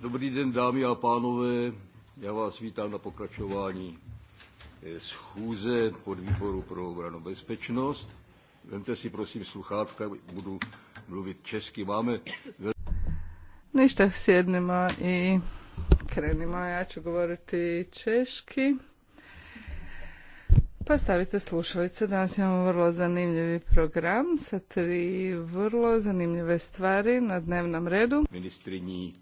Dobrý den, dámy a pánové. Já vás vítám na pokračování eh, schůze výboru pro obranu bezpečnost. Vemte si prosím sluchátka, budu mluvit česky. Máme... Ništa, sjednimo i krenimo. Ja ću govoriti češki. Pa stavite slušalice, danas imamo vrlo zanimljivi program sa tri vrlo zanimljive stvari na dnevnom redu. Ministrinji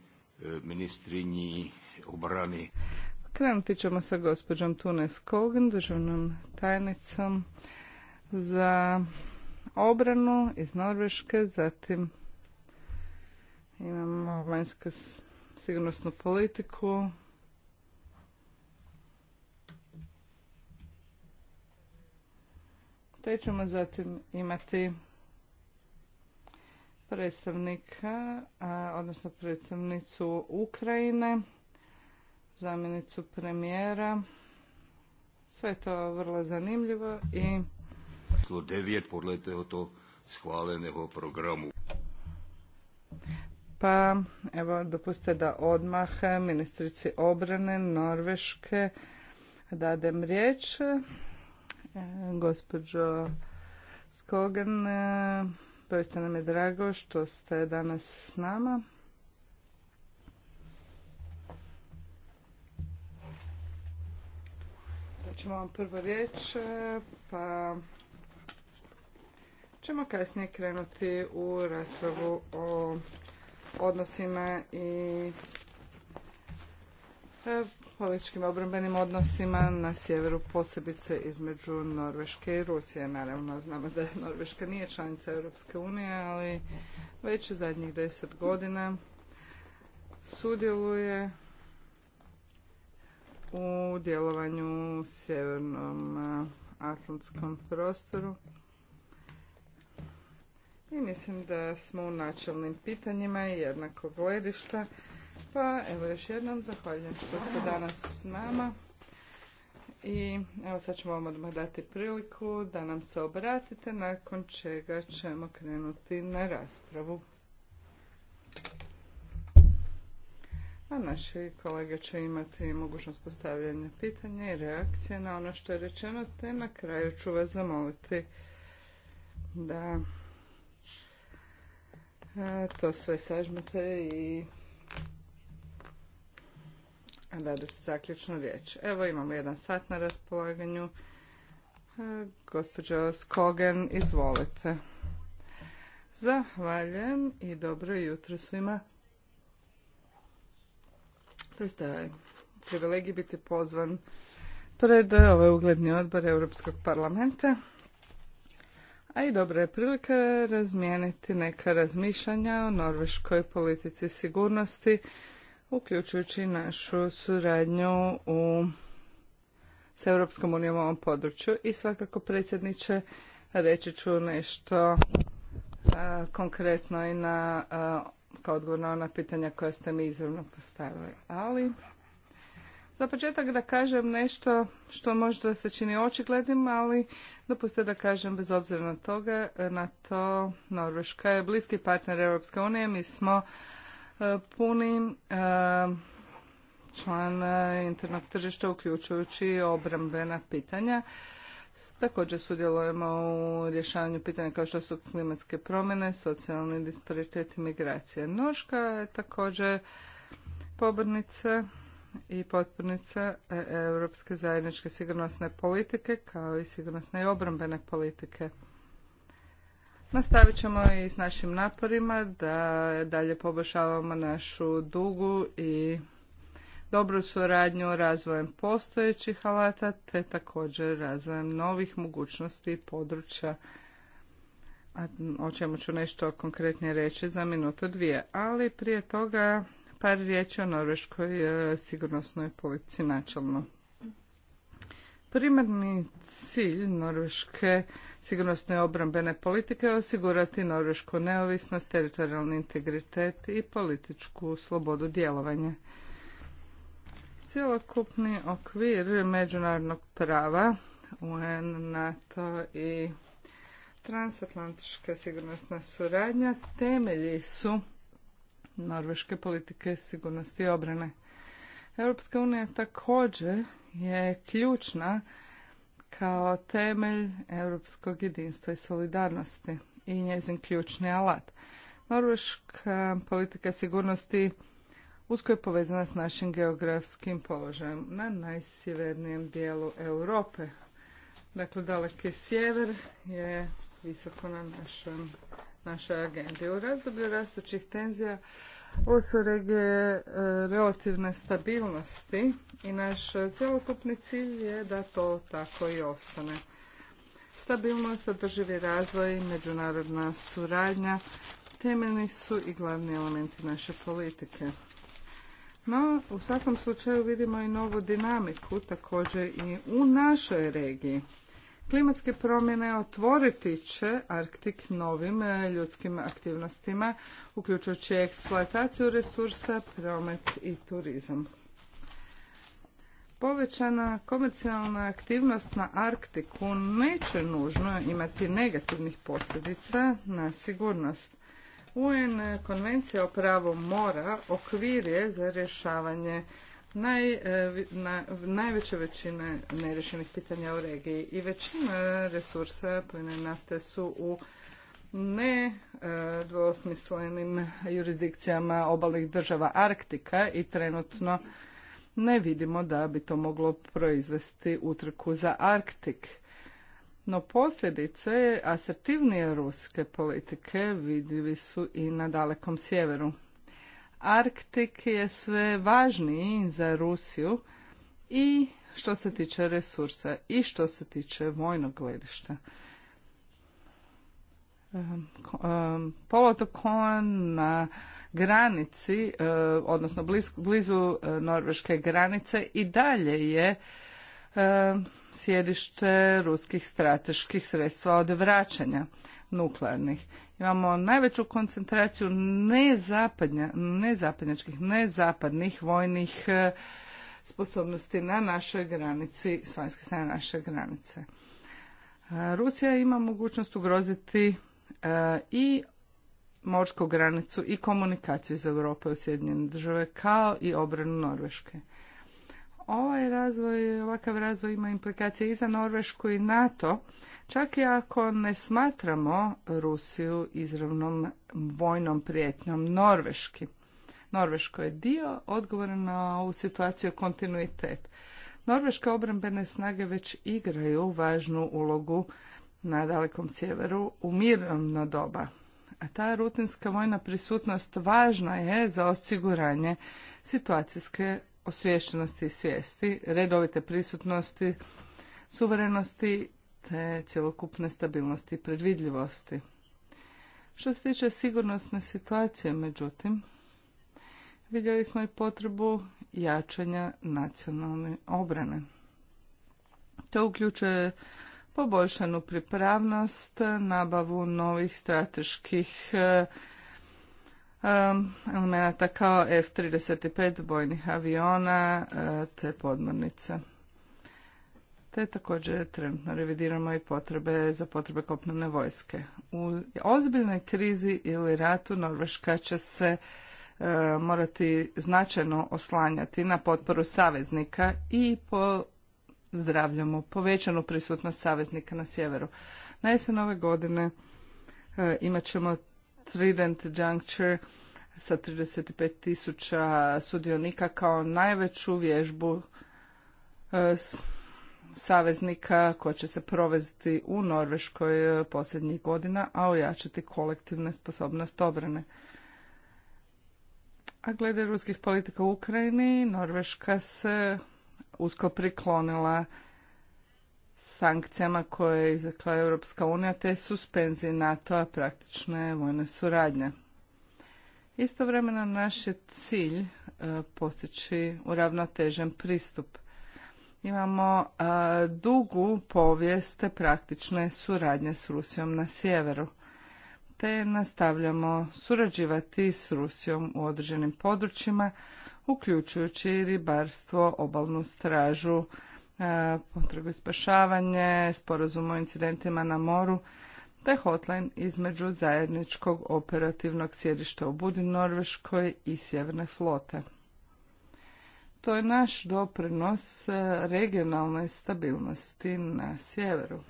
ministrinji obrani. Krenuti ćemo sa gospođom tune Kogan, državnom tajnicom za obranu iz Norveške, zatim imamo vanjsku sigurnosnu politiku, te ćemo zatim imati predstavnika, odnosno predstavnicu Ukrajine, zamjenicu premijera. Sve to vrlo zanimljivo i... o to shvaleneho programu. Pa evo dopustite da odmah ministrici obrane Norveške dadem riječ. Gospodžo e, gospođo Doista nam je drago što ste danas s nama. Da ćemo vam prvo riječ, e, pa ćemo kasnije krenuti u raspravu o odnosima i e, političkim obrambenim odnosima na sjeveru, posebice između Norveške i Rusije. Naravno, znamo da Norveška nije članica Europske unije, ali već u zadnjih deset godina sudjeluje u djelovanju u sjevernom atlantskom prostoru. I mislim da smo u načelnim pitanjima jednako gledišta pa evo još jednom zahvaljujem što ste danas s nama. I evo sad ćemo vam odmah dati priliku da nam se obratite, nakon čega ćemo krenuti na raspravu. A naši kolege će imati mogućnost postavljanja pitanja i reakcije na ono što je rečeno, te na kraju ću vas zamoliti da e, to sve sažmete i se zaključnu riječ. Evo imamo jedan sat na raspolaganju. E, gospođo Skogen, izvolite. Zahvaljujem i dobro jutro svima. To je e, privilegij biti pozvan pred e, ovaj ugledni odbor Europskog parlamenta. A i dobra je prilika razmijeniti neka razmišljanja o norveškoj politici sigurnosti uključujući našu suradnju u s Europskom unijom u ovom području i svakako predsjedniče reći ću nešto konkretno i na kao odgovor na ona pitanja koja ste mi izravno postavili. Ali za početak da kažem nešto što možda se čini očiglednim, ali dopustite da kažem bez obzira na toga, na to Norveška je bliski partner Europske unije, mi smo E, puni e, član internog tržišta uključujući obrambena pitanja. Također sudjelujemo u rješavanju pitanja kao što su klimatske promjene, socijalni disparitet i migracije. Noška je također pobornica i potpornica e, Europske zajedničke sigurnosne politike kao i sigurnosne i obrambene politike. Nastavit ćemo i s našim naporima da dalje poboljšavamo našu dugu i dobru suradnju razvojem postojećih alata te također razvojem novih mogućnosti i područja o čemu ću nešto konkretnije reći za minutu dvije. Ali prije toga par riječi o norveškoj e, sigurnosnoj policiji načelno. Primarni cilj norveške sigurnosne i obrambene politike je osigurati norvešku neovisnost, teritorijalni integritet i političku slobodu djelovanja. Cijelokupni okvir međunarodnog prava UN, NATO i transatlantička sigurnosna suradnja temelji su norveške politike sigurnosti i obrane. Europska unija također je ključna kao temelj europskog jedinstva i solidarnosti i njezin ključni alat. Norveška politika sigurnosti usko je povezana s našim geografskim položajem na najsjevernijem dijelu Europe. Dakle, daleki sjever je visoko na našoj agendi. U razdoblju rastućih tenzija ovo su regije e, relativne stabilnosti i naš cjelokupni cilj je da to tako i ostane. Stabilnost, održivi razvoj međunarodna suradnja temeljni su i glavni elementi naše politike. No, u svakom slučaju vidimo i novu dinamiku također i u našoj regiji. Klimatske promjene otvoriti će Arktik novim e, ljudskim aktivnostima, uključujući eksploataciju resursa, promet i turizam. Povećana komercijalna aktivnost na Arktiku neće nužno imati negativnih posljedica na sigurnost. UN e, konvencija o pravu mora okvir je za rješavanje E, najveće većine nerešenih pitanja u regiji i većina resursa plina nafte su u ne e, dvosmislenim jurisdikcijama obalnih država Arktika i trenutno ne vidimo da bi to moglo proizvesti utrku za Arktik. No posljedice asertivnije ruske politike vidljivi su i na dalekom sjeveru. Arktik je sve važniji za Rusiju i što se tiče resursa i što se tiče vojnog gledišta. Polotok na granici, e, odnosno blizu e, norveške granice i dalje je e, sjedište ruskih strateških sredstva vraćanja nuklearnih. Imamo najveću koncentraciju nezapadnja, nezapadnih vojnih e, sposobnosti na našoj granici, s vanjske strane naše granice. E, Rusija ima mogućnost ugroziti e, i morsku granicu i komunikaciju iz Europe u Sjedinjene države kao i obranu Norveške ovaj razvoj, ovakav razvoj ima implikacije i za Norvešku i NATO, čak i ako ne smatramo Rusiju izravnom vojnom prijetnjom Norveški. Norveško je dio odgovora na ovu situaciju kontinuitet. Norveške obrambene snage već igraju važnu ulogu na dalekom sjeveru u mirno doba. A ta rutinska vojna prisutnost važna je za osiguranje situacijske osviještenosti i svijesti, redovite prisutnosti, suverenosti te cjelokupne stabilnosti i predvidljivosti. Što se tiče sigurnosne situacije, međutim, vidjeli smo i potrebu jačanja nacionalne obrane. To uključuje poboljšanu pripravnost, nabavu novih strateških elemenata kao F-35 bojnih aviona e, te podmornice. Te također trenutno revidiramo i potrebe za potrebe kopnene vojske. U ozbiljnoj krizi ili ratu Norveška će se e, morati značajno oslanjati na potporu saveznika i po zdravljamo povećanu prisutnost saveznika na sjeveru. Na jesen ove godine e, imat ćemo Trident Juncture sa 35.000 sudionika kao najveću vježbu e, saveznika koja će se provesti u Norveškoj e, posljednjih godina, a ojačati kolektivne sposobnost obrane. A glede ruskih politika u Ukrajini, Norveška se usko priklonila sankcijama koje je izrekla Europska unija te suspenziji NATO-a praktične vojne suradnje. Istovremeno naš je cilj e, postići uravnotežen pristup. Imamo e, dugu povijest praktične suradnje s Rusijom na sjeveru te nastavljamo surađivati s Rusijom u određenim područjima, uključujući ribarstvo, obalnu stražu, E, potrebe spašavanje, sporazum o incidentima na moru, te hotline između zajedničkog operativnog sjedišta u Budi Norveškoj i Sjeverne flote. To je naš doprinos e, regionalnoj stabilnosti na sjeveru.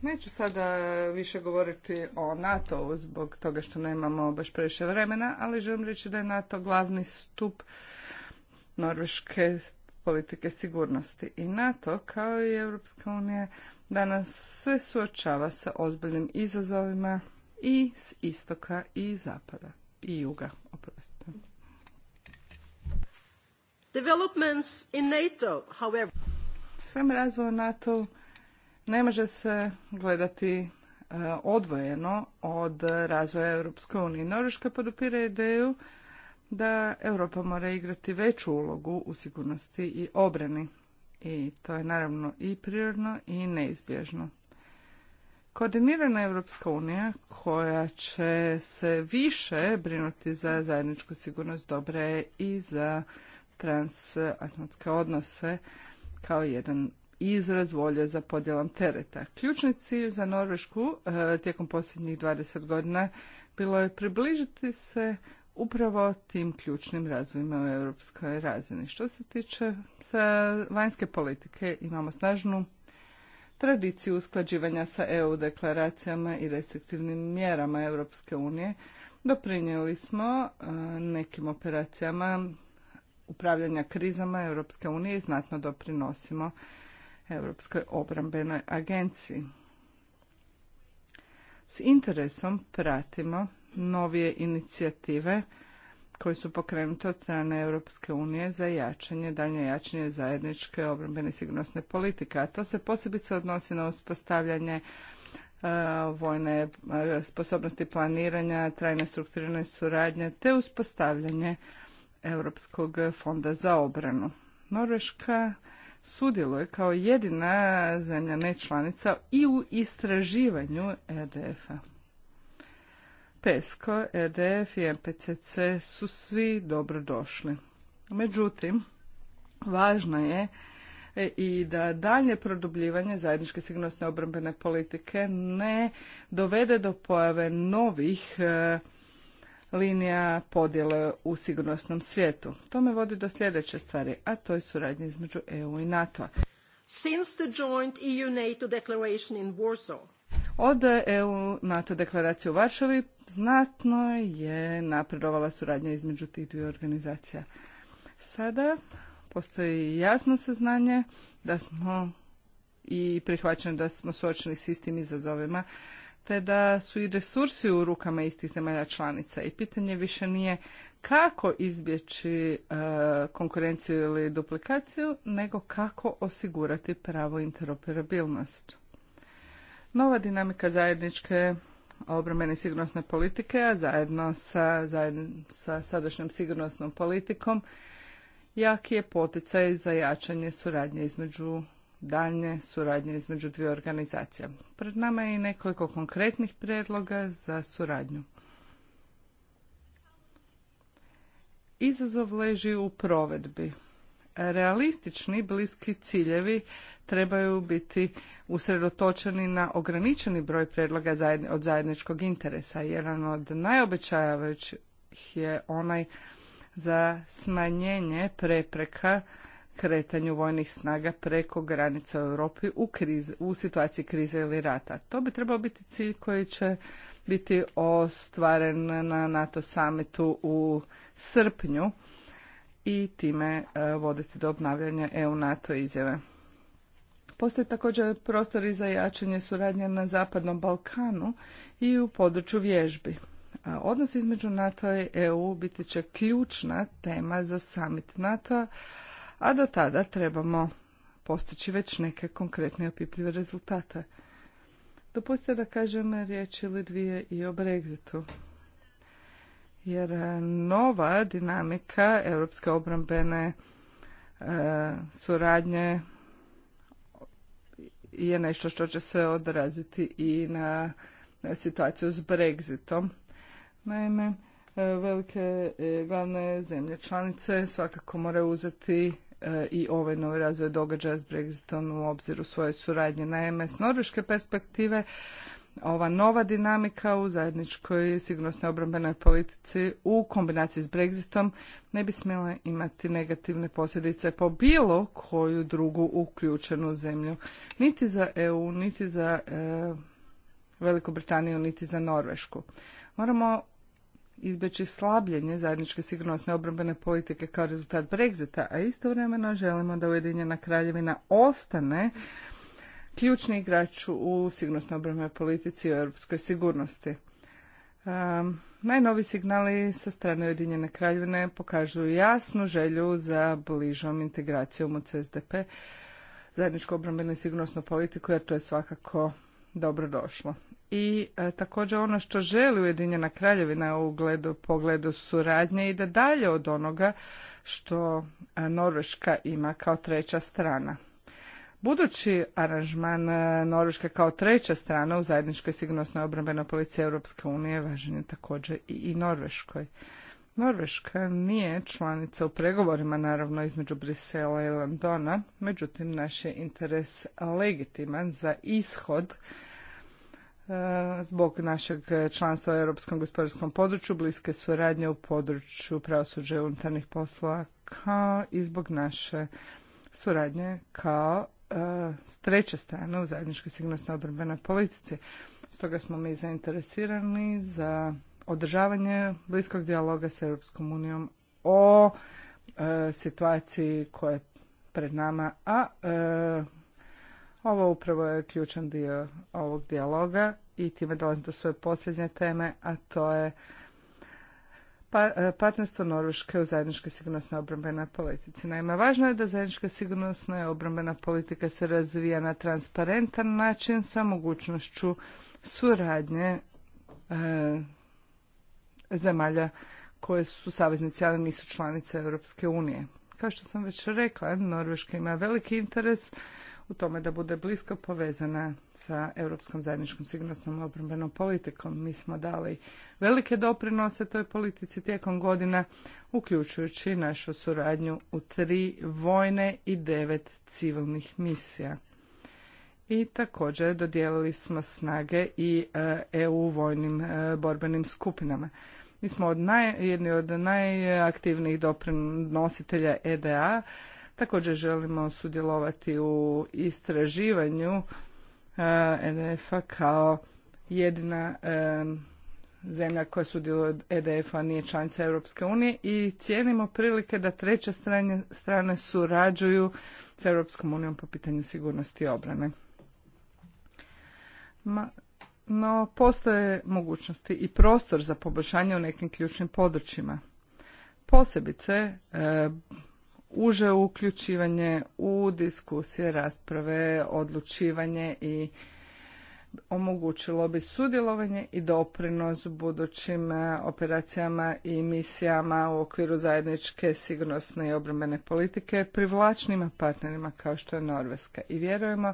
Neću sada više govoriti o NATO-u zbog toga što nemamo baš previše vremena, ali želim reći da je NATO glavni stup norveške politike sigurnosti. I NATO, kao i Europska unija, danas se suočava sa ozbiljnim izazovima i s istoka i zapada i juga, oprostite. Developments NATO, however... Sam razvoj NATO ne može se gledati e, odvojeno od razvoja Europske unije. Norveška podupira ideju da Europa mora igrati veću ulogu u sigurnosti i obrani. I to je naravno i prirodno i neizbježno. Koordinirana Europska unija koja će se više brinuti za zajedničku sigurnost dobre i za transatlantske odnose kao jedan izraz volje za podjelom tereta. Ključni cilj za Norvešku e, tijekom posljednjih 20 godina bilo je približiti se upravo tim ključnim razvojima u europskoj razini. Što se tiče vanjske politike, imamo snažnu tradiciju usklađivanja sa EU deklaracijama i restriktivnim mjerama Europske unije. Doprinijeli smo e, nekim operacijama upravljanja krizama Europske unije i znatno doprinosimo Europskoj obrambenoj agenciji. S interesom pratimo novije inicijative koje su pokrenute od strane Europske unije za jačanje, daljnje jačanje zajedničke obrambene sigurnosne politike. A to se posebice odnosi na uspostavljanje e, vojne e, sposobnosti planiranja, trajne strukturirane suradnje te uspostavljanje Europskog fonda za obranu. Norveška sudjeluje kao jedina zemlja nečlanica i u istraživanju RDF-a. E PESCO, RDF e i MPCC su svi dobrodošli. Međutim, važno je e, i da dalje produbljivanje zajedničke sigurnosne obrambene politike ne dovede do pojave novih linija podjele u sigurnosnom svijetu. To me vodi do sljedeće stvari, a to je suradnja između EU i NATO-a. E od EU NATO deklaracije u Varšavi znatno je napredovala suradnja između tih dvije organizacija. Sada postoji jasno saznanje da smo i prihvaćeno da smo suočeni s istim izazovima te da su i resursi u rukama istih zemalja članica i pitanje više nije kako izbjeći e, konkurenciju ili duplikaciju, nego kako osigurati pravo interoperabilnost. Nova dinamika zajedničke obrambene sigurnosne politike, a zajedno sa, zajedno sa sadašnjom sigurnosnom politikom, jaki je poticaj za jačanje suradnje između daljnje suradnje između dvije organizacija. Pred nama je i nekoliko konkretnih prijedloga za suradnju. Izazov leži u provedbi. Realistični bliski ciljevi trebaju biti usredotočeni na ograničeni broj predloga od zajedničkog interesa. Jedan od najobećavajućih je onaj za smanjenje prepreka kretanju vojnih snaga preko granica u Europi u, u situaciji krize ili rata. To bi trebao biti cilj koji će biti ostvaren na NATO samitu u srpnju i time e, voditi do obnavljanja EU-NATO izjave. Postoje također prostori za jačanje suradnje na Zapadnom Balkanu i u području vježbi. E, odnos između NATO i EU biti će ključna tema za summit NATO a do tada trebamo postići već neke konkretne opipljive rezultate. Dopustite da kažem riječ ili dvije i o Brexitu. Jer e, nova dinamika europske obrambene e, suradnje je nešto što će se odraziti i na, na situaciju s Brexitom. Naime, e, velike glavne zemlje članice svakako moraju uzeti E, i ovaj novi razvoj događaja s Brexitom u obziru svoje suradnje. Naime, s norveške perspektive ova nova dinamika u zajedničkoj sigurnosnoj obrambenoj politici u kombinaciji s Brexitom ne bi smjela imati negativne posljedice po bilo koju drugu uključenu zemlju. Niti za EU, niti za e, Veliku Britaniju, niti za Norvešku. Moramo izbjeći slabljenje zajedničke sigurnosne obrambene politike kao rezultat Brexita, a istovremeno želimo da Ujedinjena kraljevina ostane ključni igrač u sigurnosno obrambenoj politici i europskoj sigurnosti. Um, ehm, najnovi signali sa strane Ujedinjene kraljevine pokažu jasnu želju za bližom integracijom u CSDP, zajedničku obrambenu i sigurnosnu politiku, jer to je svakako dobro došlo i e, također ono što želi Ujedinjena kraljevina u ugledu, pogledu suradnje ide dalje od onoga što e, Norveška ima kao treća strana. Budući aranžman e, Norveške kao treća strana u zajedničkoj sigurnosnoj obrambenoj policiji Europske unije važan je također i, i Norveškoj. Norveška nije članica u pregovorima, naravno, između Brisela i Londona, međutim, naš je interes legitiman za ishod zbog našeg članstva u Europskom gospodarskom području, bliske suradnje u području pravosuđa i unutarnjih poslova, kao i zbog naše suradnje kao e, s treće strane u zajedničkoj sigurnosnoj obrambenoj politici. Stoga smo mi zainteresirani za održavanje bliskog dijaloga s Europskom unijom o e, situaciji koja je pred nama, a e, ovo upravo je ključan dio ovog dijaloga i time dolazim do svoje posljednje teme, a to je pa, e, partnerstvo Norveške u zajedničkoj sigurnosnoj obrambenoj politici. Naime, važno je da zajednička sigurnosna i obrambena politika se razvija na transparentan način sa mogućnošću suradnje e, zemalja koje su saveznici, ali nisu članice Europske unije. Kao što sam već rekla, Norveška ima veliki interes u tome da bude blisko povezana sa Europskom zajedničkom sigurnosnom obrambenom politikom. Mi smo dali velike doprinose toj politici tijekom godina, uključujući našu suradnju u tri vojne i devet civilnih misija. I također dodijelili smo snage i EU e vojnim e, borbenim skupinama. Mi smo od naj, jedni od najaktivnijih doprinositelja EDA, Također želimo sudjelovati u istraživanju EDF-a e kao jedina e, zemlja koja sudjeluje od EDF-a nije članica Europske unije i cijenimo prilike da treće strane, strane surađuju s Europskom unijom po pitanju sigurnosti i obrane. no, postoje mogućnosti i prostor za poboljšanje u nekim ključnim područjima. Posebice, e, uže uključivanje u diskusije, rasprave, odlučivanje i omogućilo bi sudjelovanje i doprinos budućim e, operacijama i misijama u okviru zajedničke sigurnosne i obrambene politike privlačnima partnerima kao što je Norveska. I vjerujemo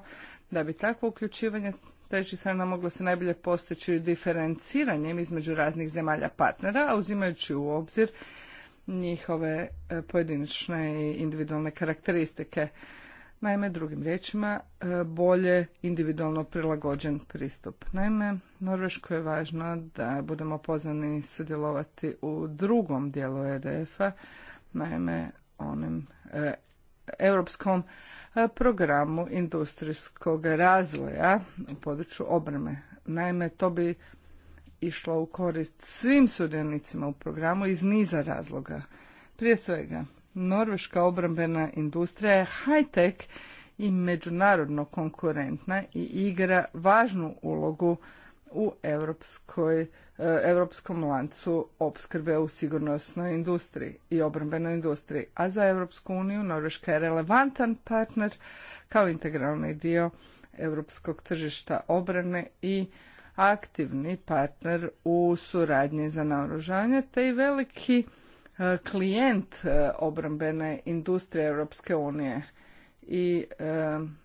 da bi takvo uključivanje trećih strana moglo se najbolje postići diferenciranjem između raznih zemalja partnera, a uzimajući u obzir njihove e, pojedinačne i individualne karakteristike. Naime, drugim riječima, e, bolje individualno prilagođen pristup. Naime, Norveško je važno da budemo pozvani sudjelovati u drugom dijelu EDF-a, naime, onim e, europskom programu industrijskog razvoja u području obrme. Naime, to bi išla u korist svim sudionicima u programu iz niza razloga. Prije svega, norveška obrambena industrija je high-tech i međunarodno konkurentna i igra važnu ulogu u europskom e, lancu opskrbe u sigurnosnoj industriji i obrambenoj industriji, a za Europsku uniju Norveška je relevantan partner kao integralni dio europskog tržišta obrane i aktivni partner u suradnji za naoružanje te i veliki e, klijent e, obrambene industrije Europske unije. I e,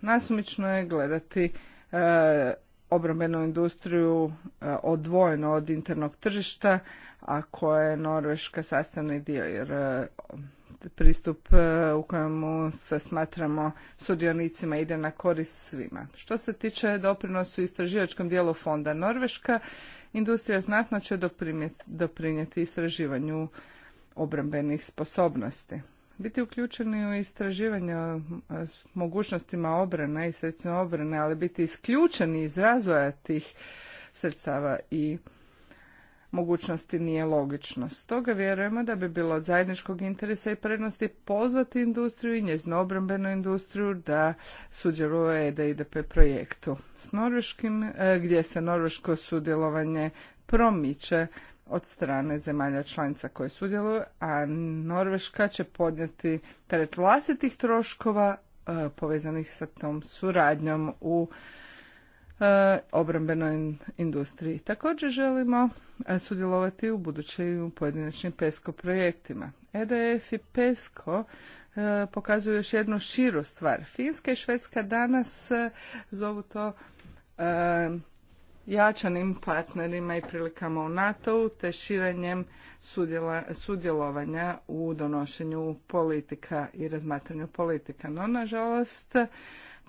nasumično je gledati obrambenu industriju odvojeno od internog tržišta, a koja je Norveška sastavni dio, jer pristup e, u kojemu se smatramo sudionicima ide na korist svima. Što se tiče doprinosu istraživačkom dijelu fonda Norveška, industrija znatno će doprinijeti istraživanju obrambenih sposobnosti. Biti uključeni u istraživanje e, s mogućnostima obrane i sredstvima obrane, ali biti isključeni iz razvoja tih sredstava i mogućnosti nije logično. Stoga vjerujemo da bi bilo od zajedničkog interesa i prednosti pozvati industriju i njeznu obrambenu industriju da sudjeluje EDIDP projektu s Norveškim, e, gdje se norveško sudjelovanje promiče od strane zemalja članica koje sudjeluju, a Norveška će podnijeti teret vlastitih troškova e, povezanih sa tom suradnjom u E, obrambenoj industriji. Također želimo e, sudjelovati u budućim pojedinačnim PESCO projektima. EDF i PESCO e, pokazuju još jednu širu stvar. Finska i Švedska danas zovu to jačanim partnerima i prilikama u NATO-u te širenjem sudjelovanja u donošenju politika i razmatranju politika. No, nažalost,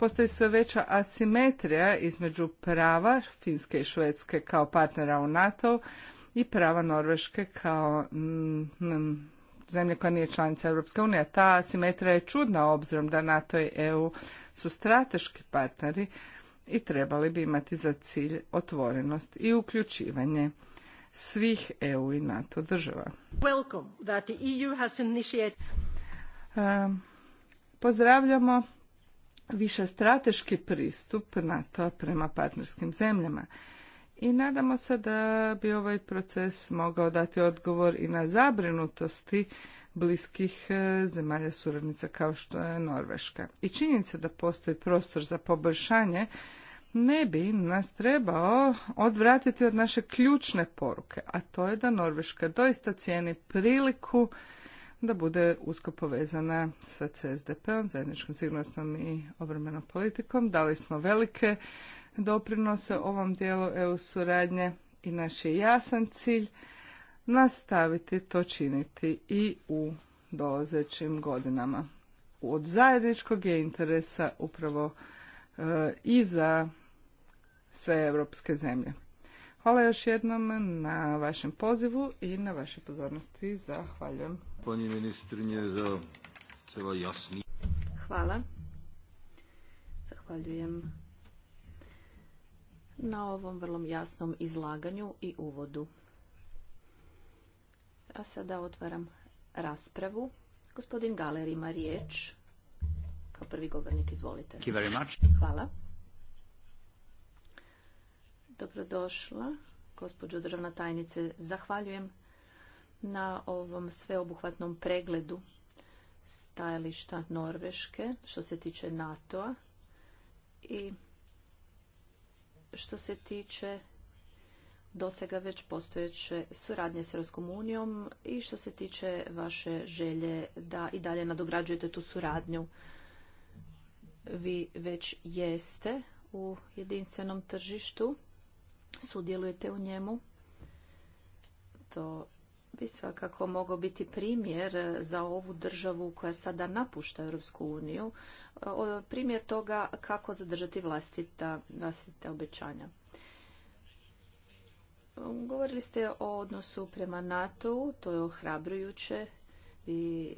postoji sve veća asimetrija između prava Finske i Švedske kao partnera u NATO i prava Norveške kao mm, mm, zemlje koja nije članica Europske unije. Ta asimetrija je čudna obzirom da NATO i EU su strateški partneri i trebali bi imati za cilj otvorenost i uključivanje svih EU i NATO država. Welcome EU e Pozdravljamo više strateški pristup NATO prema partnerskim zemljama. I nadamo se da bi ovaj proces mogao dati odgovor i na zabrinutosti bliskih e, zemalja suradnica kao što je Norveška. I činjenica da postoji prostor za poboljšanje ne bi nas trebao odvratiti od naše ključne poruke, a to je da Norveška doista cijeni priliku da bude usko povezana sa CSDP-om, zajedničkom sigurnosnom i obrambenom politikom. Dali smo velike doprinose ovom dijelu EU suradnje i naš je jasan cilj nastaviti to činiti i u dolazećim godinama. Od zajedničkog je interesa upravo e, i za sve europske zemlje. Hvala još jednom na vašem pozivu i na vašoj pozornosti. Zahvaljujem. Pani ministrinje za jasni. Hvala. Zahvaljujem na ovom vrlo jasnom izlaganju i uvodu. A sada otvaram raspravu. Gospodin Galer ima riječ. Kao prvi govornik, izvolite. Hvala. Dobrodošla, gospođo državna tajnice. Zahvaljujem na ovom sveobuhvatnom pregledu stajališta Norveške što se tiče NATO-a i što se tiče dosega već postojeće suradnje s Europskom unijom i što se tiče vaše želje da i dalje nadograđujete tu suradnju. Vi već jeste u jedinstvenom tržištu sudjelujete u njemu. To bi svakako mogao biti primjer za ovu državu koja sada napušta Europsku uniju, primjer toga kako zadržati vlastita, obećanja. Govorili ste o odnosu prema NATO-u, to je ohrabrujuće. I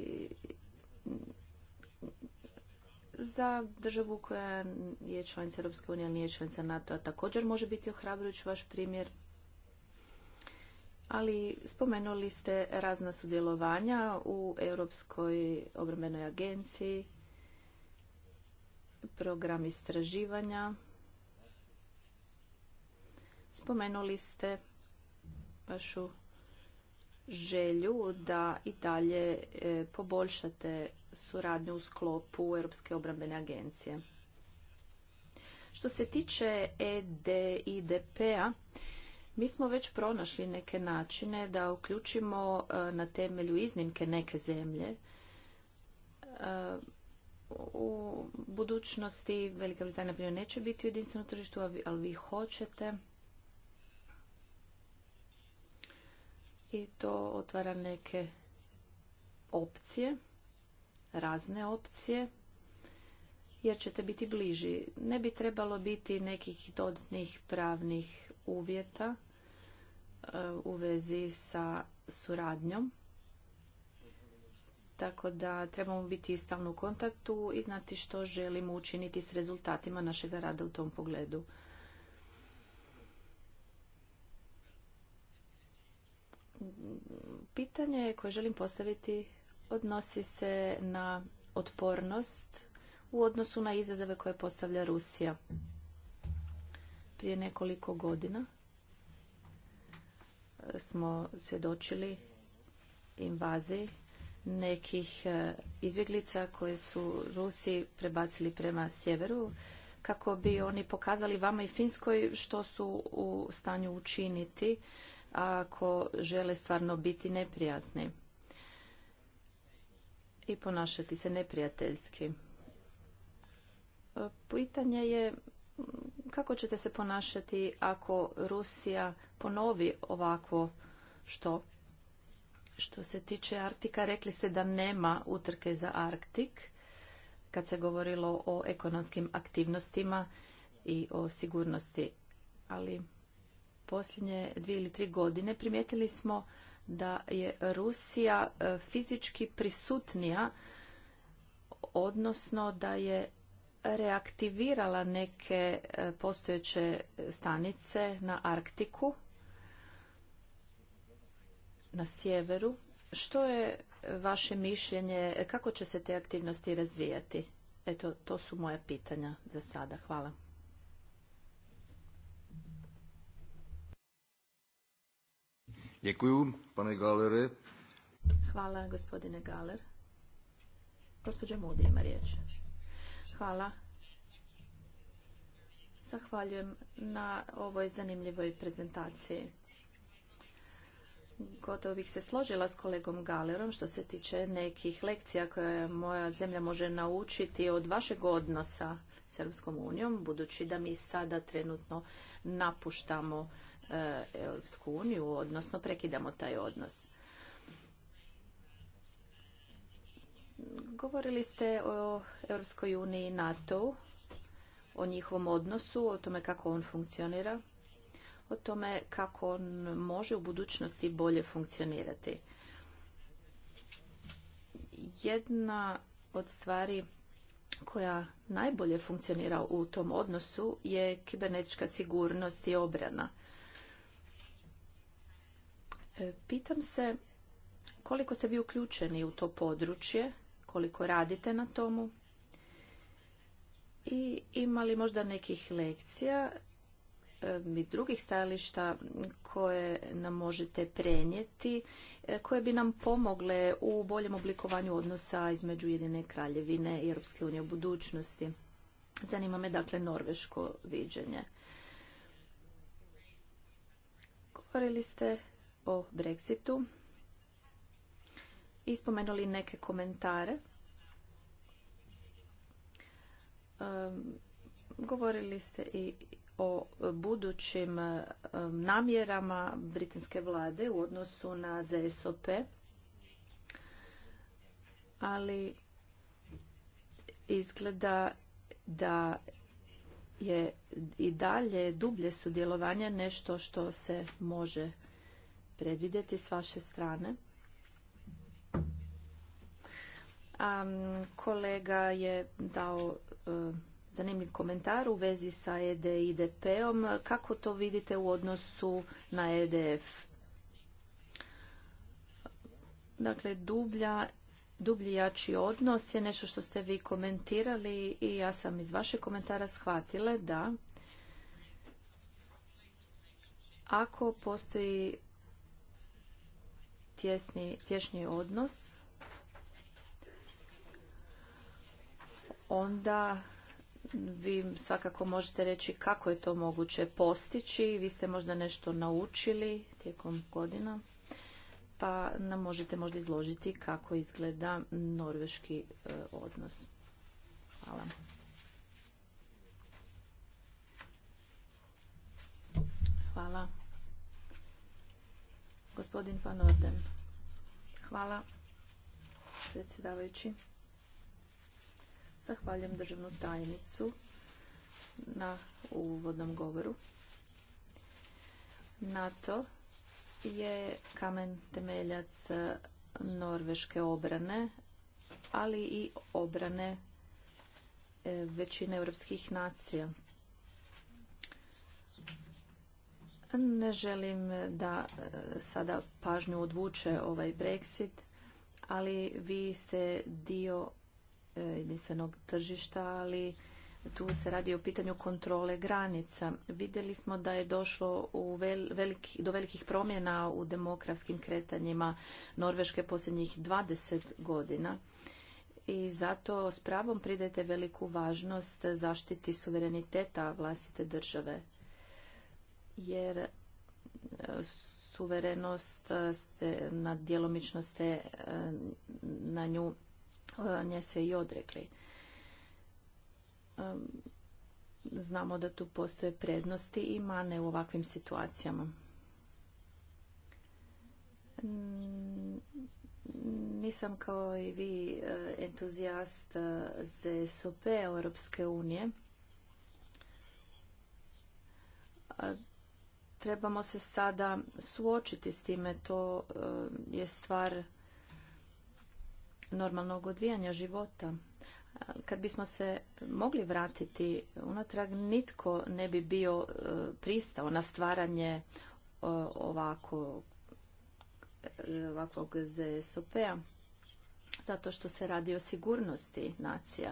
za državu koja je članica Europske unije, ali nije članica NATO-a, također može biti ohrabrujući vaš primjer. Ali spomenuli ste razna sudjelovanja u Europskoj obrambenoj agenciji, program istraživanja. Spomenuli ste vašu želju da i dalje e, poboljšate suradnju u sklopu Europske obrambene agencije. Što se tiče EDIDP-a, mi smo već pronašli neke načine da uključimo e, na temelju iznimke neke zemlje. E, u budućnosti Velika Britanija neće biti u jedinstvenom tržištu, ali vi hoćete i to otvara neke opcije, razne opcije, jer ćete biti bliži. Ne bi trebalo biti nekih dodatnih pravnih uvjeta e, u vezi sa suradnjom. Tako da trebamo biti stalno u kontaktu i znati što želimo učiniti s rezultatima našega rada u tom pogledu. Pitanje koje želim postaviti odnosi se na otpornost u odnosu na izazove koje postavlja Rusija prije nekoliko godina smo svjedočili invaziji nekih e, izbjeglica koje su Rusi prebacili prema sjeveru kako bi oni pokazali vama i Finskoj što su u stanju učiniti ako žele stvarno biti neprijatni i ponašati se neprijateljski. Pitanje je kako ćete se ponašati ako Rusija ponovi ovako što? Što se tiče Arktika, rekli ste da nema utrke za Arktik kad se govorilo o ekonomskim aktivnostima i o sigurnosti. Ali posljednje dvije ili tri godine primijetili smo da je Rusija e, fizički prisutnija, odnosno da je reaktivirala neke e, postojeće stanice na Arktiku, na sjeveru. Što je vaše mišljenje, kako će se te aktivnosti razvijati? Eto, to su moja pitanja za sada. Hvala. Děkuju, pane Galere. Hvala, gospodine Galer. Mudi ima riječ. Hvala. Zahvaljujem na ovoj zanimljivoj prezentaciji. Gotovo bih se složila s kolegom Galerom što se tiče nekih lekcija koje moja zemlja može naučiti od vašeg odnosa s Europskom unijom, budući da mi sada trenutno napuštamo Eh, Europsku uniju, odnosno prekidamo taj odnos. Govorili ste o Europskoj uniji i nato o njihovom odnosu, o tome kako on funkcionira, o tome kako on može u budućnosti bolje funkcionirati. Jedna od stvari koja najbolje funkcionira u tom odnosu je kibernetička sigurnost i obrana. E, pitam se koliko ste vi uključeni u to područje, koliko radite na tomu i ima li možda nekih lekcija e, iz drugih stajališta koje nam možete prenijeti, e, koje bi nam pomogle u boljem oblikovanju odnosa između Jedine kraljevine i Europske unije u budućnosti. Zanima me dakle norveško viđenje. Govorili ste o Brexitu i spomenuli neke komentare. govorili ste i o budućim namjerama britanske vlade u odnosu na ZSOP, ali izgleda da je i dalje dublje sudjelovanje nešto što se može predvidjeti s vaše strane? kolega je dao e, zanimljiv komentar u vezi sa EDIDP-om. Kako to vidite u odnosu na EDF? Dakle, dublja dublji jači odnos je nešto što ste vi komentirali i ja sam iz vašeg komentara shvatila da ako postoji tjesni, odnos, onda vi svakako možete reći kako je to moguće postići. Vi ste možda nešto naučili tijekom godina, pa nam možete možda izložiti kako izgleda norveški e, odnos. Hvala. Hvala. Gospodin Van Orden. Hvala, predsjedavajući. Zahvaljujem državnu tajnicu na uvodnom govoru. NATO je kamen temeljac norveške obrane, ali i obrane e, većine europskih nacija. Ne želim da e, sada pažnju odvuče ovaj Brexit, ali vi ste dio e, jedinstvenog tržišta, ali tu se radi o pitanju kontrole granica. Vidjeli smo da je došlo u do velikih promjena u demokratskim kretanjima Norveške posljednjih 20 godina i zato s pravom pridajete veliku važnost zaštiti suvereniteta vlastite države jer e, suverenost e, ste, na djelomično ste e, na nju nje se i odrekli. Znamo da tu postoje prednosti i mane u ovakvim situacijama. Nisam kao i vi entuzijast SOP p-a Europske unije trebamo se sada suočiti s time. To eh, je stvar normalnog odvijanja života. Eh, kad bismo se mogli vratiti unatrag, nitko ne bi bio eh, pristao na stvaranje ovako ovakvog ZSOP-a, zato što se radi o sigurnosti nacija.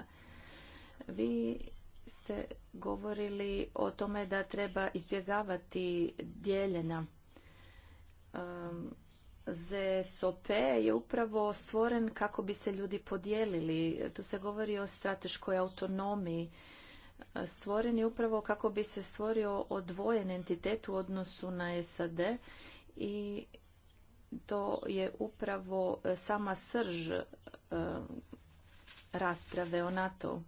Vi ste govorili o tome da treba izbjegavati dijeljena. ZSOP je upravo stvoren kako bi se ljudi podijelili. Tu se govori o strateškoj autonomiji. Stvoren je upravo kako bi se stvorio odvojen entitet u odnosu na SAD i to je upravo sama srž rasprave o NATO-u.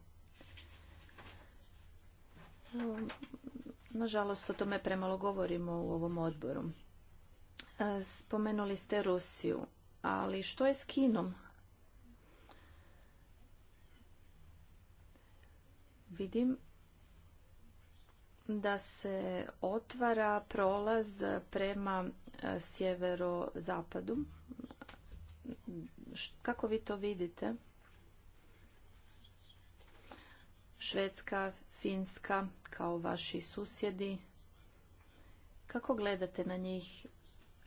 Nažalost, o tome premalo govorimo u ovom odboru. E, spomenuli ste Rusiju, ali što je s Kinom? Vidim da se otvara prolaz prema e, sjeverozapadu. Kako vi to vidite? Švedska, Finska kao vaši susjedi. Kako gledate na njih?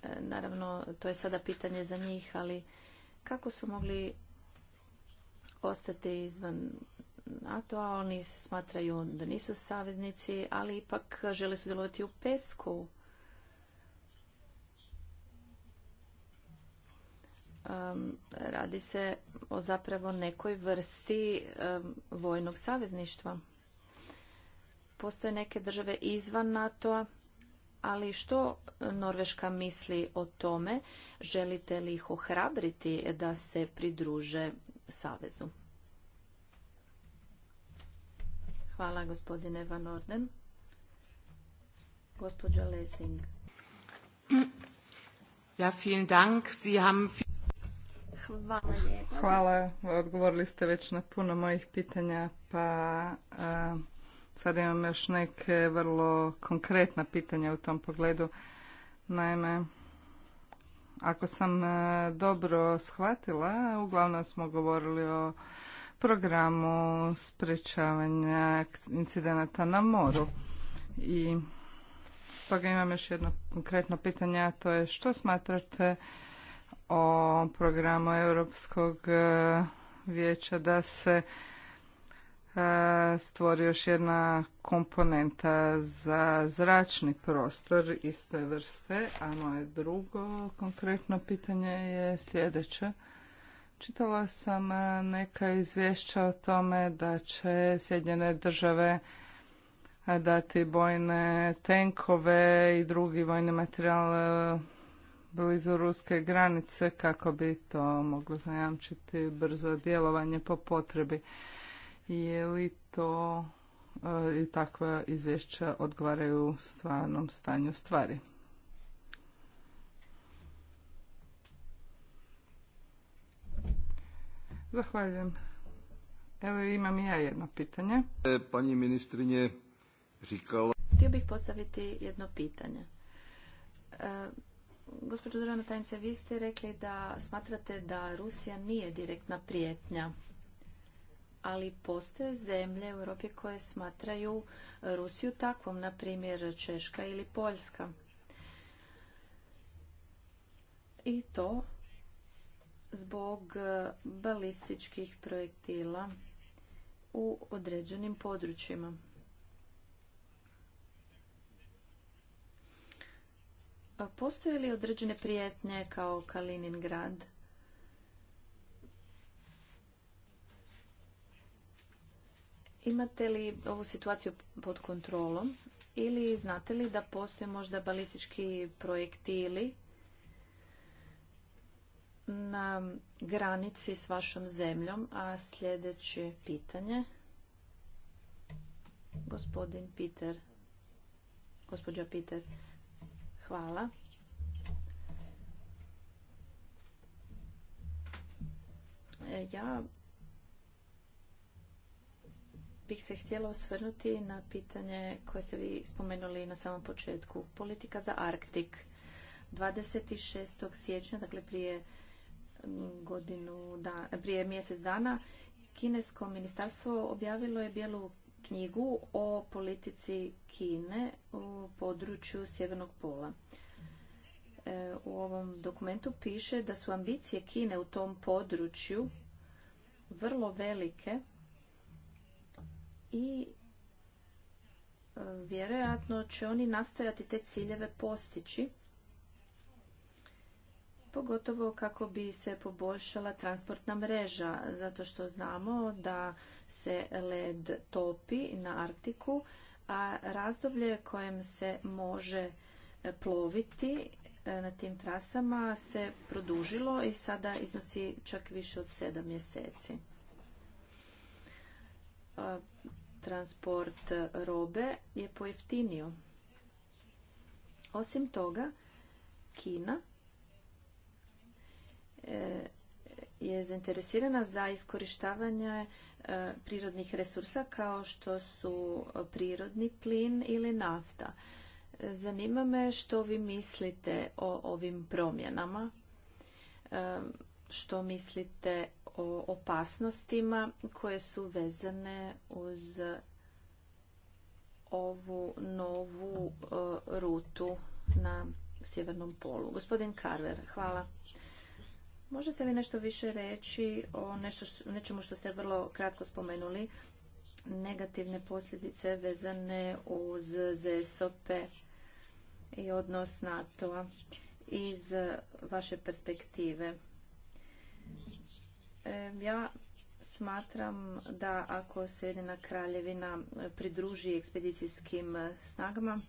E, naravno, to je sada pitanje za njih, ali kako su mogli ostati izvan NATO, a oni se smatraju da nisu saveznici, ali ipak žele sudjelovati u pesku. Um, radi se o zapravo nekoj vrsti vojnog savezništva. Postoje neke države izvan NATO-a, ali što Norveška misli o tome? Želite li ih ohrabriti da se pridruže Savezu? Hvala gospodine Van Orden. Gospodja Lesing. Ja, vielen Dank. Sie haben... Hvala Hvala. Odgovorili ste već na puno mojih pitanja, pa... Sad imam još neke vrlo konkretna pitanja u tom pogledu. Naime, ako sam e, dobro shvatila, uglavnom smo govorili o programu sprečavanja incidenata na moru. I toga imam još jedno konkretno pitanje, a to je što smatrate o programu Europskog e, vijeća da se E, stvori još jedna komponenta za zračni prostor iste vrste, a moje drugo konkretno pitanje je sljedeće. Čitala sam e, neka izvješća o tome da će Sjedinjene države e, dati bojne tenkove i drugi vojni materijal blizu ruske granice kako bi to moglo zajamčiti brzo djelovanje po potrebi je li to e, i takva izvješća odgovaraju stvarnom stanju stvari. Zahvaljujem. Evo imam i ja jedno pitanje. E, pani ministrinje Htio bih postaviti jedno pitanje. E, Gospođo državna tajnice, vi ste rekli da smatrate da Rusija nije direktna prijetnja ali postoje zemlje u Europi koje smatraju Rusiju takvom, na primjer Češka ili Poljska. I to zbog balističkih projektila u određenim područjima. Postoje li određene prijetnje kao Kaliningrad? Imate li ovu situaciju pod kontrolom ili znate li da postoje možda balistički projektili na granici s vašom zemljom? A sljedeće pitanje. Gospodin Peter. Gospođa Peter. Hvala. Ja bih se htjela osvrnuti na pitanje koje ste vi spomenuli na samom početku. Politika za Arktik. 26. siječnja, dakle prije mm, godinu da, prije mjesec dana, kinesko ministarstvo objavilo je bijelu knjigu o politici Kine u području Sjevernog pola. E, u ovom dokumentu piše da su ambicije Kine u tom području vrlo velike i e, vjerojatno će oni nastojati te ciljeve postići pogotovo kako bi se poboljšala transportna mreža, zato što znamo da se led topi na Artiku, a razdoblje kojem se može ploviti e, na tim trasama se produžilo i sada iznosi čak više od sedam mjeseci. E, transport robe je pojeftinio. Osim toga, Kina e, je zainteresirana za iskorištavanje e, prirodnih resursa kao što su prirodni plin ili nafta. Zanima me što vi mislite o ovim promjenama, e, što mislite o opasnostima koje su vezane uz ovu novu e, rutu na sjevernom polu. Gospodin Carver, hvala. Možete li nešto više reći o nečemu što ste vrlo kratko spomenuli? Negativne posljedice vezane uz ZSOP i odnos NATO-a iz vaše perspektive. E, ja smatram da ako se jedina kraljevina pridruži ekspedicijskim snagama,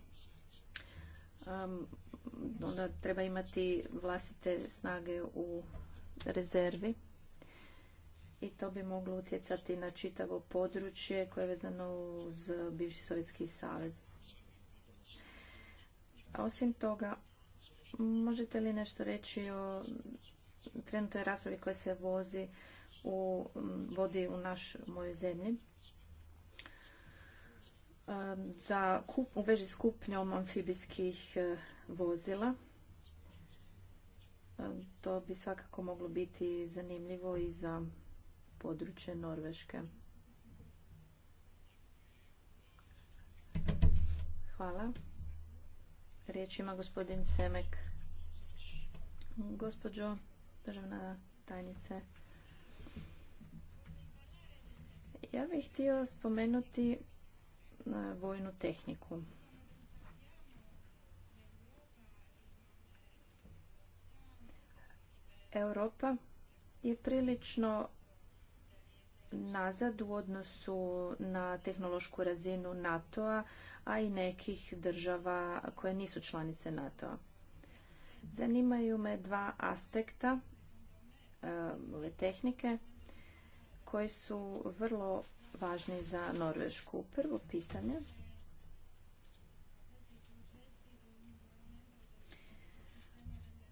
onda treba imati vlastite snage u rezervi i to bi moglo utjecati na čitavo područje koje je vezano uz bivši Sovjetski savez. osim toga, možete li nešto reći o trenutnoj raspravi koja se vozi u, vodi u naš, mojoj zemlji um, za kup, u veži s kupnjom amfibijskih e, vozila. Um, to bi svakako moglo biti zanimljivo i za područje Norveške. Hvala. Riječ ima gospodin Semek. Gospođo državna tajnice. Ja bih htio spomenuti vojnu tehniku. Europa je prilično nazad u odnosu na tehnološku razinu NATO-a, a i nekih država koje nisu članice NATO-a. Zanimaju me dva aspekta Um, ove tehnike koje su vrlo važni za Norvešku. Prvo pitanje.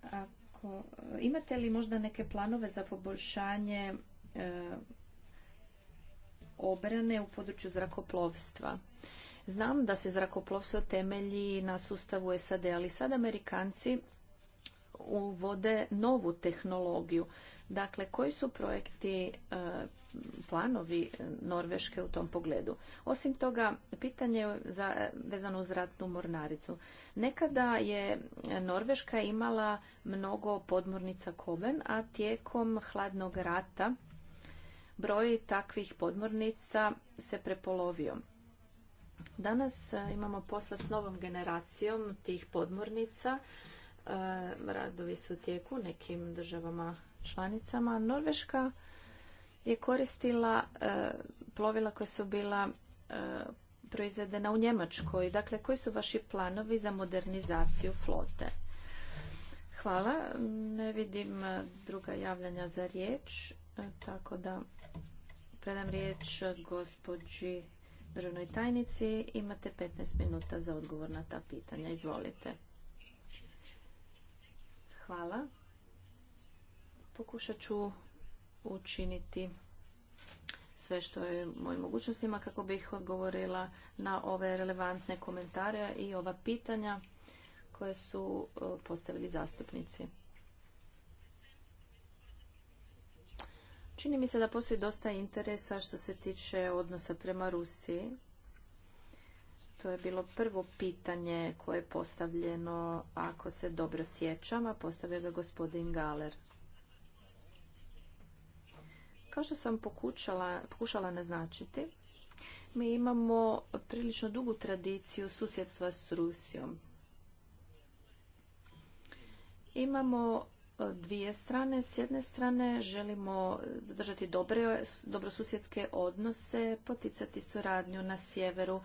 Ako, imate li možda neke planove za poboljšanje um, obrane u području zrakoplovstva? Znam da se zrakoplovstvo temelji na sustavu SAD, ali sad Amerikanci uvode novu tehnologiju Dakle, koji su projekti, e, planovi Norveške u tom pogledu? Osim toga, pitanje je vezano uz ratnu mornaricu. Nekada je Norveška imala mnogo podmornica Koben, a tijekom hladnog rata broj takvih podmornica se prepolovio. Danas e, imamo posla s novom generacijom tih podmornica. E, radovi su u tijeku nekim državama članicama. Norveška je koristila e, plovila koja su bila e, proizvedena u Njemačkoj. Dakle, koji su vaši planovi za modernizaciju flote? Hvala. Ne vidim e, druga javljanja za riječ, tako da predam riječ gospođi državnoj tajnici. Imate 15 minuta za odgovor na ta pitanja. Izvolite. Hvala. Pokušat ću učiniti sve što je u mojim mogućnostima kako bih odgovorila na ove relevantne komentare i ova pitanja koje su e, postavili zastupnici. Čini mi se da postoji dosta interesa što se tiče odnosa prema Rusiji. To je bilo prvo pitanje koje je postavljeno, ako se dobro sjećam, a postavio ga gospodin Galer. Kao što sam pokušala, pokušala naznačiti, mi imamo prilično dugu tradiciju susjedstva s Rusijom. Imamo e, dvije strane. S jedne strane želimo zadržati dobre, dobrosusjedske odnose, poticati suradnju na sjeveru.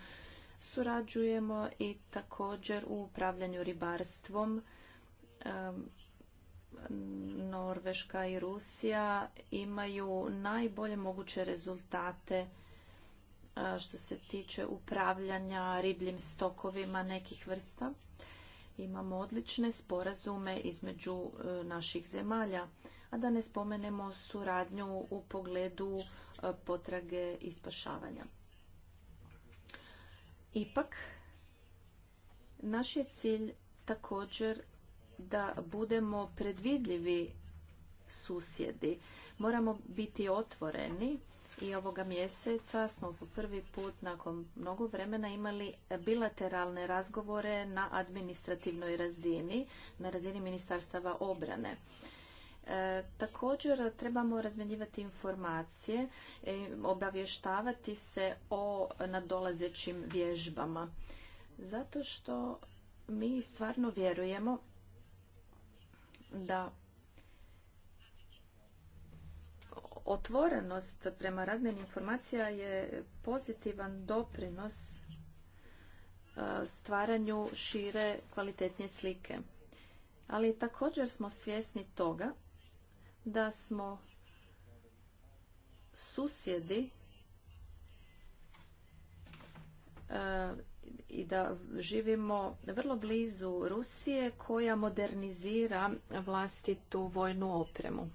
Surađujemo i također u upravljanju ribarstvom. Norveška i Rusija imaju najbolje moguće rezultate što se tiče upravljanja ribljim stokovima nekih vrsta. Imamo odlične sporazume između e, naših zemalja, a da ne spomenemo suradnju u pogledu e, potrage i spašavanja. Ipak, naš je cilj također da budemo predvidljivi susjedi. Moramo biti otvoreni i ovoga mjeseca smo po prvi put nakon mnogo vremena imali bilateralne razgovore na administrativnoj razini, na razini Ministarstava obrane. E, također trebamo razmjenjivati informacije, i e, obavještavati se o nadolazećim vježbama. Zato što mi stvarno vjerujemo da otvorenost prema razmjeni informacija je pozitivan doprinos e, stvaranju šire kvalitetnije slike. Ali također smo svjesni toga da smo susjedi e, i da živimo vrlo blizu Rusije koja modernizira vlastitu vojnu opremu.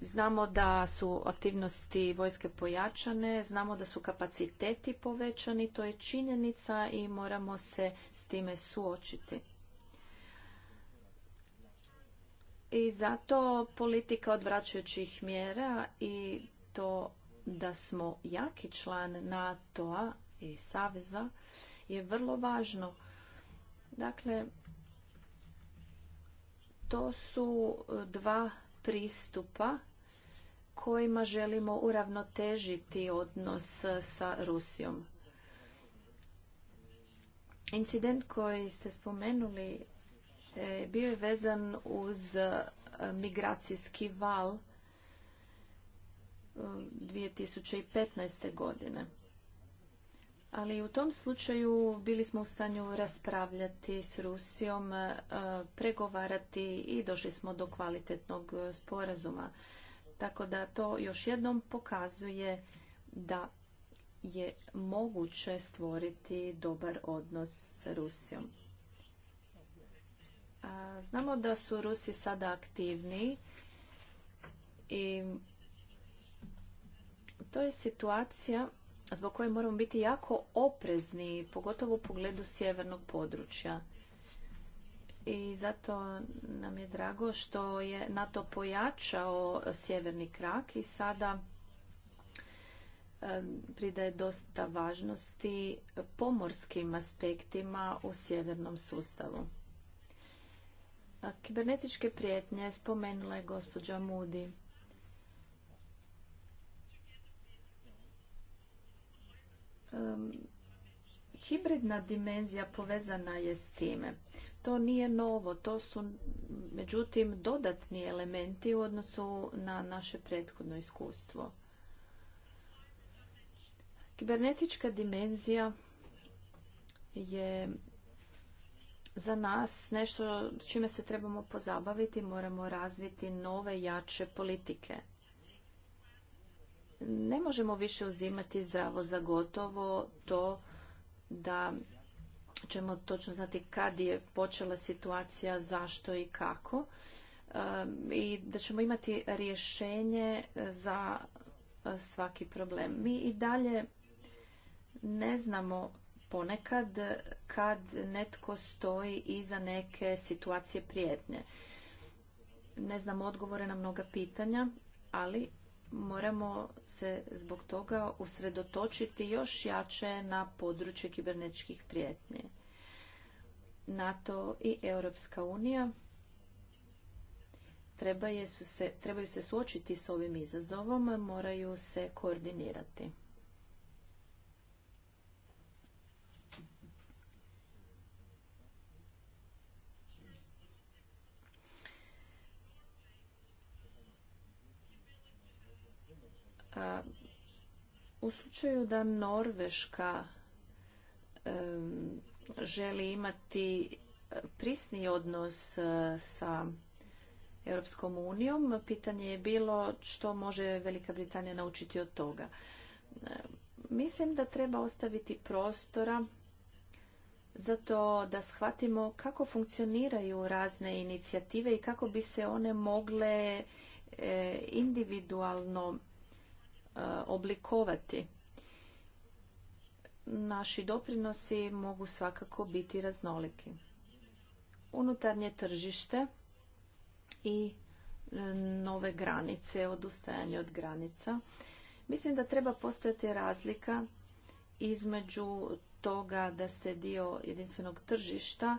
Znamo da su aktivnosti vojske pojačane, znamo da su kapaciteti povećani, to je činjenica i moramo se s time suočiti. I zato politika odvraćajućih mjera i to da smo jaki član NATO-a i saveza je vrlo važno. Dakle, to su e, dva pristupa kojima želimo uravnotežiti odnos e, sa Rusijom. Incident koji ste spomenuli e, bio je vezan uz migracijski val 2015. godine ali u tom slučaju bili smo u stanju raspravljati s Rusijom, e, pregovarati i došli smo do kvalitetnog sporazuma. Tako da to još jednom pokazuje da je moguće stvoriti dobar odnos s Rusijom. Znamo da su Rusi sada aktivni i to je situacija zbog koje moramo biti jako oprezni, pogotovo u pogledu sjevernog područja. I zato nam je drago što je NATO pojačao sjeverni krak i sada pridaje dosta važnosti pomorskim aspektima u sjevernom sustavu. Kibernetičke prijetnje spomenula je gospođa Moody. hibridna dimenzija povezana je s time. To nije novo, to su međutim dodatni elementi u odnosu na naše prethodno iskustvo. Kibernetička dimenzija je za nas nešto s čime se trebamo pozabaviti, moramo razviti nove jače politike ne možemo više uzimati zdravo za gotovo to da ćemo točno znati kad je počela situacija, zašto i kako i da ćemo imati rješenje za e, svaki problem. Mi i dalje ne znamo ponekad kad netko stoji iza neke situacije prijetnje. Ne znamo odgovore na mnoga pitanja, ali moramo se zbog toga usredotočiti još jače na područje kibernetičkih prijetnje. NATO i Europska unija trebaju se, trebaju se suočiti s ovim izazovom, moraju se koordinirati. U slučaju da Norveška želi imati prisni odnos e, sa Europskom unijom, pitanje je bilo što može Velika Britanija naučiti od toga. E, mislim da treba ostaviti prostora za to da shvatimo kako funkcioniraju razne inicijative i kako bi se one mogle e, individualno oblikovati. Naši doprinosi mogu svakako biti raznoliki. Unutarnje tržište i e, nove granice, odustajanje od granica. Mislim da treba postojati razlika između toga da ste dio jedinstvenog tržišta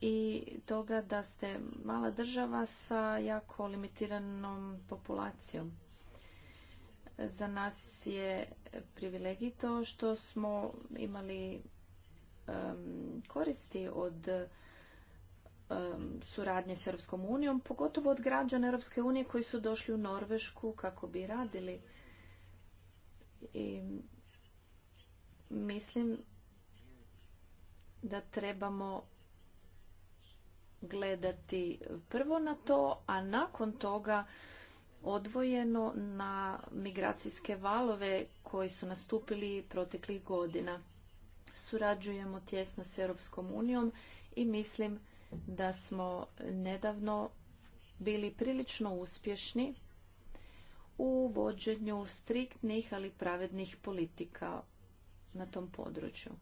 i toga da ste mala država sa jako limitiranom populacijom. Za nas je privilegij to što smo imali koristi od suradnje s Europskom unijom, pogotovo od građana Europske unije koji su došli u Norvešku kako bi radili. I mislim da trebamo gledati prvo na to, a nakon toga odvojeno na migracijske valove koji su nastupili proteklih godina. Surađujemo tjesno s Europskom unijom i mislim da smo nedavno bili prilično uspješni u vođenju striktnih ali pravednih politika na tom području.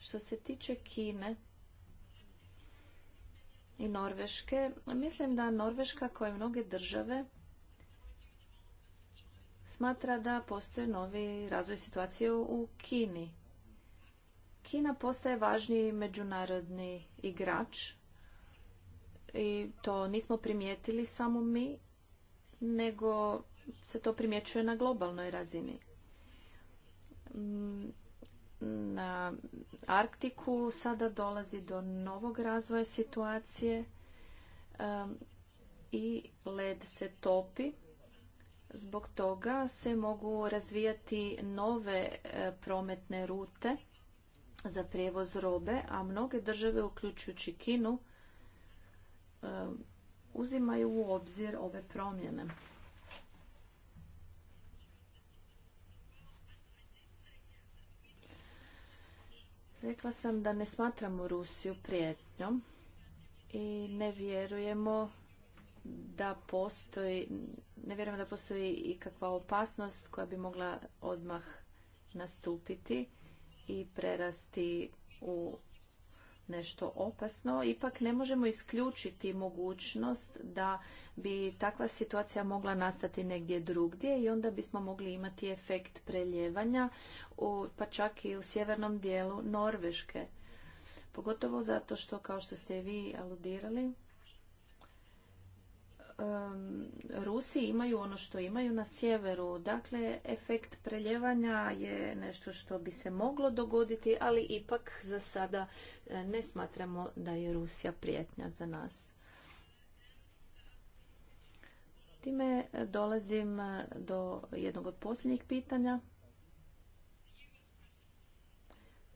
Što se tiče Kine, i Norveške. Mislim da Norveška, kao i mnoge države, smatra da postoje novi razvoj situacije u Kini. Kina postaje važniji međunarodni igrač i to nismo primijetili samo mi, nego se to primjećuje na globalnoj razini. Mm, na Arktiku sada dolazi do novog razvoja situacije um, i led se topi. Zbog toga se mogu razvijati nove e, prometne rute za prijevoz robe, a mnoge države, uključujući Kinu, e, uzimaju u obzir ove promjene. Rekla sam da ne smatramo Rusiju prijetnjom i ne vjerujemo da postoji, ne vjerujemo da postoji ikakva opasnost koja bi mogla odmah nastupiti i prerasti u nešto opasno, ipak ne možemo isključiti mogućnost da bi takva situacija mogla nastati negdje drugdje i onda bismo mogli imati efekt preljevanja, pa čak i u sjevernom dijelu Norveške. Pogotovo zato što, kao što ste i vi aludirali, Rusi imaju ono što imaju na sjeveru. Dakle, efekt preljevanja je nešto što bi se moglo dogoditi, ali ipak za sada e, ne smatramo da je Rusija prijetnja za nas. Time e, dolazim e, do jednog od posljednjih pitanja.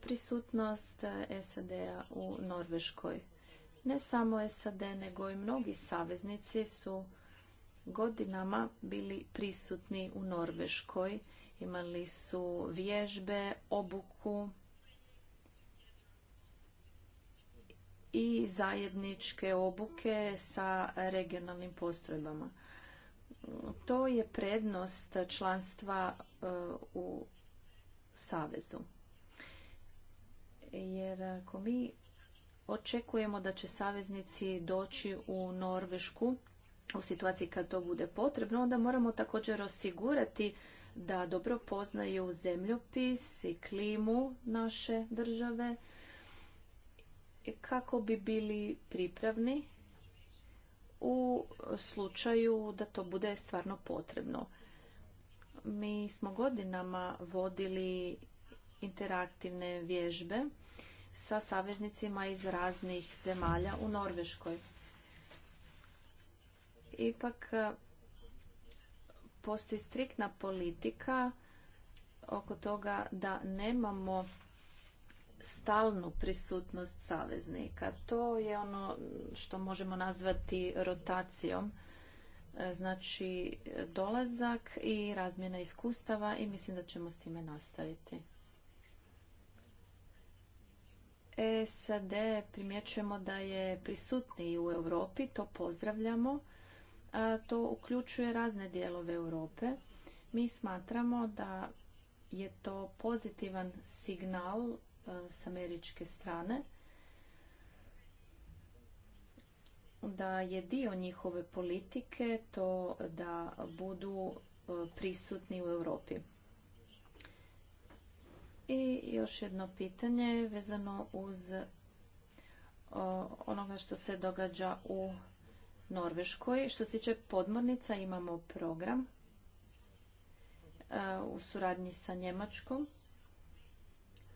Prisutnost SAD-a u Norveškoj. Ne samo SAD, nego i mnogi saveznici su godinama bili prisutni u Norveškoj. Imali su vježbe, obuku i zajedničke obuke sa regionalnim postrojbama. To je prednost članstva e, u Savezu. Jer ako mi Očekujemo da će saveznici doći u Norvešku u situaciji kad to bude potrebno, onda moramo također osigurati da dobro poznaju zemljopis i klimu naše države kako bi bili pripravni u slučaju da to bude stvarno potrebno. Mi smo godinama vodili interaktivne vježbe sa saveznicima iz raznih zemalja u Norveškoj. Ipak e, postoji striktna politika oko toga da nemamo stalnu prisutnost saveznika. To je ono što možemo nazvati rotacijom. E, znači dolazak i razmjena iskustava i mislim da ćemo s time nastaviti. E SAD primjećujemo da je prisutniji u Europi, to pozdravljamo. to uključuje razne dijelove Europe. Mi smatramo da je to pozitivan signal e, s američke strane da je dio njihove politike to da budu e, prisutni u Europi. I još jedno pitanje vezano uz onoga što se događa u Norveškoj. Što se tiče podmornica imamo program e, u suradnji sa Njemačkom.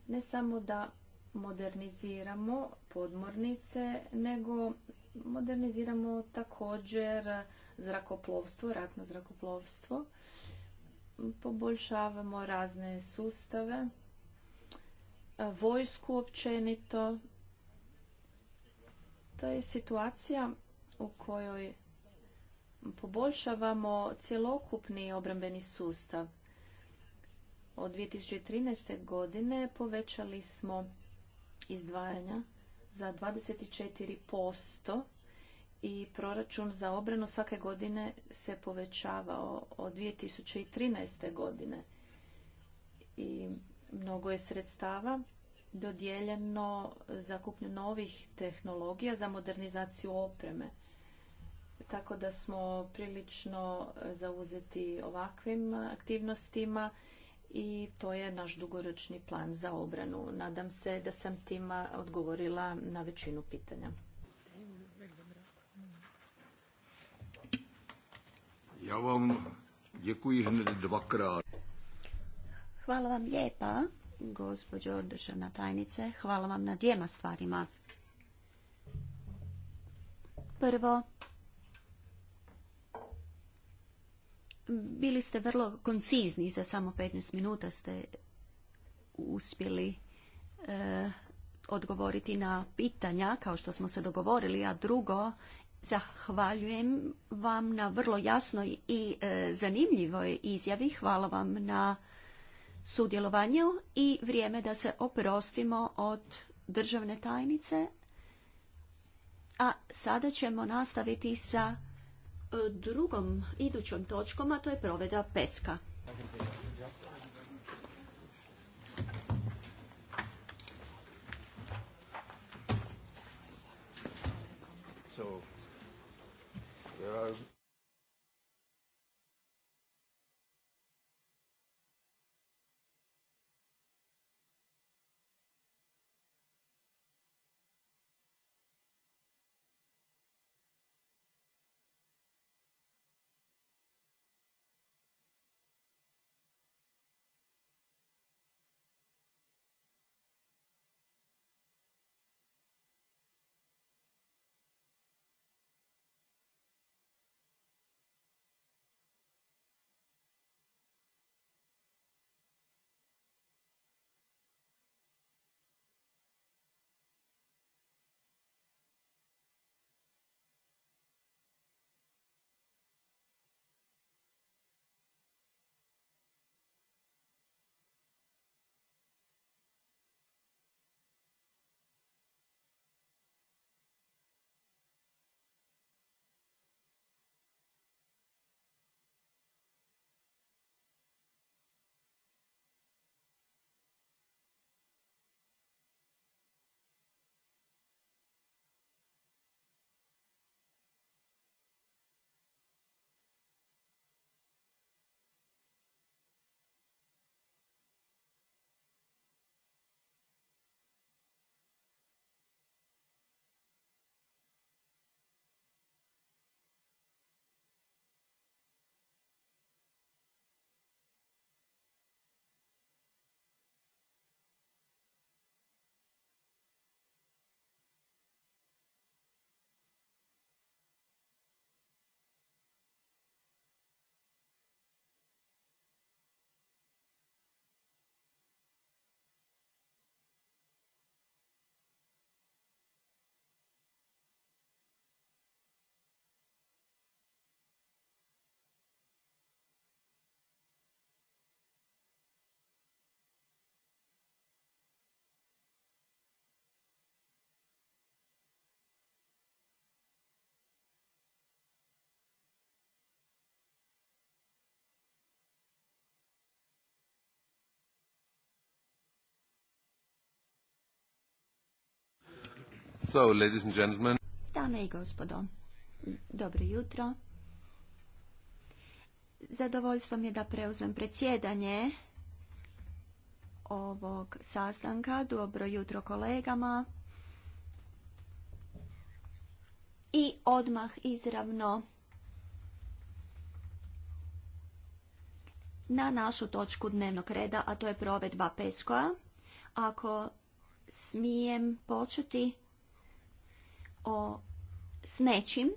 Ne samo da moderniziramo podmornice, nego moderniziramo također zrakoplovstvo, ratno zrakoplovstvo. Poboljšavamo razne sustave vojsku općenito. To je situacija u kojoj poboljšavamo cjelokupni obrambeni sustav. Od 2013. godine povećali smo izdvajanja za 24% i proračun za obranu svake godine se povećavao od 2013. godine. I Mnogo je sredstava dodijeljeno za kupnju novih tehnologija za modernizaciju opreme. Tako da smo prilično zauzeti ovakvim aktivnostima i to je naš dugoročni plan za obranu. Nadam se da sam tima odgovorila na većinu pitanja. Ja vam dvakrát. Hvala vam lijepa, gospođo državna tajnice. Hvala vam na dvijema stvarima. Prvo, bili ste vrlo koncizni, za samo 15 minuta ste uspjeli e, odgovoriti na pitanja, kao što smo se dogovorili, a drugo, zahvaljujem vam na vrlo jasnoj i e, zanimljivoj izjavi. Hvala vam na sudjelovanju i vrijeme da se oprostimo od državne tajnice. A sada ćemo nastaviti sa e, drugom idućom točkom, a to je proveda peska. So, ladies and gentlemen. Dame i gospodo, dobro jutro. Zadovoljstvo mi je da preuzmem predsjedanje ovog sastanka. Dobro jutro kolegama. I odmah izravno na našu točku dnevnog reda, a to je provedba PESCO-a. Ako smijem početi o, s nečim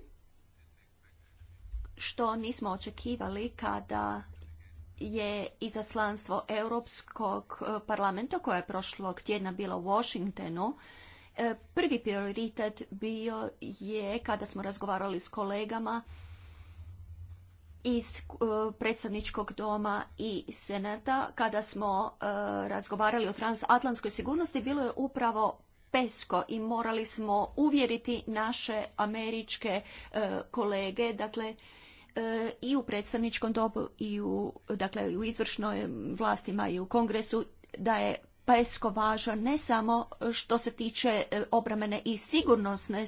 što nismo očekivali kada je izaslanstvo Europskog e, parlamenta koje je prošlog tjedna bilo u Washingtonu e, prvi prioritet bio je kada smo razgovarali s kolegama iz e, predstavničkog doma i senata kada smo razgovarali o transatlantskoj sigurnosti bilo je upravo PESCO i morali smo uvjeriti naše američke e, kolege, dakle, e, i u predstavničkom dobu i u, dakle, u izvršnoj vlastima i u kongresu da je PESCO važan ne samo što se tiče e, obramene i sigurnosne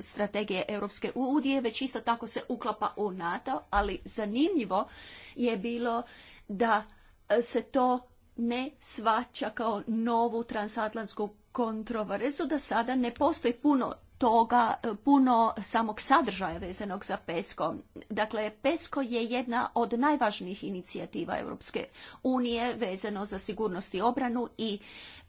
strategije Europske unije, već isto tako se uklapa u NATO, ali zanimljivo je bilo da se to ne svaća kao novu transatlantsku kontroverzu da sada ne postoji puno toga, puno samog sadržaja vezanog za PESCO. Dakle, PESCO je jedna od najvažnijih inicijativa Europske unije vezano za sigurnost i obranu i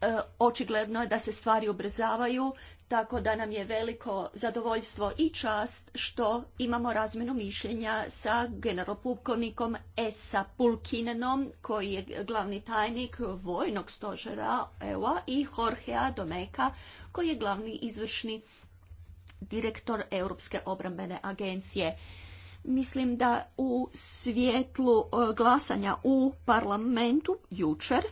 e, očigledno je da se stvari ubrzavaju tako da nam je veliko zadovoljstvo i čast što imamo razmenu mišljenja sa generalpukovnikom Esa Pulkinenom, koji je glavni tajnik vojnog stožera eu i Jorgea Domeka, koji je glavni izvršni direktor Europske obrambene agencije. Mislim da u svijetlu e, glasanja u parlamentu jučer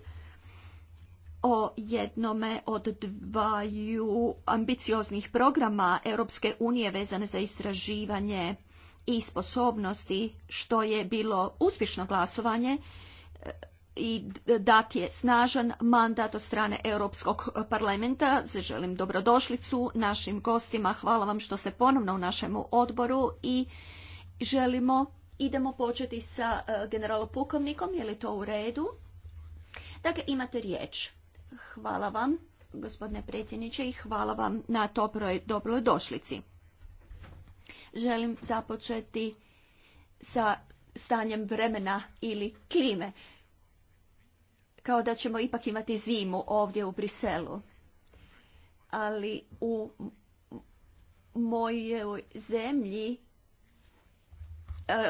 o jednome od dvaju ambicioznih programa Europske unije vezane za istraživanje i sposobnosti, što je bilo uspješno glasovanje e, i dat je snažan mandat od strane Europskog parlamenta. Želim dobrodošlicu našim gostima. Hvala vam što ste ponovno u našemu odboru i želimo, idemo početi sa e, generalom Je li to u redu? Dakle, imate riječ. Hvala vam, gospodine predsjedniče, i hvala vam na toproj dobroj došlici. Želim započeti sa stanjem vremena ili klime, kao da ćemo ipak imati zimu ovdje u Briselu. Ali u mojoj zemlji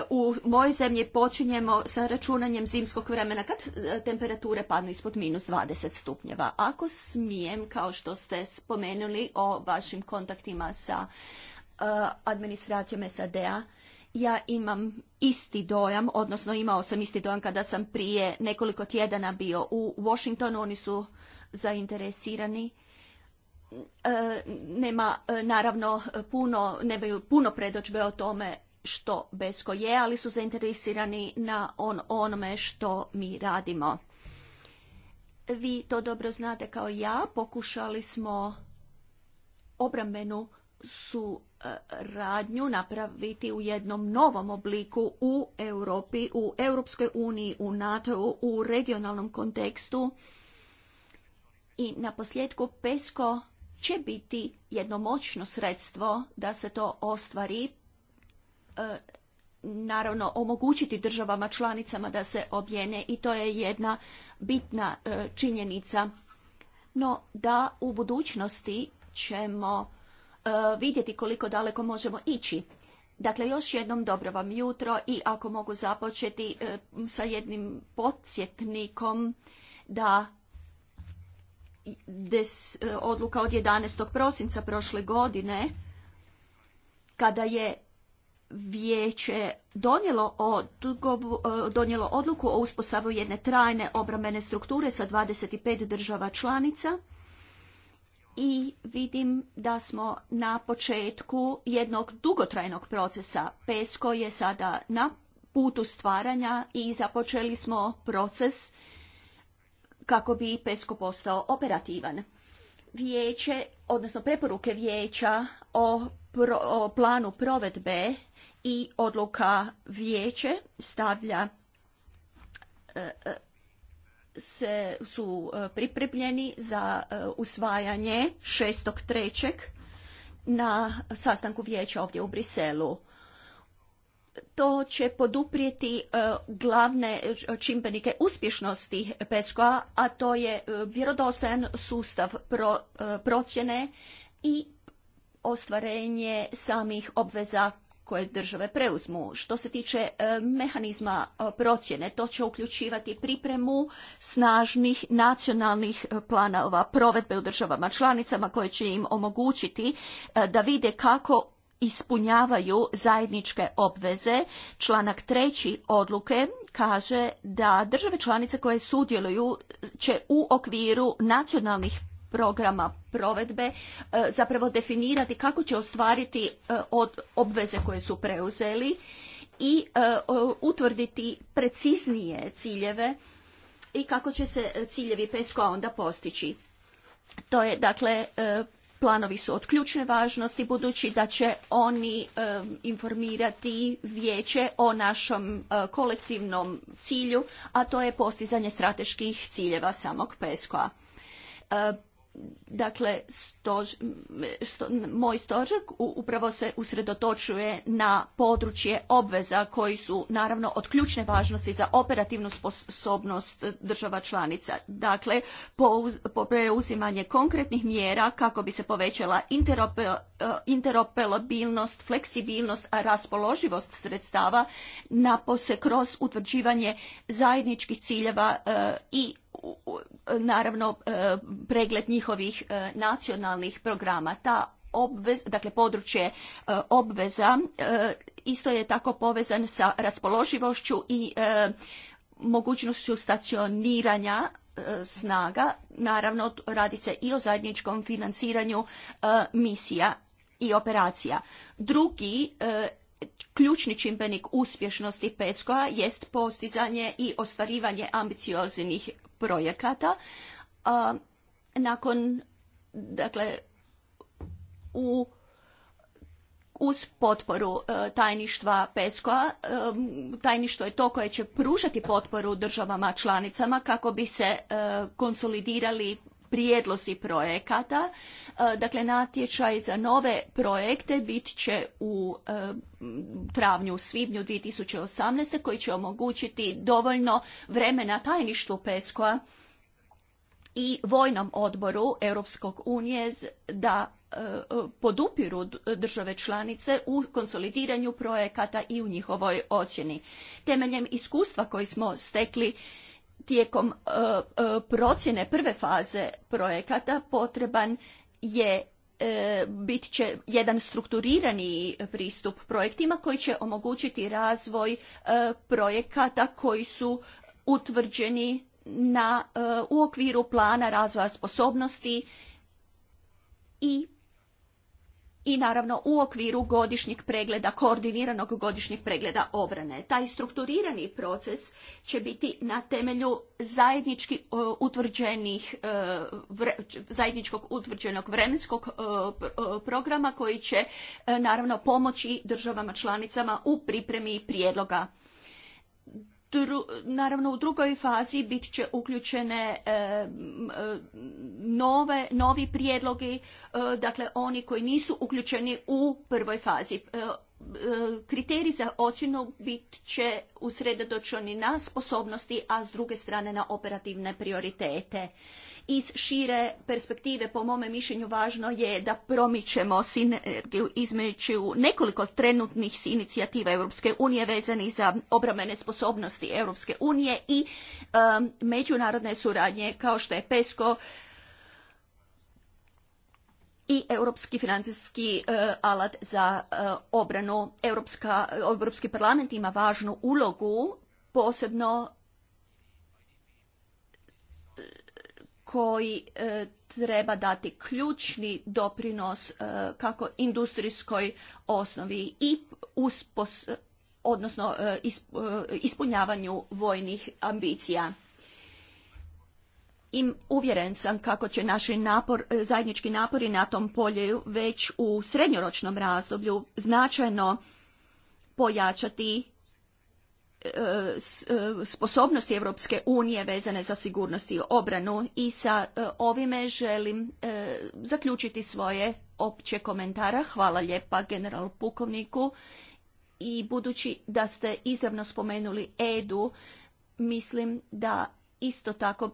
u mojoj zemlji počinjemo sa računanjem zimskog vremena kad e, temperature padnu ispod minus 20 stupnjeva. Ako smijem, kao što ste spomenuli o vašim kontaktima sa e, administracijom SAD-a, ja imam isti dojam, odnosno imao sam isti dojam kada sam prije nekoliko tjedana bio u Washingtonu, oni su zainteresirani. E, nema naravno puno, nemaju puno predođbe o tome što Besko je, ali su zainteresirani na on, onome što mi radimo. Vi to dobro znate kao ja, pokušali smo obrambenu su e, radnju napraviti u jednom novom obliku u Europi, u Europskoj uniji, u NATO, u regionalnom kontekstu. I na posljedku PESCO će biti jedno moćno sredstvo da se to ostvari E, naravno omogućiti državama članicama da se objene i to je jedna bitna e, činjenica. No da u budućnosti ćemo e, vidjeti koliko daleko možemo ići. Dakle, još jednom dobro vam jutro i ako mogu započeti sa jednim podsjetnikom da des, odluka od 11. prosinca prošle godine, kada je vijeće donijelo, e, donijelo odluku o uspostavu jedne trajne obrambene strukture sa 25 država članica i vidim da smo na početku jednog dugotrajnog procesa. PESCO je sada na putu stvaranja i započeli smo proces kako bi PESCO postao operativan. Vijeće, odnosno preporuke vijeća o, o planu provedbe i odluka vijeće stavlja e, e, se su e, pripremljeni za usvajanje 6.3. na sastanku vijeća ovdje u Briselu. To će poduprijeti glavne čimbenike uspješnosti PESCO-a, a to je vjerodostojan sustav procjene i ostvarenje samih obveza koje države preuzmu. Što se tiče e, mehanizma e, procjene, to će uključivati pripremu snažnih nacionalnih e, planova provedbe u državama članicama koje će im omogućiti da vide kako ispunjavaju zajedničke obveze. Članak treći odluke kaže da države članice koje sudjeluju će u okviru nacionalnih programa provedbe e, zapravo definirati kako će ostvariti e, obveze koje su preuzeli i e, utvrditi preciznije ciljeve i kako će se ciljevi PESCO a onda postići. To je dakle planovi su od ključne važnosti budući da će oni informirati vijeće o našem kolektivnom cilju, a to je postizanje strateških ciljeva samog PESCO-a dakle stož, moj stožak upravo se usredotočuje na područje obveza koji su naravno od ključne važnosti za operativnu sposobnost država članica. Dakle, preuzimanje konkretnih mjera kako bi se povećala eh, interoperabilnost, fleksibilnost, raspoloživost sredstava napose kroz utvrđivanje zajedničkih ciljeva eh, i naravno e, pregled njihovih e, nacionalnih programa. Ta obvez, dakle područje e, obveza isto je tako povezan sa raspoloživošću i mogućnošću stacioniranja snaga. Naravno, radi se i o zajedničkom financiranju misija i operacija. Drugi ključni čimbenik uspješnosti PESCO-a jest postizanje i ostvarivanje ambicioznih projekata. A, nakon, dakle, u uz potporu e, tajništva PESCO-a, e, tajništvo je to koje će pružati potporu državama članicama kako bi se e, konsolidirali prijedlozi projekata. E, dakle, natječaj za nove projekte bit će u e, travnju, svibnju 2018. koji će omogućiti dovoljno vremena tajništvu PESCO-a i vojnom odboru Europskog unije da e, podupiru države članice u konsolidiranju projekata i u njihovoj ocjeni. Temeljem iskustva koji smo stekli tijekom e, e, procjene prve faze projekata potreban je e, bit će jedan strukturirani pristup projektima koji će omogućiti razvoj projekata koji su utvrđeni na, u okviru plana razvoja sposobnosti i i naravno u okviru godišnjeg pregleda, koordiniranog godišnjeg pregleda obrane. Taj strukturirani proces će biti na temelju zajednički e, utvrđenih, e, zajedničkog utvrđenog vremenskog e, programa koji će naravno pomoći državama članicama u pripremi prijedloga naravno u drugoj fazi bit će uključene e, e, nove, novi prijedlogi, e, dakle oni koji nisu uključeni u prvoj fazi kriteriji za ocjenu bit će usredotočeni na sposobnosti, a s druge strane na operativne prioritete. Iz šire perspektive, po mome mišljenju, važno je da promičemo sinergiju između nekoliko trenutnih inicijativa Europske unije vezanih za obramene sposobnosti Europske unije i e, međunarodne suradnje kao što je PESCO, i europski financijski e, alat za e, obranu. Europski parlament ima važnu ulogu, posebno koji e, treba dati ključni doprinos kako industrijskoj osnovi i odnosno ispunjavanju vojnih ambicija im uvjeren sam kako će naši napor, e, zajednički napori na tom polju već u srednjoročnom razdoblju značajno pojačati e, e, sposobnosti Europske unije vezane za sigurnost i obranu i sa ovime želim zaključiti svoje opće komentara. Hvala lijepa generalu pukovniku i budući da ste izravno spomenuli Edu, mislim da Isto tako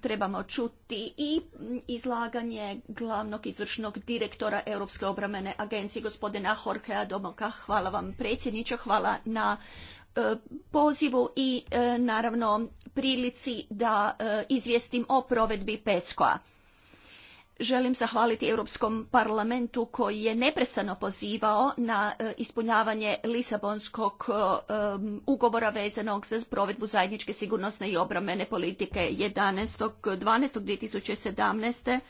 trebamo čuti i izlaganje glavnog izvršnog direktora Europske obramene agencije gospodina Horkea Domoka. Hvala vam predsjedniče, hvala na e, pozivu i e, naravno prilici da e, izvijestim o provedbi PESCO-a želim zahvaliti Europskom parlamentu koji je neprestano pozivao na e, ispunjavanje Lisabonskog e, ugovora vezanog za provedbu zajedničke sigurnosne i obrambene politike 11.12.2017.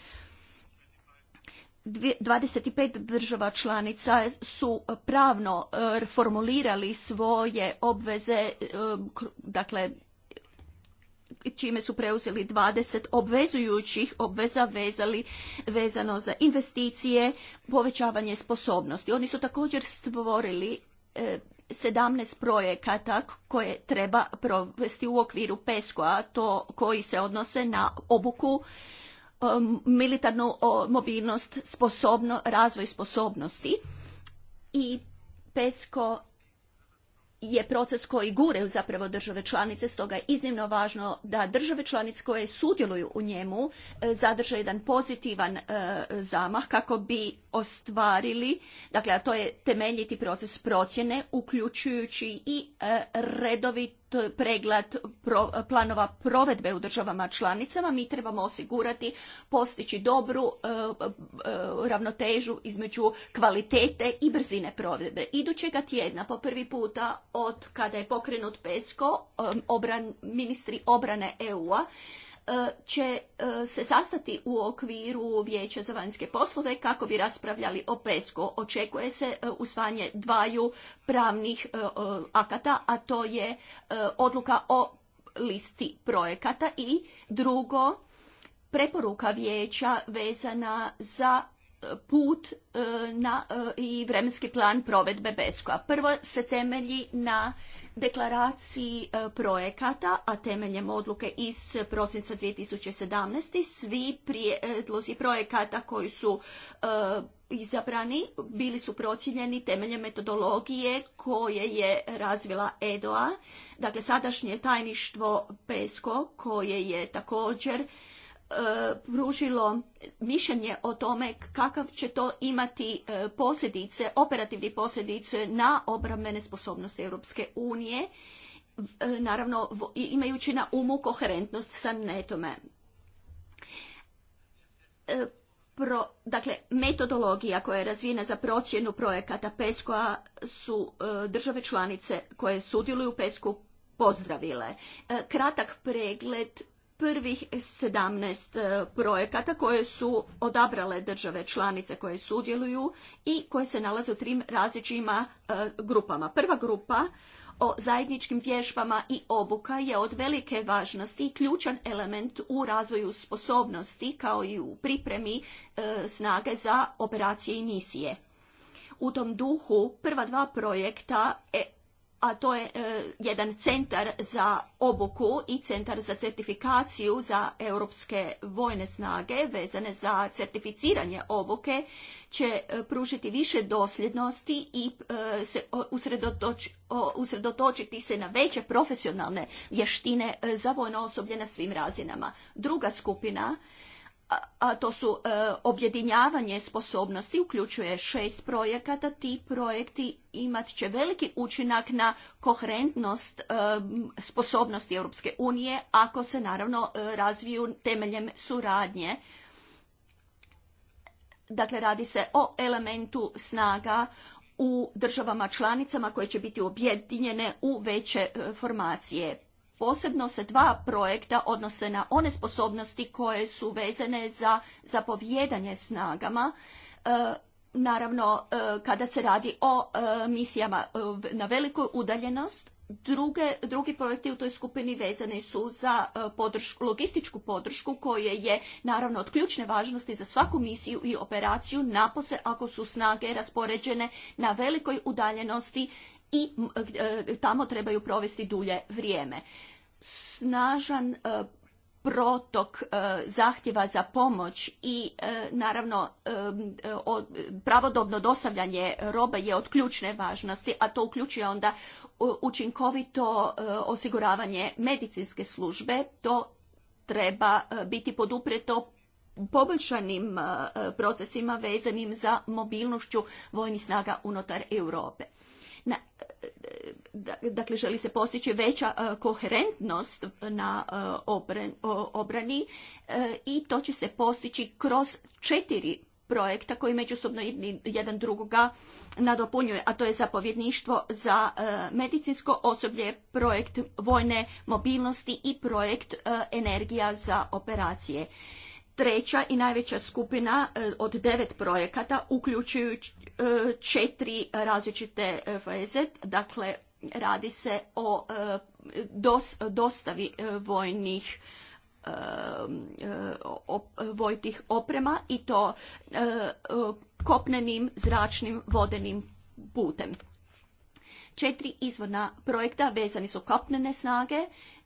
25 država članica su pravno e, formulirali svoje obveze, dakle čime su preuzeli 20 obvezujućih obveza vezali, vezano za investicije, povećavanje sposobnosti. Oni su također stvorili e, 17 projekata koje treba provesti u okviru PESCO-a, to koji se odnose na obuku, e, militarnu mobilnost, sposobno, razvoj sposobnosti i PESCO je proces koji gure zapravo države članice, stoga je iznimno važno da države članice koje sudjeluju u njemu e, zadrže jedan pozitivan e, zamah kako bi ostvarili, dakle a to je temeljiti proces procjene uključujući i e, redovit to je pregled planova provedbe u državama članicama, mi trebamo osigurati postići dobru e, e, ravnotežu između kvalitete i brzine provedbe. Idućega tjedna po prvi puta od kada je pokrenut PESCO, e, ministri obrane EU-a E, će e, se sastati u okviru Vijeća za vanjske poslove kako bi raspravljali o PESCO. Očekuje se e, usvajanje dvaju pravnih akata, a to je odluka o listi projekata i drugo preporuka vijeća vezana za put na, i vremenski plan provedbe PESCO-a. Prvo se temelji na deklaraciji e, projekata, a temeljem odluke iz prosinca 2017. svi prijedlozi projekata koji su e, izabrani bili su procijenjeni temeljem metodologije koje je razvila EDOA, dakle sadašnje tajništvo PESCO koje je također E, pružilo mišljenje o tome kakav će to imati e, posljedice, operativne posljedice na obrambene sposobnosti Europske unije, e, naravno imajući na umu koherentnost sa netome. Pro, dakle, metodologija koja je razvijena za procjenu projekata pesco su države članice koje sudjeluju u PESCO pozdravile. kratak pregled prvih 17 e, projekata koje su odabrale države članice koje sudjeluju i koje se nalaze u trim različitima e, grupama. Prva grupa o zajedničkim vježbama i obuka je od velike važnosti i ključan element u razvoju sposobnosti kao i u pripremi e, snage za operacije i misije. U tom duhu prva dva projekta a to je e, jedan centar za obuku i centar za certifikaciju za europske vojne snage vezane za certificiranje obuke će e, pružiti više dosljednosti i e, se usredotočiti se na veće profesionalne vještine za vojno osoblje na svim razinama. Druga skupina a to su e, objedinjavanje sposobnosti, uključuje šest projekata. Ti projekti imat će veliki učinak na koherentnost e, sposobnosti Europske unije ako se naravno e, razviju temeljem suradnje. Dakle, radi se o elementu snaga u državama članicama koje će biti objedinjene u veće formacije Posebno se dva projekta odnose na one sposobnosti koje su vezane za zapovijedanje snagama. E, naravno, e, kada se radi o e, misijama na veliku udaljenost, drugi projekti u toj skupini vezani su za podršku, logističku podršku koje je naravno od ključne važnosti za svaku misiju i operaciju napose ako su snage raspoređene na velikoj udaljenosti i e, e, tamo trebaju provesti dulje vrijeme. Snažan e, protok zahtjeva za pomoć i naravno pravodobno dostavljanje robe je od ključne važnosti, a to uključuje onda učinkovito osiguravanje medicinske službe. To treba biti podupreto poboljšanim procesima vezanim za mobilnošću vojnih snaga unutar Europe dakle želi se postići veća e, koherentnost na e, obrani e, i to će se postići kroz četiri projekta koji međusobno jedan drugoga nadopunjuje, a to je zapovjedništvo za medicinsko osoblje, projekt vojne mobilnosti i projekt energija za operacije treća i najveća skupina od devet projekata uključujući četiri različite veze. dakle radi se o e, dostavi e, vojnih e, vojtih oprema i to kopnenim, zračnim, vodenim putem. Četiri izvorna projekta vezani su kopnene snage,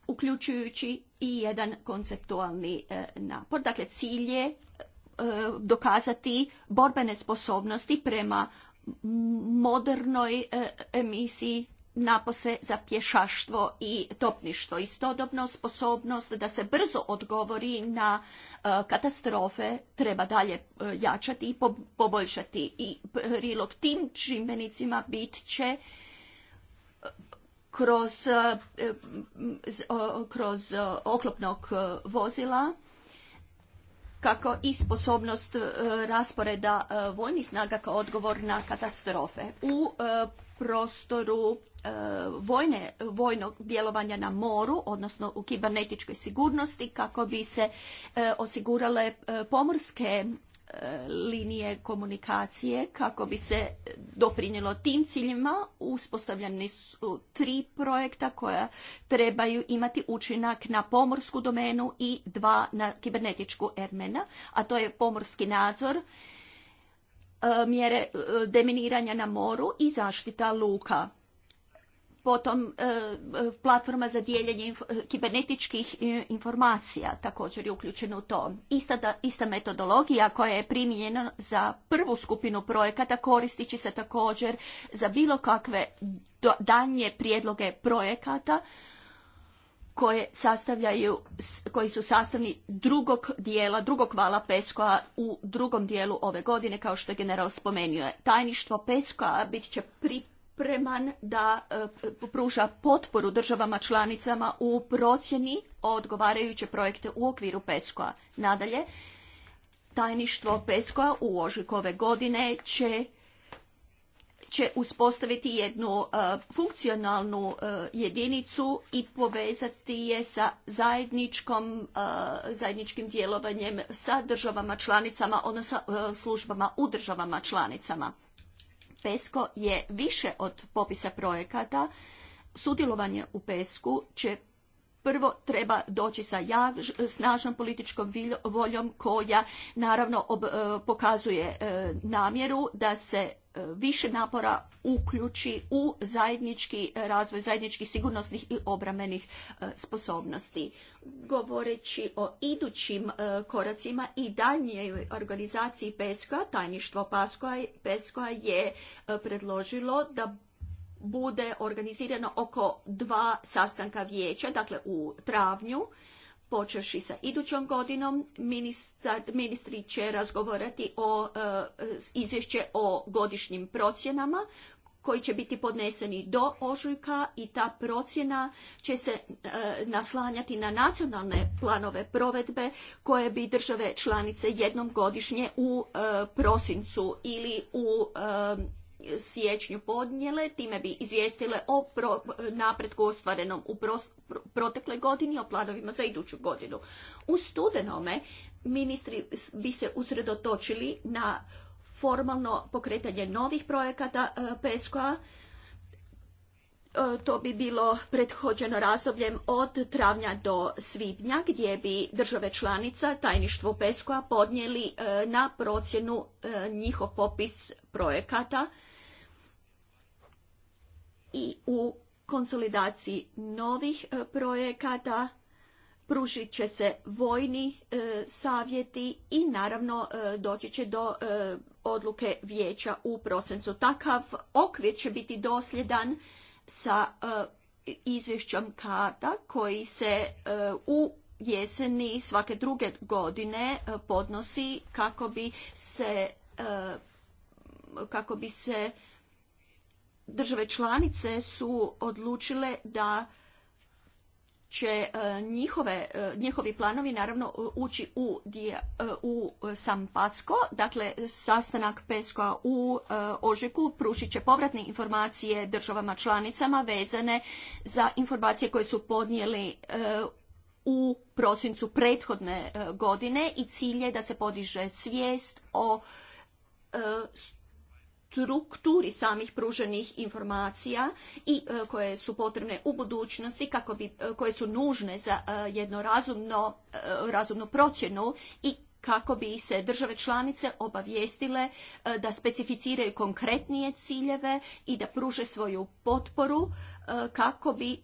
uključujući i jedan konceptualni napor. Dakle, cilj je E, dokazati borbene sposobnosti prema modernoj e, emisiji napose za pješaštvo i topništvo. Istodobno sposobnost da se brzo odgovori na e, katastrofe treba dalje jačati i poboljšati. I prilog tim čimbenicima bit će kroz, kroz oklopnog vozila kako i sposobnost e, rasporeda e, vojnih snaga kao odgovor na katastrofe. U e, prostoru vojne, vojnog djelovanja na moru, odnosno u kibernetičkoj sigurnosti, kako bi se osigurale pomorske linije komunikacije kako bi se doprinjelo tim ciljima. Uspostavljeni su tri projekta koja trebaju imati učinak na pomorsku domenu i dva na kibernetičku ermena, a to je pomorski nadzor, e, mjere e, deminiranja na moru i zaštita luka. Potom e, e, platforma za dijeljenje e, kibernetičkih informacija također je uključena u to. Ista, da, ista metodologija koja je primijenjena za prvu skupinu projekata koristit će se također za bilo kakve danje prijedloge projekata koje sastavljaju, koji su sastavni drugog dijela, drugog vala Peskoa u drugom dijelu ove godine, kao što je general spomenuo. Tajništvo Peskoa bit će pri spreman da e, pruža potporu državama članicama u procjeni odgovarajuće projekte u okviru PESCO-a. Nadalje, tajništvo PESCO-a u ožujku ove godine će će uspostaviti jednu e, funkcionalnu e, jedinicu i povezati je sa zajedničkom, zajedničkim djelovanjem sa državama članicama, odnosno službama u državama članicama. PESCO je više od popisa projekata. Sudjelovanje u PESCO će prvo treba doći sa snažnom političkom voljom koja naravno e, pokazuje e, namjeru da se E, više napora uključi u zajednički razvoj zajedničkih sigurnosnih i obrambenih e, sposobnosti. Govoreći o idućim e, koracima i daljnjoj organizaciji pesco tajništvo PESCO-a je predložilo da bude organizirano oko dva sastanka vijeća, dakle u travnju Počevši sa idućom godinom ministri će razgovarati o e, izvješće o godišnjim procjenama koji će biti podneseni do ožujka i ta procjena će se e, naslanjati na nacionalne planove provedbe koje bi države članice jednom godišnje u e, prosincu ili u siječnju podnijele, time bi izvijestile o napretku ostvarenom u protekle protekloj godini, o planovima za iduću godinu. U studenome ministri bi se usredotočili na formalno pokretanje novih projekata e, PESCO-a, e, to bi bilo prethođeno razdobljem od travnja do svibnja gdje bi države članica tajništvo PESCO-a podnijeli e, na procjenu njihov popis projekata i u konsolidaciji novih e, projekata pružit će se vojni e, savjeti i naravno e, doći će do odluke vijeća u prosincu. Takav okvir će biti dosljedan sa izvješćem kada koji se u jeseni svake druge godine podnosi kako bi se kako bi se države članice su odlučile da će e, njihove, e, njihovi planovi naravno e, ući u, u sam PASCO, dakle sastanak pesco u Ožeku, prušit će povratne informacije državama članicama vezane za informacije koje su podnijeli u prosincu prethodne godine i cilj je da se podiže svijest o strukturi samih pruženih informacija i e, koje su potrebne u budućnosti kako bi, e, koje su nužne za e, jedno razumno, razumnu procjenu i kako bi se države članice obavijestile da specificiraju konkretnije ciljeve i da pruže svoju potporu kako bi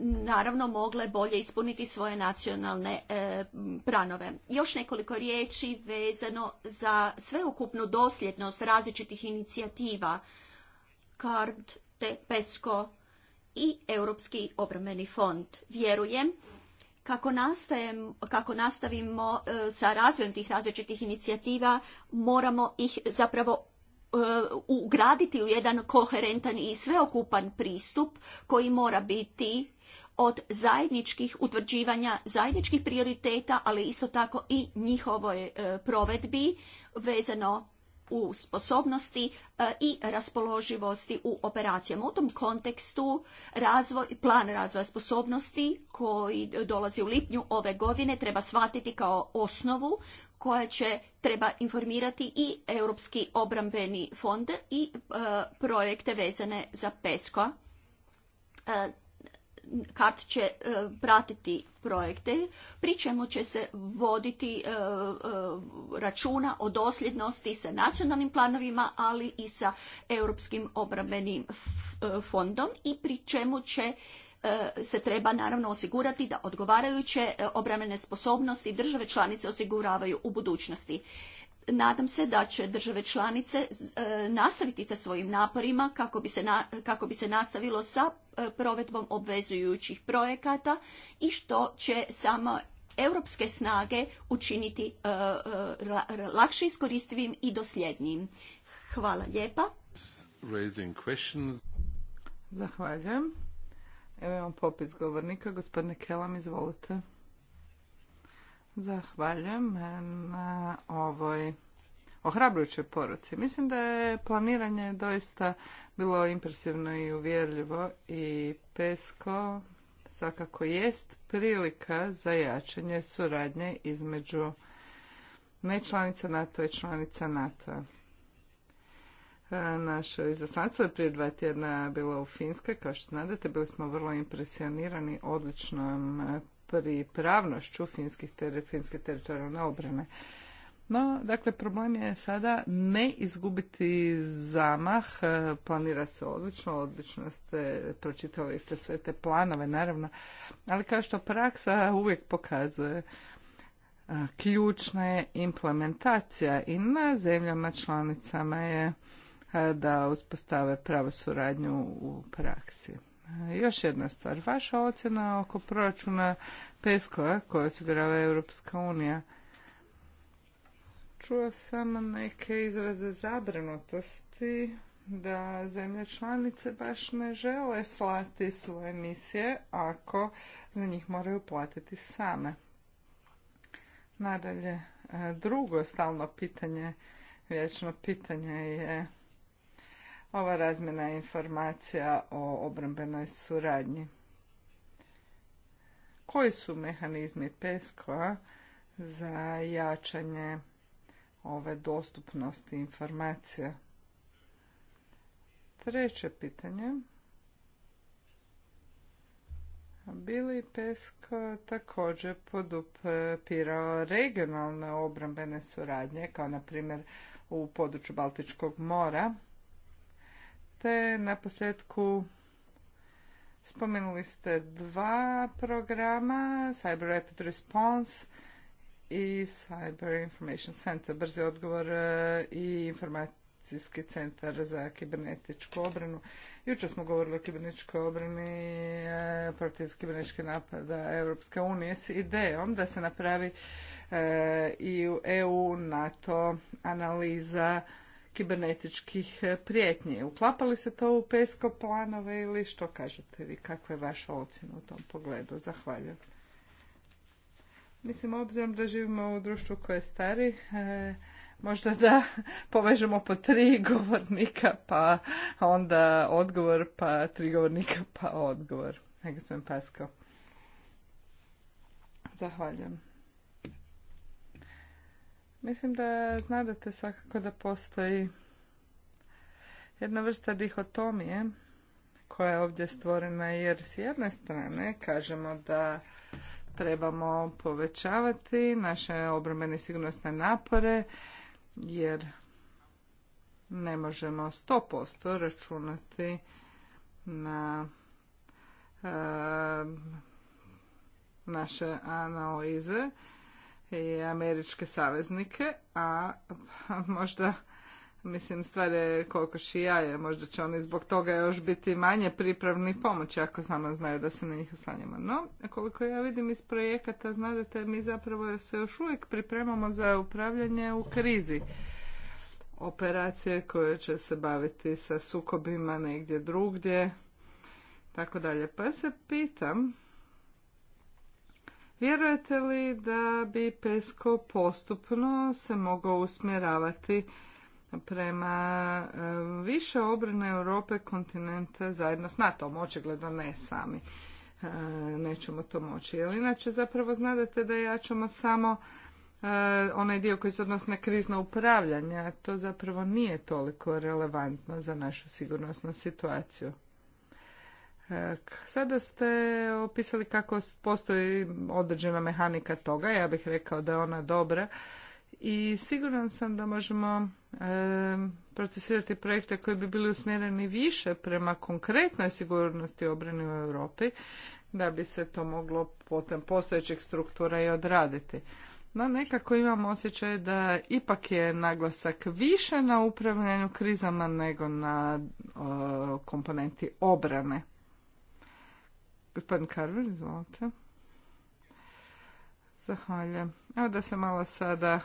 naravno mogle bolje ispuniti svoje nacionalne e, planove. pranove. Još nekoliko riječi vezano za sveukupnu dosljednost različitih inicijativa CARD, te PESCO i Europski obrambeni fond. Vjerujem kako, nastavimo e, sa razvojem tih različitih inicijativa, moramo ih zapravo e, ugraditi u jedan koherentan i sveokupan pristup koji mora biti od zajedničkih utvrđivanja zajedničkih prioriteta, ali isto tako i njihovoj e, provedbi vezano u sposobnosti e, i raspoloživosti u operacijama. U tom kontekstu razvoj, plan razvoja sposobnosti koji dolazi u lipnju ove godine treba shvatiti kao osnovu koja će treba informirati i Europski obrambeni fond i e, projekte vezane za PESCO kart će e, pratiti projekte, pri čemu će se voditi e, e, računa o dosljednosti sa nacionalnim planovima, ali i sa Europskim obrambenim fondom i pri čemu će se treba naravno osigurati da odgovarajuće obrambene sposobnosti države članice osiguravaju u budućnosti nadam se da će države članice e, nastaviti sa svojim naporima kako bi se, nastavilo sa e, provedbom obvezujućih projekata i što će samo europske snage učiniti e, lakše iskoristivim i dosljednijim. Hvala lijepa. Zahvaljujem. Evo imamo popis govornika. Gospodine Kelam, izvolite. Zahvaljujem na ovoj ohrabrujućoj poruci. Mislim da je planiranje doista bilo impresivno i uvjerljivo i pesko svakako jest prilika za jačanje suradnje između nečlanica NATO i članica NATO. Naše izaslanstvo je prije dva tjedna bilo u Finskoj, kao što znate, bili smo vrlo impresionirani odličnom pripravnošću finskih ter, finske teritorijalne obrane. No, dakle, problem je sada ne izgubiti zamah, e, planira se odlično, odlično ste, pročitali ste sve te planove, naravno, ali kao što praksa uvijek pokazuje, e, ključna je implementacija i na zemljama članicama je e, da uspostave pravu suradnju u praksi. Još jedna stvar, vaša ocjena oko proračuna PESCO-a koje osigurava Europska unija. Čuo sam neke izraze zabrinutosti da zemlje članice baš ne žele slati svoje misije ako za njih moraju platiti same. Nadalje, drugo stalno pitanje, vječno pitanje je ova razmjena informacija o obrambenoj suradnji. Koji su mehanizmi pesco za jačanje ove dostupnosti informacija? Treće pitanje. Bili Pesko također podupirao regionalne obrambene suradnje, kao na primjer u području Baltičkog mora, te na posljedku spomenuli ste dva programa, Cyber Rapid Response i Cyber Information Center, brzi odgovor e, i informacijski centar za kibernetičku obranu. Jučer smo govorili o kibernetičkoj obrani e, protiv kibernetičkih napada Europske unije s idejom da se napravi e, i u EU NATO analiza kibernetičkih e, prijetnji. Uklapali se to u PESCO planove ili što kažete vi? Kakva je vaša ocjena u tom pogledu? Zahvaljujem. Mislim, obzirom da živimo u društvu koje je stari, e, možda da povežemo po tri govornika, pa onda odgovor, pa tri govornika, pa odgovor. Nego sam paskao. Zahvaljujem. Mislim da znadate svakako da postoji jedna vrsta dihotomije koja je ovdje stvorena jer s jedne strane kažemo da trebamo povećavati naše obrambene sigurnosne napore jer ne možemo 100% računati na eh, naše analize i američke saveznike, a možda, mislim, stvar je koliko šijaje, možda će oni zbog toga još biti manje pripravni pomoći ako samo znaju da se na njih oslanjamo. No, koliko ja vidim iz projekata, znate, mi zapravo se još uvijek pripremamo za upravljanje u krizi operacije koje će se baviti sa sukobima negdje drugdje, tako dalje. Pa se pitam, Vjerujete li da bi PESCO postupno se mogao usmjeravati prema e, više obrane Europe kontinenta zajedno s nato očigledno ne sami e, nećemo to moći. Jer inače zapravo znadete da jačamo samo e, onaj dio koji se odnosi na krizno upravljanje, a to zapravo nije toliko relevantno za našu sigurnosnu situaciju. Sada ste opisali kako postoji određena mehanika toga, ja bih rekao da je ona dobra i siguran sam da možemo e, procesirati projekte koji bi bili usmjereni više prema konkretnoj sigurnosti obrani u Europi da bi se to moglo potem postojećih struktura i odraditi. No nekako imam osjećaj da ipak je naglasak više na upravljanju krizama nego na komponenti obrane. Gospodin Karver, izvolite. Zahvaljujem. Evo da se malo sada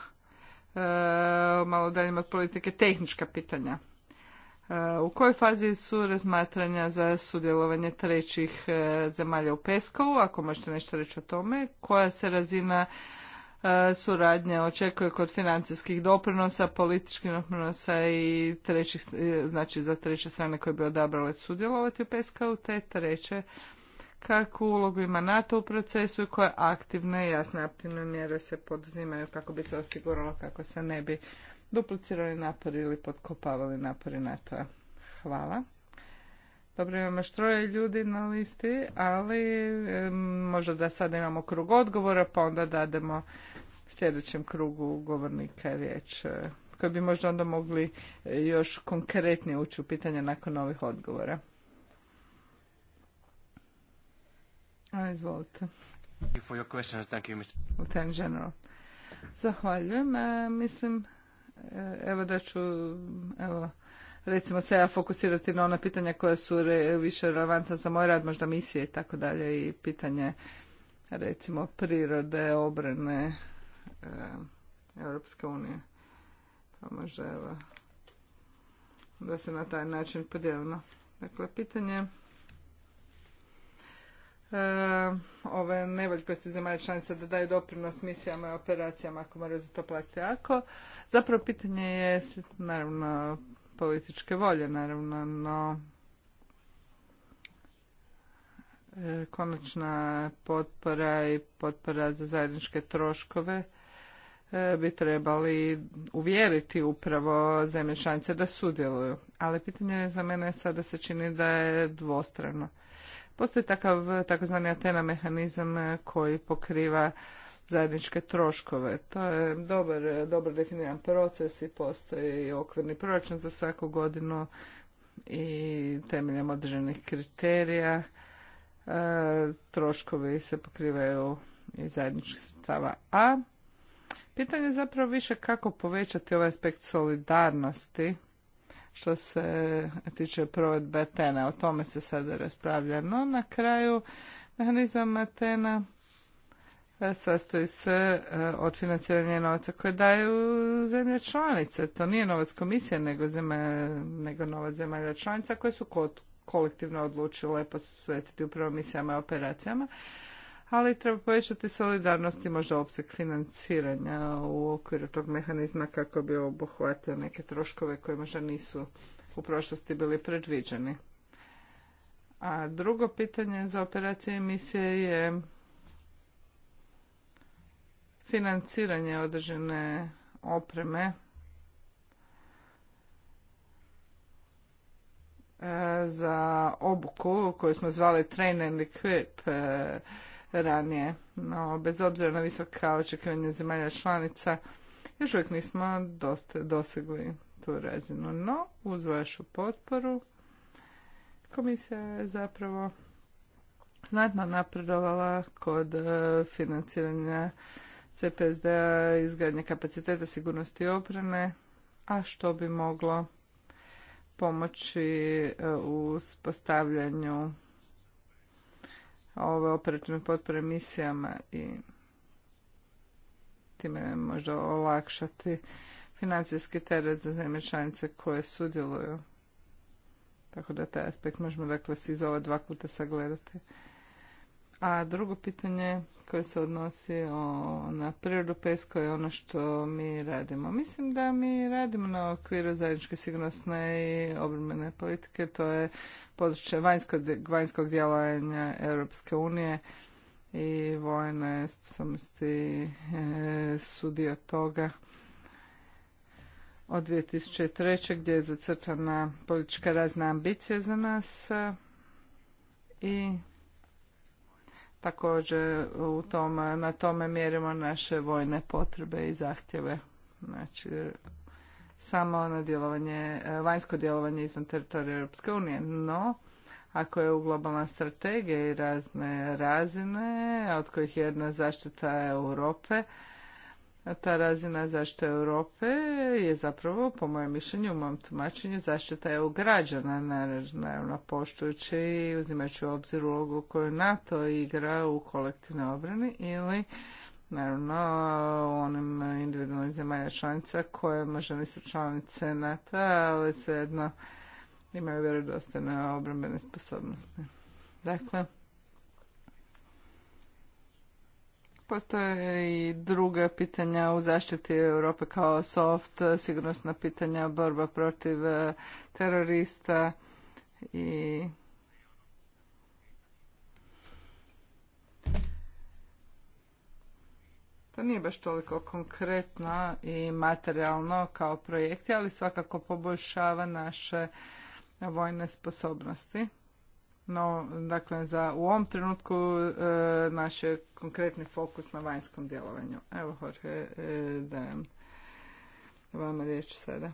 e, malo malo daljem od politike tehnička pitanja. E, u kojoj fazi su razmatranja za sudjelovanje trećih e, zemalja u Peskovu? Ako možete nešto reći o tome. Koja se razina suradnje očekuje kod financijskih doprinosa, političkih doprinosa i trećih, znači za treće strane koje bi odabrale sudjelovati u Peskovu te treće kakvu ulogu ima NATO u procesu i koje aktivne i jasne aktivne mjere se poduzimaju kako bi se osiguralo kako se ne bi duplicirali napori ili podkopavali napori NATO-a. Hvala. Dobro, imamo još troje ljudi na listi, ali možda da sad imamo krug odgovora, pa onda dademo sljedećem krugu govornika riječ, e, koji bi možda onda mogli e, još konkretnije ući u pitanje nakon ovih odgovora. General. Zahvaljujem. E, mislim, e, evo da ću, evo, recimo se ja fokusirati na ona pitanja koja su više relevantna za moj rad, možda misije i tako dalje i pitanje recimo prirode, obrane e, Europske unije. Pa možda evo da se na taj način podijelimo. Dakle, pitanje E, ove nevoljkosti zemalja članica da daju doprinos misijama i operacijama ako moraju za to platiti ako. Zapravo pitanje je naravno političke volje naravno, no e, konačna potpora i potpora za zajedničke troškove e, bi trebali uvjeriti upravo zemlje članice da sudjeluju. Ali pitanje za mene sada se čini da je dvostrano. Postoji takav takozvani Atena mehanizam eh, koji pokriva zajedničke troškove. To je dobar, eh, dobro definiran proces i postoji okvirni proračun za svaku godinu i temeljem određenih kriterija eh, troškovi se pokrivaju iz zajedničkih sredstava. A pitanje je zapravo više kako povećati ovaj aspekt solidarnosti što se tiče provedbe Atena. O tome se sada raspravlja. No na kraju mehanizam Atena e, sastoji se e, od financiranja novaca koje daju zemlje članice. To nije novac komisije, nego, zemlje, nego novac zemalja članica koje su kolektivno odlučile posvetiti upravo misijama i operacijama ali treba povećati solidarnost i možda opseg financiranja u okviru tog mehanizma kako bi obuhvatio neke troškove koje možda nisu u prošlosti bili predviđeni. A drugo pitanje za operacije emisije je financiranje određene opreme e, za obuku koju smo zvali train and equip e, ranije. No, bez obzira na visoka očekivanja zemalja članica, još uvijek nismo dosta dosegli tu razinu. No, uz vašu potporu, komisija je zapravo znatno napredovala kod e, financiranja CPSD-a, izgradnje kapaciteta sigurnosti i obrane, a što bi moglo pomoći e, u postavljanju ove operativne potpore misijama i time možda olakšati financijski teret za zemlje članice koje sudjeluju. Tako da taj aspekt možemo dakle iz ova dva kuta sagledati. A drugo pitanje koje se odnosi na prirodu pesko je ono što mi radimo. Mislim da mi radimo na okviru zajedničke sigurnosne i obrambene politike. To je područje vanjskog, vanjskog djelovanja Europske unije i vojne sposobnosti e, su dio toga od 2003. gdje je zacrtana politička razna ambicija za nas e, i Također u tom, na tome mjerimo naše vojne potrebe i zahtjeve. Znači, samo na ono djelovanje, vanjsko djelovanje izvan teritorija Europske unije. No, ako je u globalna strategija i razne razine, od kojih je jedna zaštita Europe, ta razina zaštite Europe je zapravo, po mojem mišljenju, u mom tumačenju, zaštita EU građana, naravno poštujući i uzimajući u obzir ulogu koju NATO igra u kolektivnoj obrani ili naravno onim individualnim zemalja članica koje možda nisu članice NATO, ali svejedno imaju vjerodostojne obrambene sposobnosti. Dakle, Postoje i druga pitanja u zaštiti Europe kao soft, sigurnosna pitanja, borba protiv e, terorista i To nije baš toliko konkretno i materijalno kao projekti, ali svakako poboljšava naše vojne sposobnosti no, dakle, za u ovom trenutku e, naš je konkretni fokus na vanjskom djelovanju. Evo, Jorge, e, dajem vama riječ sada.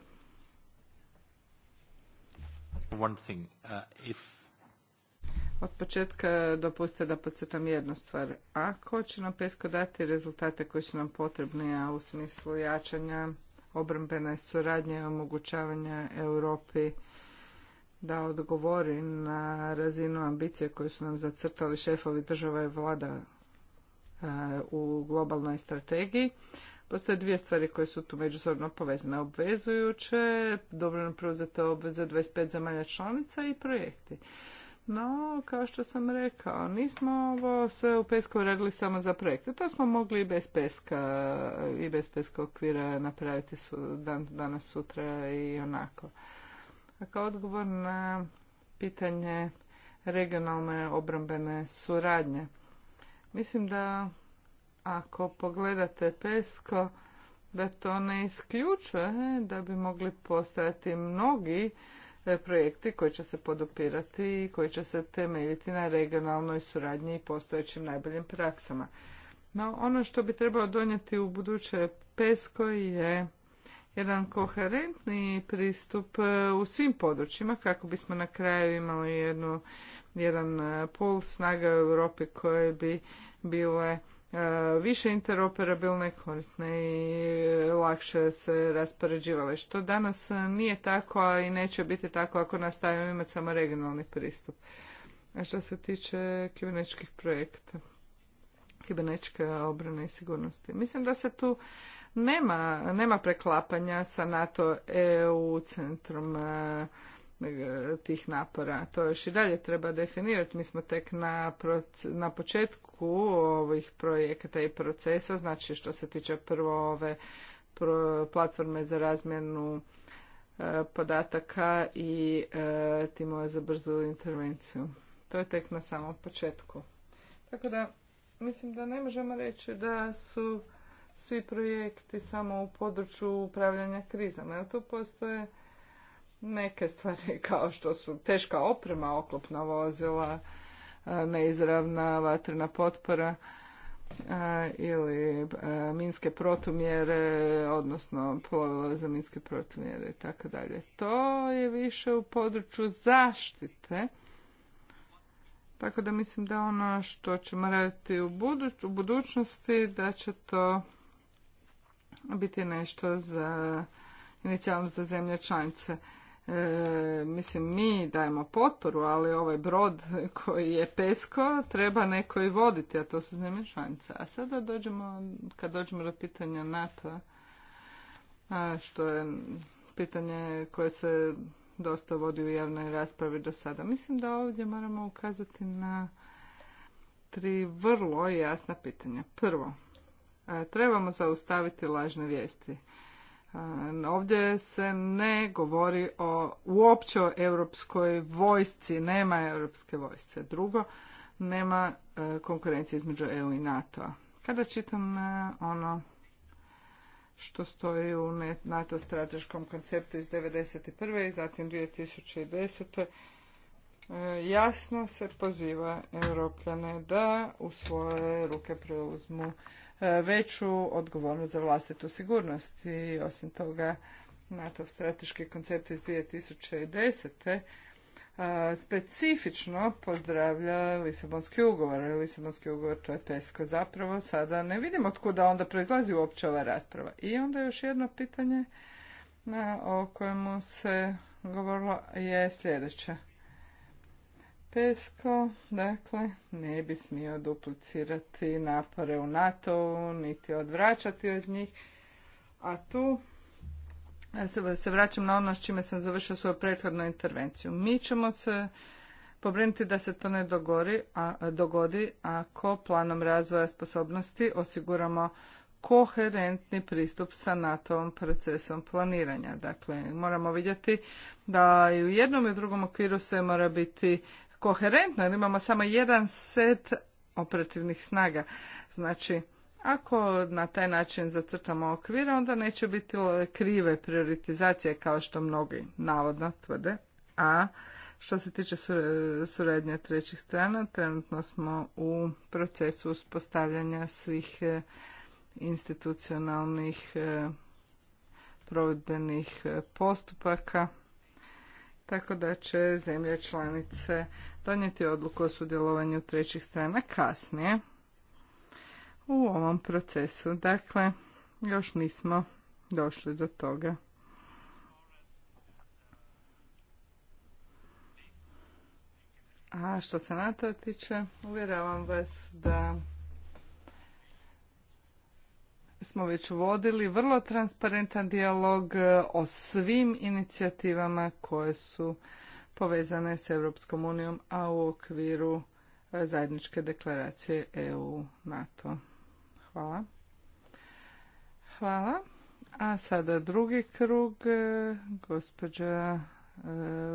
One thing, uh, if... Od početka dopustite da podcrtam jednu stvar. Ako će nam pesko dati rezultate koji su nam potrebni, a u smislu jačanja obrambene suradnje i omogućavanja Europi da odgovori na razinu ambicije koju su nam zacrtali šefovi država i vlada e, u globalnoj strategiji. Postoje dvije stvari koje su tu međusobno povezane. Obvezujuće, dobro preuzete obveze 25 zemalja članica i projekti. No, kao što sam rekao, nismo ovo sve u pesku radili samo za projekte. To smo mogli i bez peska i bez peska okvira napraviti su, dan, danas, sutra i onako. Kao dakle, odgovor na pitanje regionalne obrambene suradnje. Mislim da ako pogledate PESCO, da to ne isključuje da bi mogli postojati mnogi e, projekti koji će se podupirati i koji će se temeljiti na regionalnoj suradnji i postojećim najboljim praksama. No, ono što bi trebalo donijeti u buduće PESCO je jedan koherentni pristup e, u svim područjima kako bismo na kraju imali jednu, jedan e, pol snaga u Europi koje bi bile e, više interoperabilne, korisne i lakše se raspoređivale. Što danas nije tako, a i neće biti tako ako nastavimo imati samo regionalni pristup. A što se tiče kibernetičkih projekta, kibernetičke obrane i sigurnosti. Mislim da se tu nema, nema preklapanja sa NATO EU centrom e, tih napora. To još i dalje treba definirati. Mi smo tek na, na početku ovih projekata i procesa, znači što se tiče prvo ove platforme za razmjenu e, podataka i e, timova za brzu intervenciju. To je tek na samom početku. Tako da mislim da ne možemo reći da su svi projekti samo u području upravljanja krizama. jel tu postoje neke stvari kao što su teška oprema, oklopna vozila, e, neizravna vatrena potpora e, ili e, minske protumjere, odnosno plovila za minske protumjere i tako dalje. To je više u području zaštite. Tako da mislim da ono što ćemo raditi u, u budućnosti, da će to biti nešto za inicijalno za zemlje članice. E, mislim, mi dajemo potporu, ali ovaj brod koji je pesko treba neko i voditi, a to su zemlje članice. A sada dođemo, kad dođemo do pitanja NATO, a što je pitanje koje se dosta vodi u javnoj raspravi do sada. Mislim da ovdje moramo ukazati na tri vrlo jasna pitanja. Prvo, trebamo zaustaviti lažne vijesti. Ovdje se ne govori o, uopće o europskoj vojsci, nema europske vojsce. Drugo, nema e, konkurencije između EU i NATO-a. Kada čitam e, ono što stoji u NATO strateškom konceptu iz 1991. i zatim 2010 e, jasno se poziva europljane da u svoje ruke preuzmu E, veću odgovornost za vlastitu sigurnost i osim toga NATO strateški koncept iz 2010 e, specifično pozdravlja Lisabonski ugovor. Lisabonski ugovor to je pesko zapravo. Sada ne vidimo otkuda onda proizlazi uopće ova rasprava. I onda još jedno pitanje na, e, o kojemu se govorilo je sljedeće. Pesko, dakle, ne bi smio duplicirati napore u NATO-u, niti odvraćati od njih. A tu se vraćam na ono s čime sam završio svoju prethodnu intervenciju. Mi ćemo se pobrinuti da se to ne dogori, a, dogodi ako planom razvoja sposobnosti osiguramo koherentni pristup sa NATO-om procesom planiranja. Dakle, moramo vidjeti da i u jednom i u drugom okviru se mora biti koherentno jer imamo samo jedan set operativnih snaga. Znači, ako na taj način zacrtamo okvire, onda neće biti krive prioritizacije kao što mnogi navodno tvrde. A što se tiče suradnje trećih strana, trenutno smo u procesu uspostavljanja svih e, institucionalnih e, provedbenih e, postupaka tako da će zemlje članice donijeti odluku o sudjelovanju trećih strana kasnije u ovom procesu. Dakle, još nismo došli do toga. A što se to tiče, uvjeravam vas da smo već vodili vrlo transparentan dijalog e, o svim inicijativama koje su povezane s Europskom unijom, a u okviru e, zajedničke deklaracije EU-NATO. Hvala. Hvala. A sada drugi krug, e, gospođa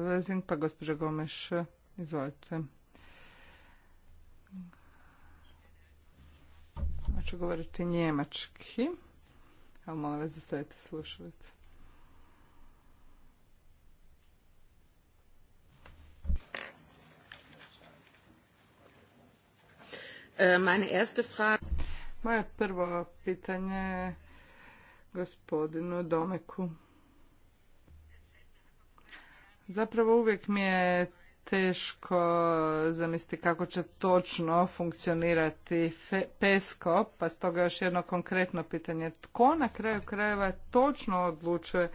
Lezin, pa gospođa Gomeš, izvolite. ću govoriti njemački. Evo, molim vas da stavite slušalice. E, Moje prvo pitanje gospodinu Domeku. Zapravo uvijek mi je teško zamisliti kako će točno funkcionirati PESCO, pa stoga još jedno konkretno pitanje. Tko na kraju krajeva točno odlučuje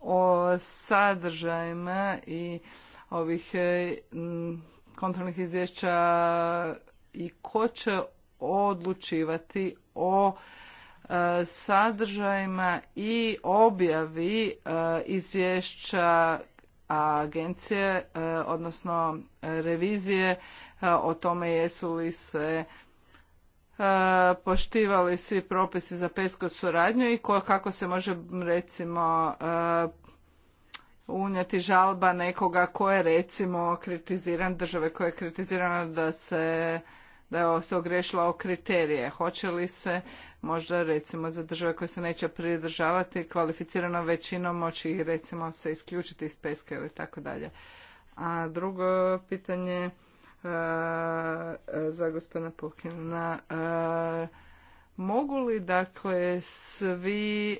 o sadržajima i ovih e, kontrolnih izvješća i ko će odlučivati o e, sadržajima i objavi e, izvješća agencije, e, odnosno revizije e, o tome jesu li se e, poštivali svi propisi za pesko suradnju i ko, kako se može recimo unijeti žalba nekoga ko je recimo kritiziran, države koje je kritizirana da se da se ogrešila o kriterije. Hoće li se možda recimo za države koje se neće pridržavati kvalificirano većinom moći recimo se isključiti iz peske ili tako dalje. A drugo pitanje e, za gospodina Pukina. E, mogu li dakle svi e,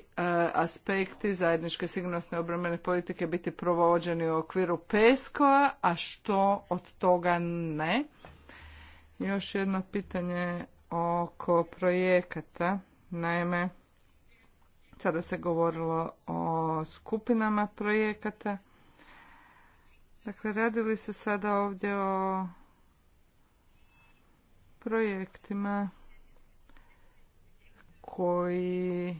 aspekti zajedničke sigurnosne obrambene politike biti provođeni u okviru PESCO-a, a što od toga ne? Još jedno pitanje oko projekata. Naime, sada se govorilo o skupinama projekata. Dakle, radili se sada ovdje o projektima koji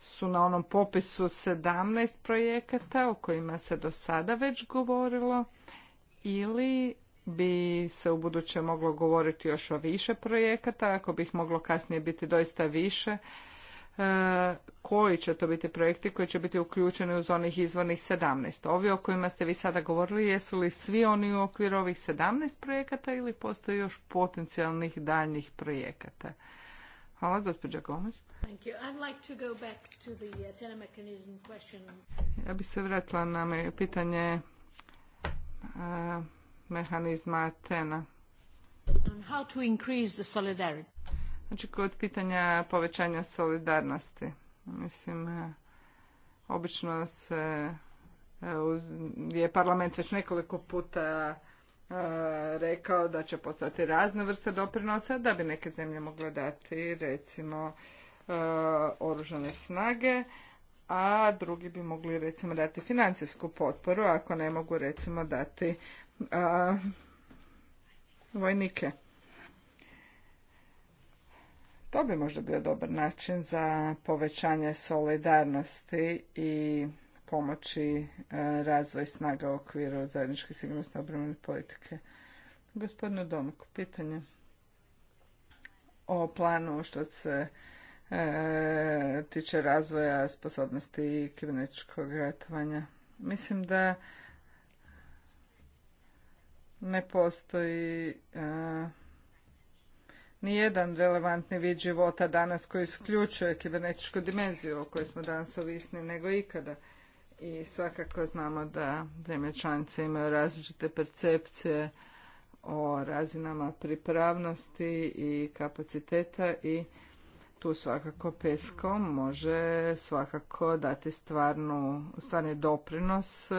su na onom popisu 17 projekata o kojima se do sada već govorilo ili bi se u buduće moglo govoriti još o više projekata, ako bi ih moglo kasnije biti doista više, e, koji će to biti projekti koji će biti uključeni uz onih izvornih 17. Ovi o kojima ste vi sada govorili, jesu li svi oni u okviru ovih 17 projekata ili postoji još potencijalnih daljnjih projekata? Hvala, gospođa Gomez. Ja bih se vratila na pitanje mehanizma Atena. Znači kod pitanja povećanja solidarnosti. Mislim, e, obično se e, je parlament već nekoliko puta e, rekao da će postati razne vrste doprinosa da bi neke zemlje mogle dati recimo oružane snage, a drugi bi mogli recimo dati financijsku potporu ako ne mogu recimo dati a, vojnike. To bi možda bio dobar način za povećanje solidarnosti i pomoći e, razvoj snaga u okviru zajedničke sigurnosne obrambene politike. Gospodinu Domku, pitanje o planu što se e, tiče razvoja sposobnosti i kibernetičkog ratovanja. Mislim da ne postoji a, e, nijedan relevantni vid života danas koji isključuje kibernetičku dimenziju o kojoj smo danas ovisni nego ikada. I svakako znamo da zemlje članice imaju različite percepcije o razinama pripravnosti i kapaciteta i tu svakako PESCO može svakako dati stvarnu, stvarni doprinos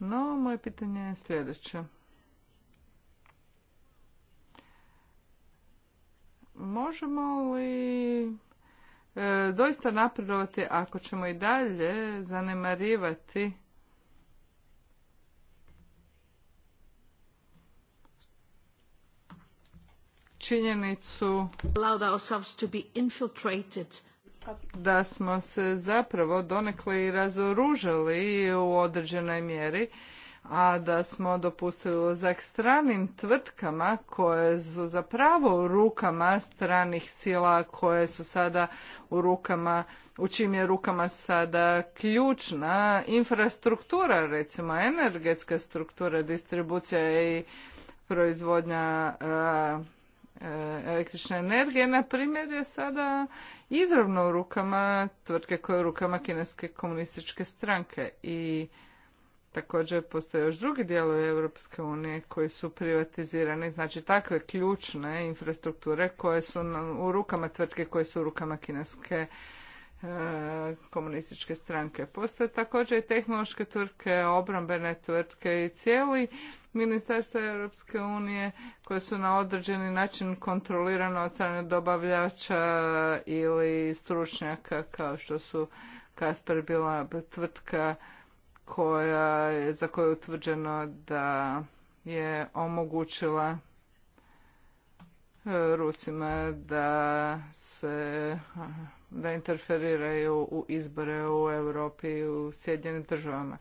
No, moje pitanje je sljedeće. Možemo li e, doista napredovati ako ćemo i dalje zanemarivati činjenicu to da smo se zapravo donekle i razoružali u određenoj mjeri, a da smo dopustili ulazak stranim tvrtkama koje su zapravo u rukama stranih sila koje su sada u rukama, u čim je rukama sada ključna infrastruktura, recimo energetska struktura, distribucija i proizvodnja E, električne energije, na primjer, je sada izravno u rukama tvrtke koje je u rukama kineske komunističke stranke i također postoje još drugi dijelovi Europske unije koji su privatizirani, znači takve ključne infrastrukture koje su u rukama tvrtke koje su u rukama kineske E, komunističke stranke. Postoje također i tehnološke tvrtke, obrambene tvrtke i cijeli ministarstva Europske unije koje su na određeni način kontrolirane od strane dobavljača ili stručnjaka kao što su Kasper bila tvrtka koja, za koju je utvrđeno da je omogućila e, Rusima da se da interferiraju u izbore u Europi i u Sjedinjenim državama.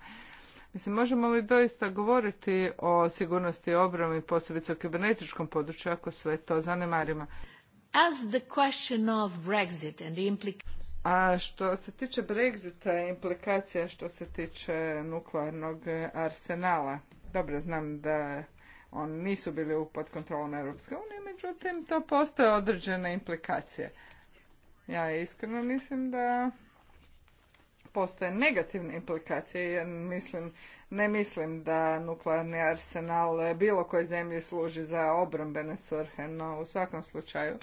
Mislim, možemo li doista govoriti o sigurnosti i obrani, posebice o kibernetičkom području, ako sve to zanemarimo? As the question of Brexit and the a što se tiče Brexita, implikacija što se tiče nuklearnog arsenala, dobro znam da oni nisu bili pod kontrolom Europske unije, međutim to postoje određene implikacije. Ja iskreno mislim da postoje negativne implikacije jer mislim, ne mislim da nuklearni arsenal bilo koje zemlje služi za obrambene svrhe, no u svakom slučaju.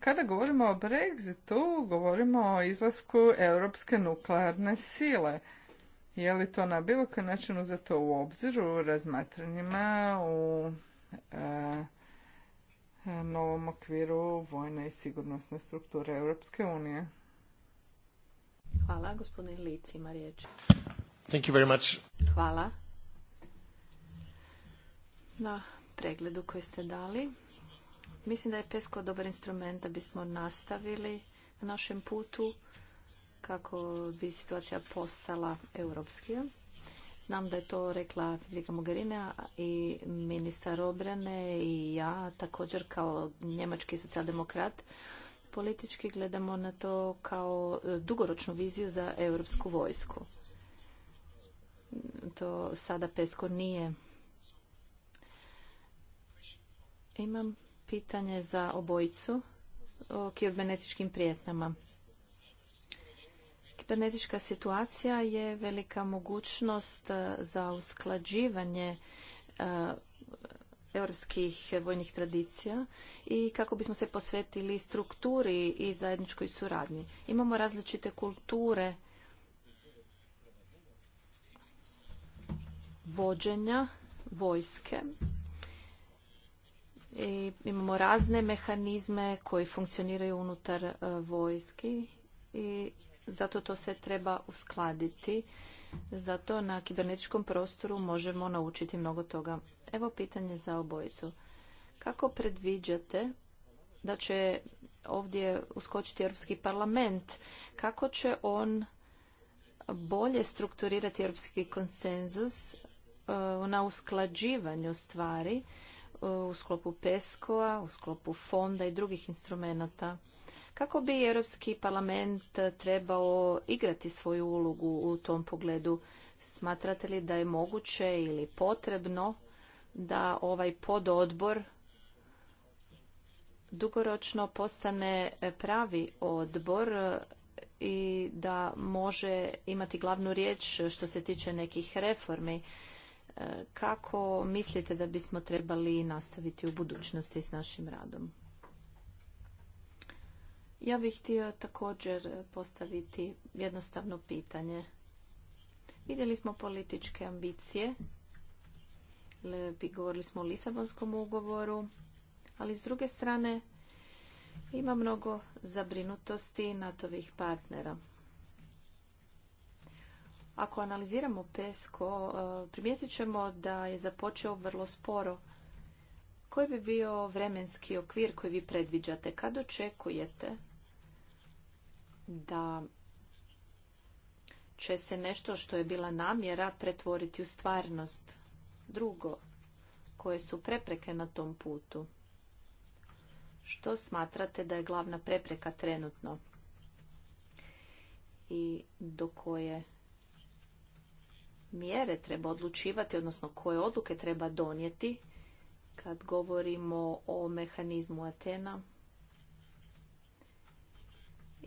Kada govorimo o Brexitu, govorimo o izlasku europske nuklearne sile. Je li to na bilo koji način uzeto u obzir u razmatranjima, u e, E, novom okviru vojne i sigurnosne strukture Europske unije. Hvala, gospodin Lici ima riječ. Thank you very much. Hvala na pregledu koji ste dali. Mislim da je PESCO dobar instrument da bismo nastavili na našem putu kako bi situacija postala europskija. Znam da je to rekla Federica Mogherina i ministar obrane i ja također kao njemački socijaldemokrat politički gledamo na to kao e, dugoročnu viziju za europsku vojsku. To sada pesko nije. Imam pitanje za obojicu o kibernetičkim prijetnama. Kibernetička situacija je velika mogućnost e, za usklađivanje e, europskih vojnih tradicija i kako bismo se posvetili strukturi i zajedničkoj suradnji. Imamo različite kulture vođenja vojske i imamo razne mehanizme koji funkcioniraju unutar e, vojski i zato to sve treba uskladiti. Zato na kibernetičkom prostoru možemo naučiti mnogo toga. Evo pitanje za obojicu. Kako predviđate da će ovdje uskočiti Europski parlament? Kako će on bolje strukturirati europski konsenzus eh, na usklađivanju stvari eh, u sklopu PESCO-a, u sklopu fonda i drugih instrumenata? Kako bi Europski parlament trebao igrati svoju ulogu u tom pogledu? Smatrate li da je moguće ili potrebno da ovaj pododbor dugoročno postane pravi odbor i da može imati glavnu riječ što se tiče nekih reformi. E, kako mislite da bismo trebali nastaviti u budućnosti s našim radom? Ja bih htio također postaviti jednostavno pitanje. Vidjeli smo političke ambicije, govorili smo o Lisabonskom ugovoru, ali s druge strane ima mnogo zabrinutosti NATO-vih partnera. Ako analiziramo PESCO, e, primijetit ćemo da je započeo vrlo sporo. Koji bi bio vremenski okvir koji vi predviđate? Kad očekujete da će se nešto što je bila namjera pretvoriti u stvarnost. Drugo, koje su prepreke na tom putu? Što smatrate da je glavna prepreka trenutno? I do koje mjere treba odlučivati, odnosno koje odluke treba donijeti kad govorimo o mehanizmu Atena?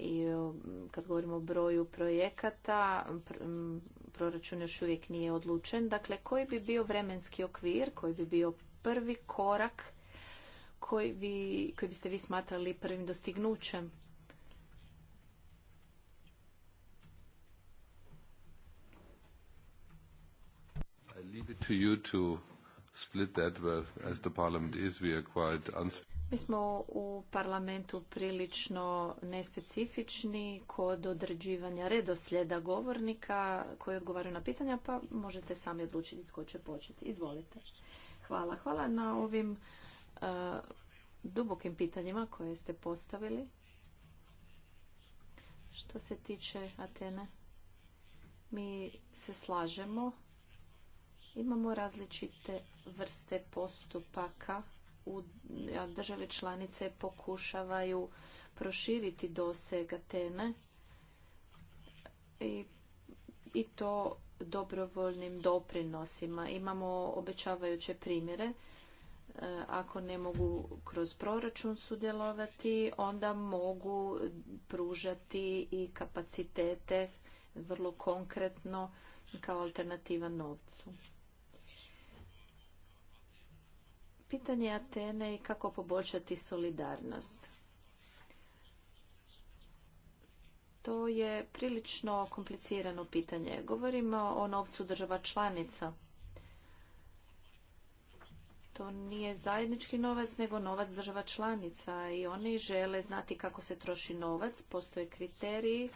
i e, kad govorimo o broju projekata, proračun još uvijek nije odlučen. Dakle, koji bi bio vremenski okvir, koji bi bio prvi korak koji, bi, koji biste vi smatrali prvim dostignućem? I leave it to you to split that as the parliament is, we are quite mi smo u parlamentu prilično nespecifični kod određivanja redoslijeda govornika koji odgovaraju na pitanja, pa možete sami odlučiti tko će početi. Izvolite. Hvala. Hvala na ovim e, dubokim pitanjima koje ste postavili. Što se tiče Atene, mi se slažemo. Imamo različite vrste postupaka u države članice pokušavaju proširiti doseg Atene i, i to dobrovoljnim doprinosima. Imamo obećavajuće primjere. E, ako ne mogu kroz proračun sudjelovati, onda mogu pružati i kapacitete vrlo konkretno kao alternativa novcu. Pitanje Atene i kako poboljšati solidarnost. To je prilično komplicirano pitanje. Govorimo o novcu država članica. To nije zajednički novac, nego novac država članica i oni žele znati kako se troši novac. Postoje kriteriji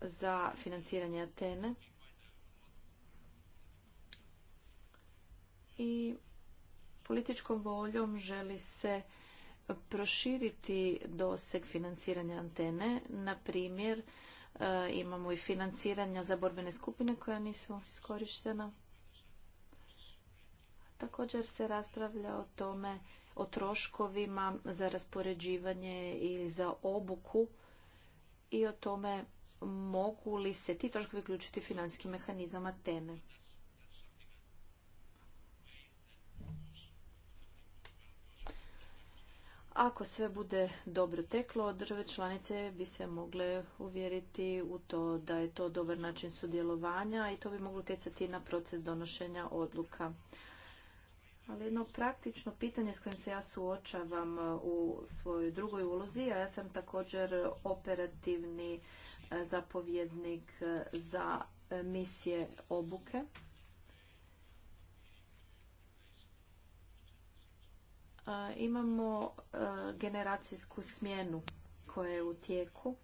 za financiranje Atene. I političkom voljom želi se proširiti doseg financiranja antene. Na primjer, eh, imamo i financiranja za borbene skupine koja nisu iskorištena. Također se raspravlja o tome, o troškovima za raspoređivanje ili za obuku i o tome mogu li se ti troškovi uključiti financijski mehanizam antene. Ako sve bude dobro teklo, države članice bi se mogle uvjeriti u to da je to dobar način sudjelovanja i to bi moglo utjecati na proces donošenja odluka. Ali jedno praktično pitanje s kojim se ja suočavam e, u svojoj drugoj ulozi, a ja sam također operativni e, zapovjednik e, za misije obuke Imamo e, generacijsku smjenu koja je u tijeku.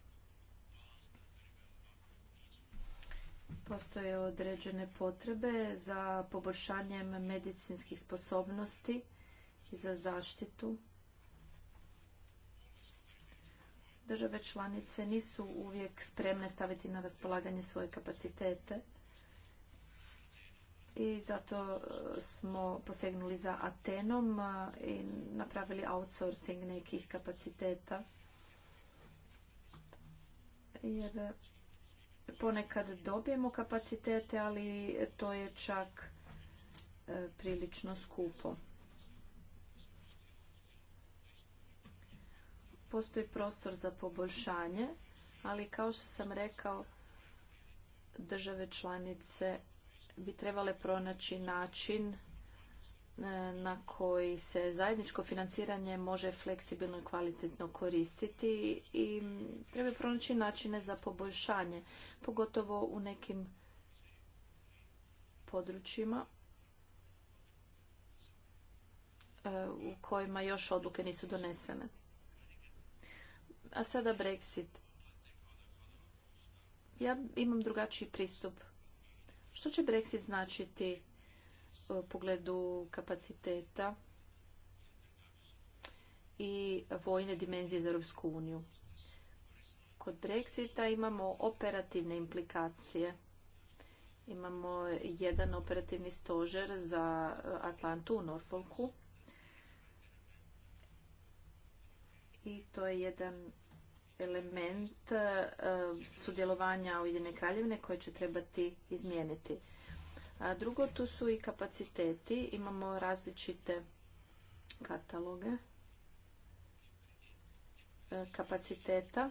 Postoje određene potrebe za poboljšanjem medicinskih sposobnosti i za zaštitu. Države članice nisu uvijek spremne staviti na raspolaganje svoje kapacitete i zato e, smo posegnuli za Atenom e, i napravili outsourcing nekih kapaciteta. Jer ponekad dobijemo kapacitete, ali to je čak e, prilično skupo. Postoji prostor za poboljšanje, ali kao što sam rekao, države članice bi trebale pronaći način e, na koji se zajedničko financiranje može fleksibilno i kvalitetno koristiti i treba pronaći načine za poboljšanje, pogotovo u nekim područjima e, u kojima još odluke nisu donesene. A sada Brexit. Ja imam drugačiji pristup što će Brexit značiti e, u pogledu kapaciteta i vojne dimenzije za Europsku uniju? Kod Brexita imamo operativne implikacije. Imamo jedan operativni stožer za e, Atlantu u Norfolku. I to je jedan element e, sudjelovanja Ujedine kraljevine koje će trebati izmijeniti. drugo, tu su i kapaciteti. Imamo različite kataloge e, kapaciteta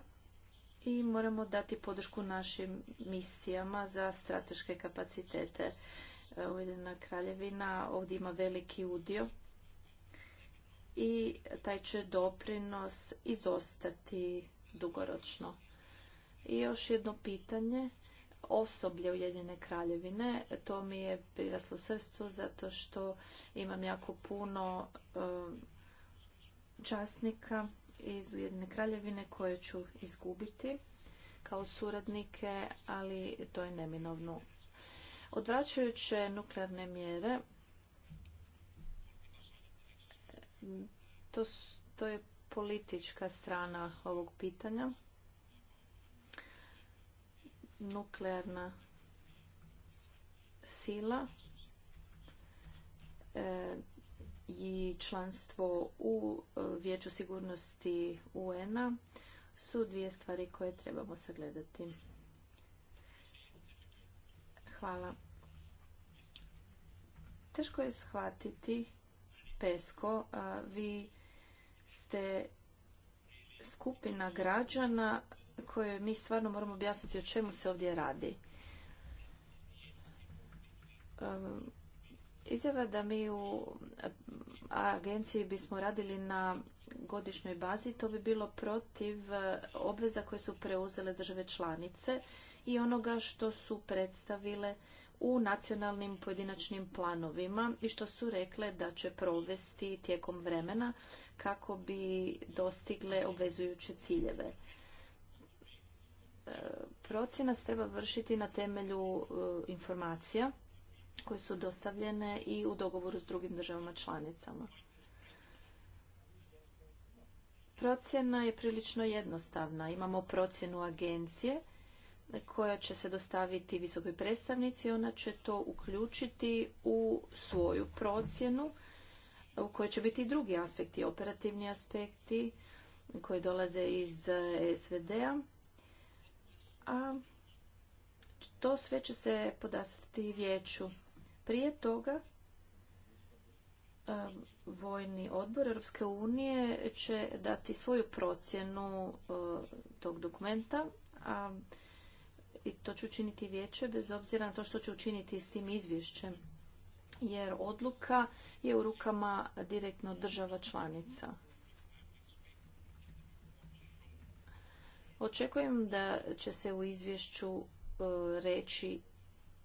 i moramo dati podršku našim misijama za strateške kapacitete. E, Ujedina kraljevina ovdje ima veliki udio i taj će doprinos izostati dugoročno. I još jedno pitanje osoblje Ujedine kraljevine. To mi je priraslo srstvo zato što imam jako puno um, časnika iz Ujedine kraljevine koje ću izgubiti kao suradnike, ali to je neminovno. Odvraćajuće nuklearne mjere to, to je politička strana ovog pitanja. Nuklearna sila e, i članstvo u e, Vijeću sigurnosti UN-a su dvije stvari koje trebamo sagledati. Hvala. Teško je shvatiti Pesko, vi ste skupina građana koje mi stvarno moramo objasniti o čemu se ovdje radi. Izjava da mi u agenciji bismo radili na godišnjoj bazi, to bi bilo protiv e, obveza koje su preuzele države članice i onoga što su predstavile u nacionalnim pojedinačnim planovima i što su rekle da će provesti tijekom vremena kako bi dostigle obvezujuće ciljeve. E, procjena se treba vršiti na temelju e, informacija koje su dostavljene i u dogovoru s drugim državama članicama. Procjena je prilično jednostavna. Imamo procjenu agencije koja će se dostaviti visokoj predstavnici. Ona će to uključiti u svoju procjenu u kojoj će biti i drugi aspekti, operativni aspekti koji dolaze iz eh, SVD-a. A to sve će se podastati vijeću. Prije toga eh, Vojni odbor Europske unije će dati svoju procjenu eh, tog dokumenta, a i to će učiniti vijeće bez obzira na to što će učiniti s tim izvješćem jer odluka je u rukama direktno država članica. Očekujem da će se u izvješću e, reći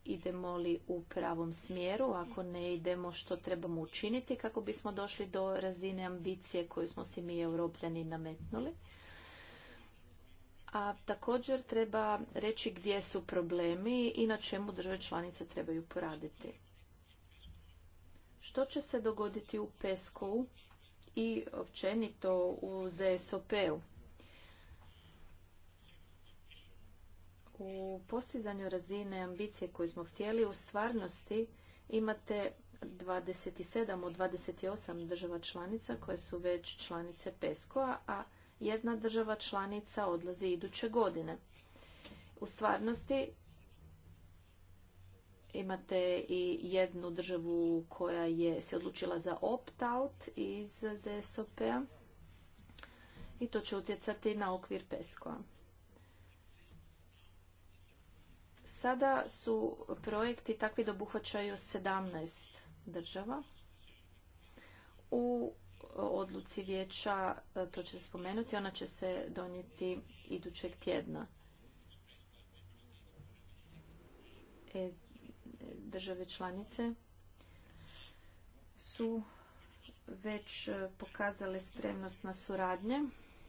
idemo li u pravom smjeru, ako ne idemo što trebamo učiniti kako bismo došli do razine ambicije koju smo si mi europljani nametnuli. A također treba reći gdje su problemi i na čemu države članice trebaju poraditi. Što će se dogoditi u pesco i općenito u ZSOP-u? U postizanju razine ambicije koju smo htjeli u stvarnosti imate 27 od 28 država članica koje su već članice PESCO-a, a jedna država članica odlazi iduće godine. U stvarnosti imate i jednu državu koja je se odlučila za opt-out iz ZSOP-a i to će utjecati na okvir PESCO-a. Sada su projekti takvi da obuhvaćaju 17 država. U odluci vijeća, e, to će se spomenuti, ona će se donijeti idućeg tjedna. E, države članice su već e, pokazale spremnost na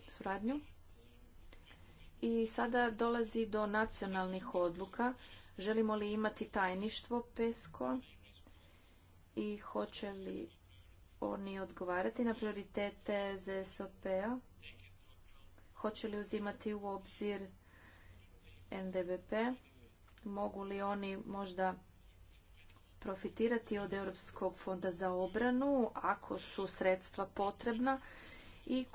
suradnju i sada dolazi do nacionalnih odluka. Želimo li imati tajništvo PESCO i hoće li oni odgovarati na prioritete ZSOP-a? Hoće li uzimati u obzir NDBP? Mogu li oni možda profitirati od Europskog fonda za obranu ako su sredstva potrebna i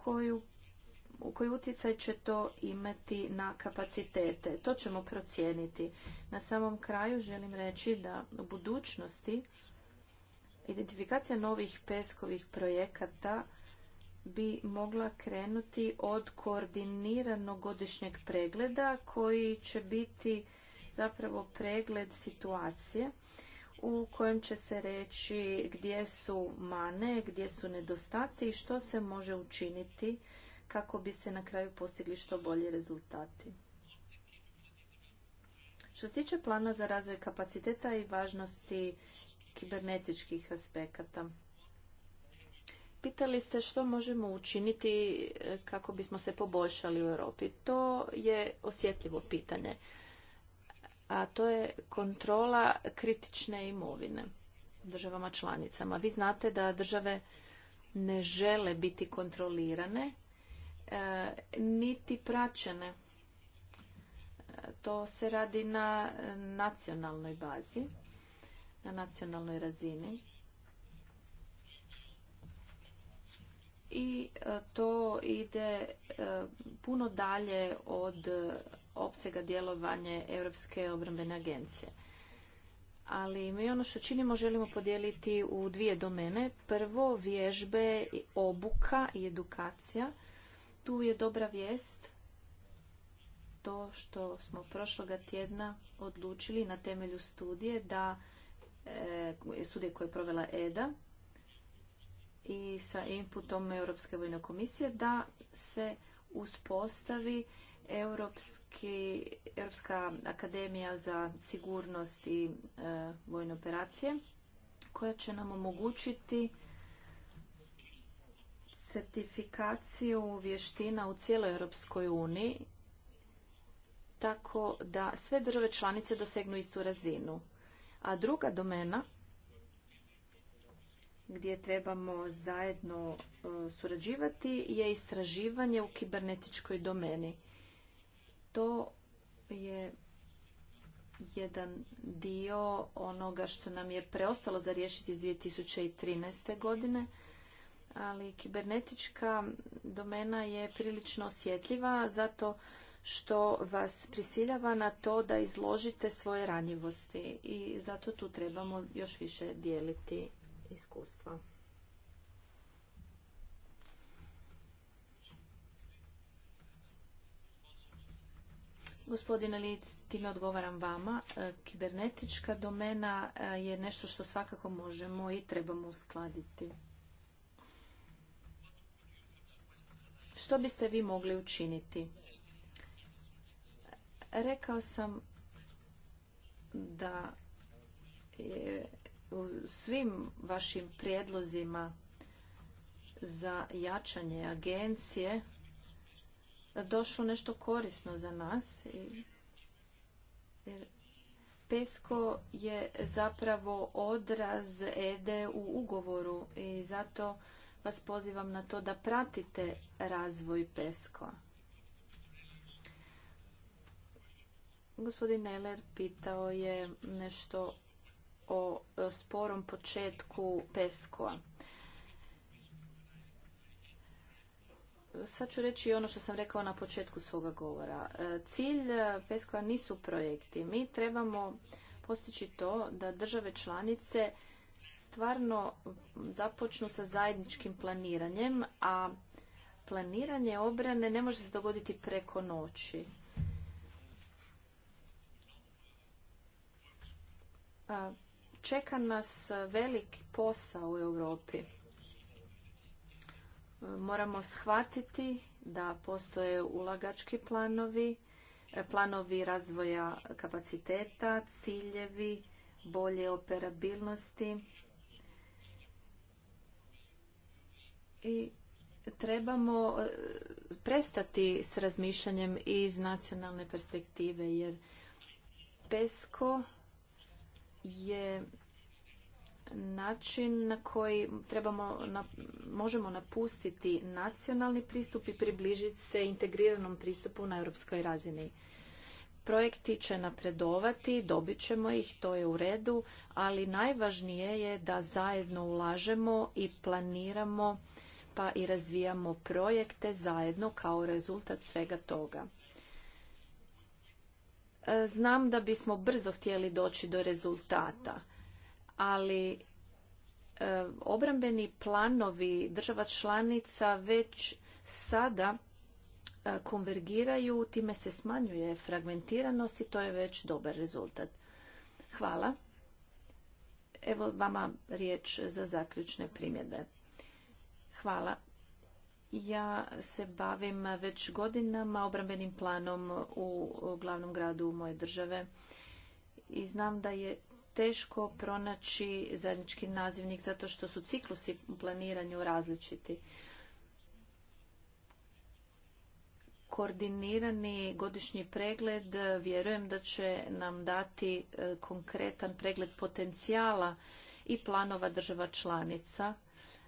u koji utjecaj će to imati na kapacitete. To ćemo procijeniti. Na samom kraju želim reći da u budućnosti identifikacija novih peskovih projekata bi mogla krenuti od koordiniranog godišnjeg pregleda koji će biti zapravo pregled situacije u kojem će se reći gdje su mane, gdje su nedostaci i što se može učiniti kako bi se na kraju postigli što bolji rezultati. Što se tiče plana za razvoj kapaciteta i važnosti kibernetičkih aspekata. Pitali ste što možemo učiniti eh, kako bismo se poboljšali u Europi. To je osjetljivo pitanje a to je kontrola kritične imovine državama članicama. Vi znate da države ne žele biti kontrolirane e, niti praćene. E, to se radi na nacionalnoj bazi, na nacionalnoj razini. I e, to ide puno dalje od opsega djelovanje Europske obrambene agencije. Ali mi ono što činimo želimo podijeliti u dvije domene. Prvo, vježbe, obuka i edukacija. Tu je dobra vijest to što smo prošloga tjedna odlučili na temelju studije da e, studije koje je provela EDA i sa inputom Europske vojne komisije da se uspostavi Europska akademija za sigurnost i e, vojne operacije koja će nam omogućiti certifikaciju vještina u cijeloj Europskoj uniji tako da sve države članice dosegnu istu razinu. A druga domena gdje trebamo zajedno e, surađivati je istraživanje u kibernetičkoj domeni to je jedan dio onoga što nam je preostalo za riješiti iz 2013. godine, ali kibernetička domena je prilično osjetljiva zato što vas prisiljava na to da izložite svoje ranjivosti i zato tu trebamo još više dijeliti iskustva. Gospodine Lic, time odgovaram vama. E, kibernetička domena e, je nešto što svakako možemo i trebamo uskladiti. Što biste vi mogli učiniti? Rekao sam da u svim vašim prijedlozima za jačanje agencije došlo nešto korisno za nas. Jer PESCO je zapravo odraz EDE u ugovoru i zato vas pozivam na to da pratite razvoj pesko. Gospodin Neller pitao je nešto o sporom početku peskoa. sad ću reći ono što sam rekao na početku svoga govora. E, cilj e, Peskova nisu projekti. Mi trebamo postići to da države članice stvarno započnu sa zajedničkim planiranjem, a planiranje obrane ne može se dogoditi preko noći. E, čeka nas velik posao u Europi moramo shvatiti da postoje ulagački planovi, e, planovi razvoja kapaciteta, ciljevi, bolje operabilnosti i trebamo e, prestati s razmišljanjem iz nacionalne perspektive jer PESCO je način na koji trebamo, na, možemo napustiti nacionalni pristup i približiti se integriranom pristupu na europskoj razini. Projekti će napredovati, dobit ćemo ih, to je u redu, ali najvažnije je da zajedno ulažemo i planiramo pa i razvijamo projekte zajedno kao rezultat svega toga. Znam da bismo brzo htjeli doći do rezultata ali e, obrambeni planovi država članica već sada e, konvergiraju, time se smanjuje fragmentiranost i to je već dobar rezultat. Hvala. Evo vama riječ za zaključne primjedbe. Hvala. Ja se bavim već godinama obrambenim planom u glavnom gradu moje države i znam da je teško pronaći zajednički nazivnik zato što su ciklusi u planiranju različiti. Koordinirani godišnji pregled vjerujem da će nam dati e, konkretan pregled potencijala i planova država članica,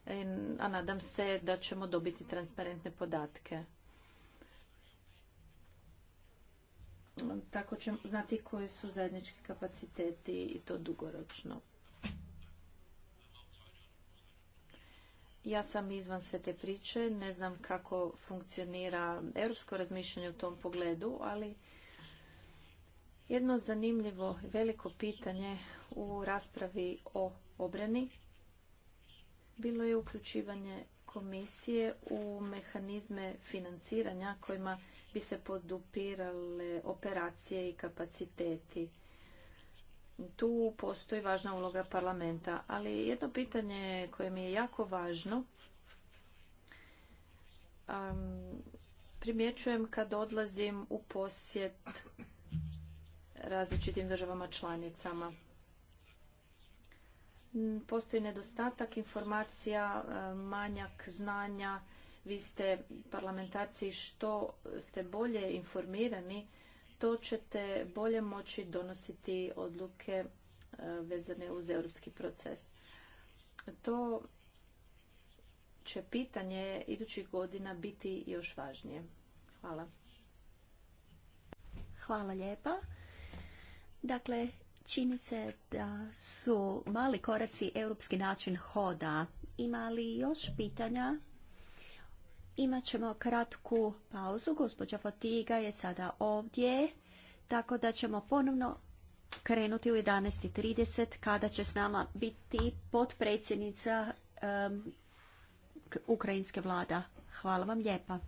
e, a nadam se da ćemo dobiti transparentne podatke. tako ćemo znati koji su zajednički kapaciteti i to dugoročno. Ja sam izvan sve te priče, ne znam kako funkcionira europsko razmišljanje u tom pogledu, ali jedno zanimljivo veliko pitanje u raspravi o obrani bilo je uključivanje komisije u mehanizme financiranja kojima bi se podupirale operacije i kapaciteti. Tu postoji važna uloga parlamenta, ali jedno pitanje koje mi je jako važno, primjećujem kad odlazim u posjet različitim državama članicama. Mm, postoji nedostatak informacija, e, manjak znanja. Vi ste parlamentarci što ste bolje informirani, to ćete bolje moći donositi odluke e, vezane uz europski proces. To će pitanje idućih godina biti još važnije. Hvala. Hvala lijepa. Dakle, Čini se da su mali koraci europski način hoda. Ima li još pitanja? Imaćemo kratku pauzu. Gospođa Fotiga je sada ovdje, tako da ćemo ponovno krenuti u 11.30 kada će s nama biti potpredsjednica ukrajinske vlada. Hvala vam lijepa.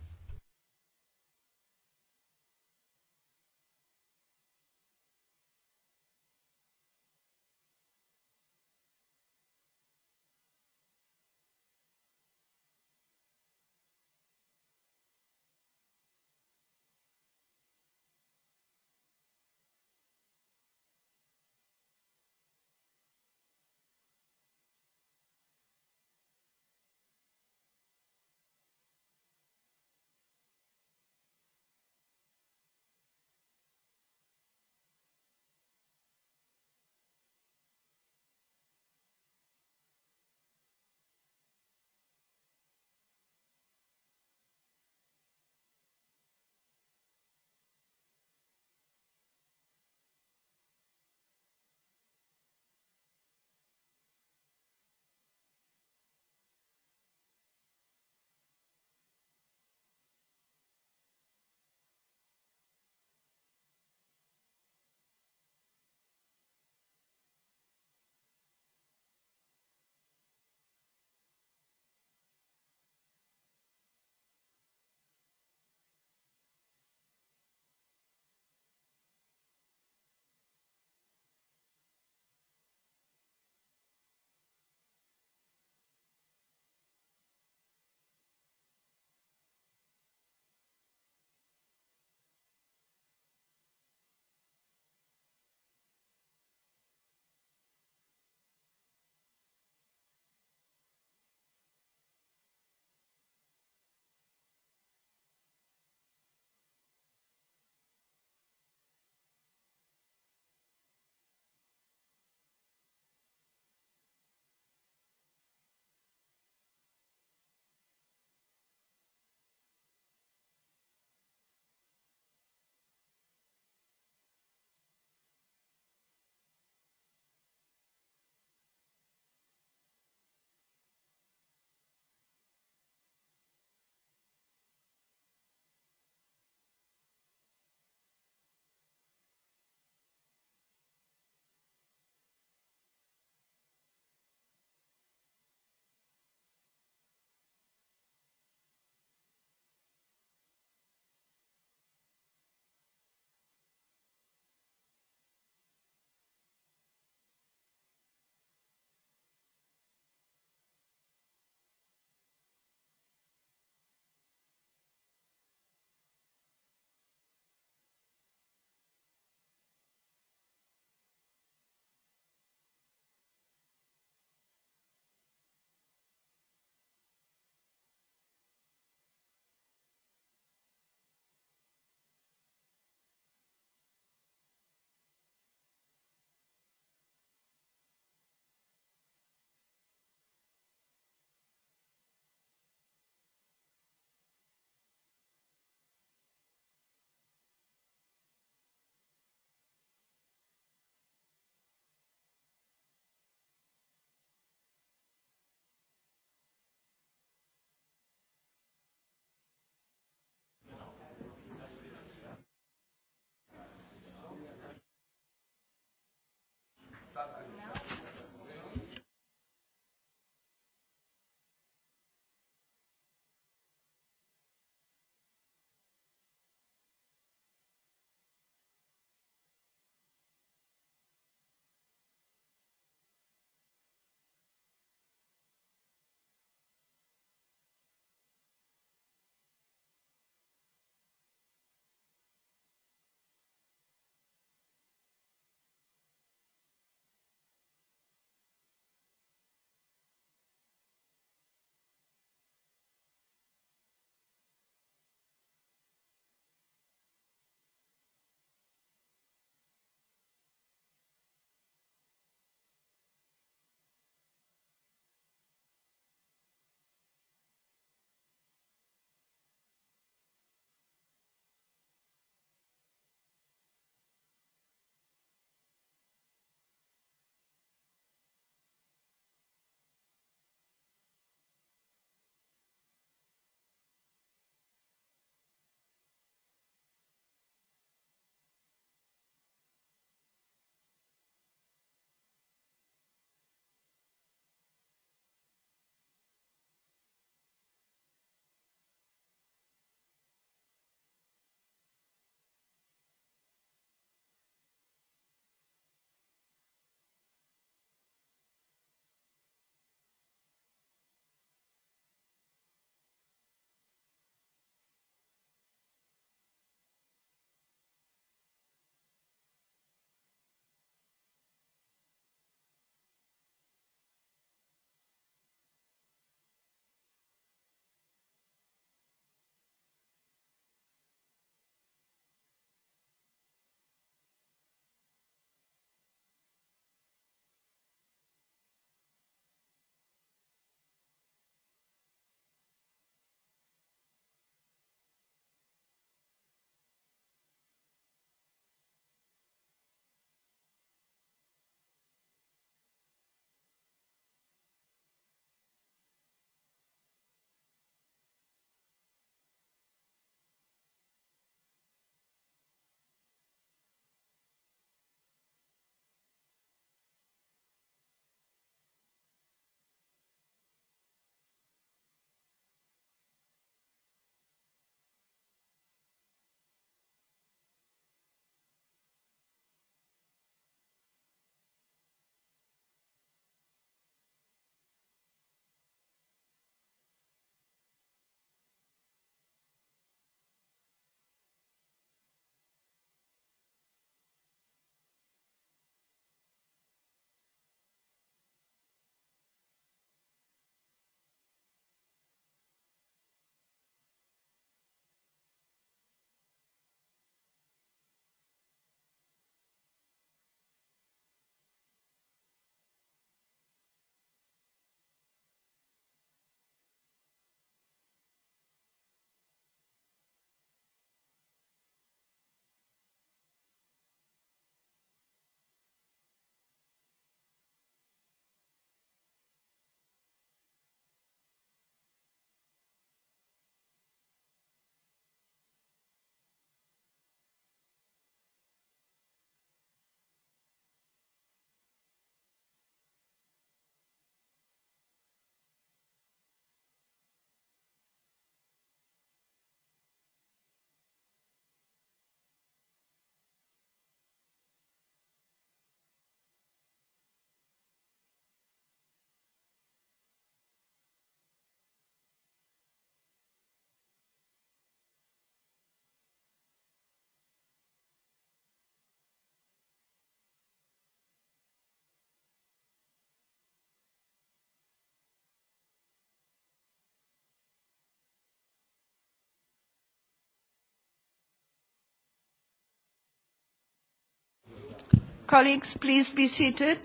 Colleagues, please be seated.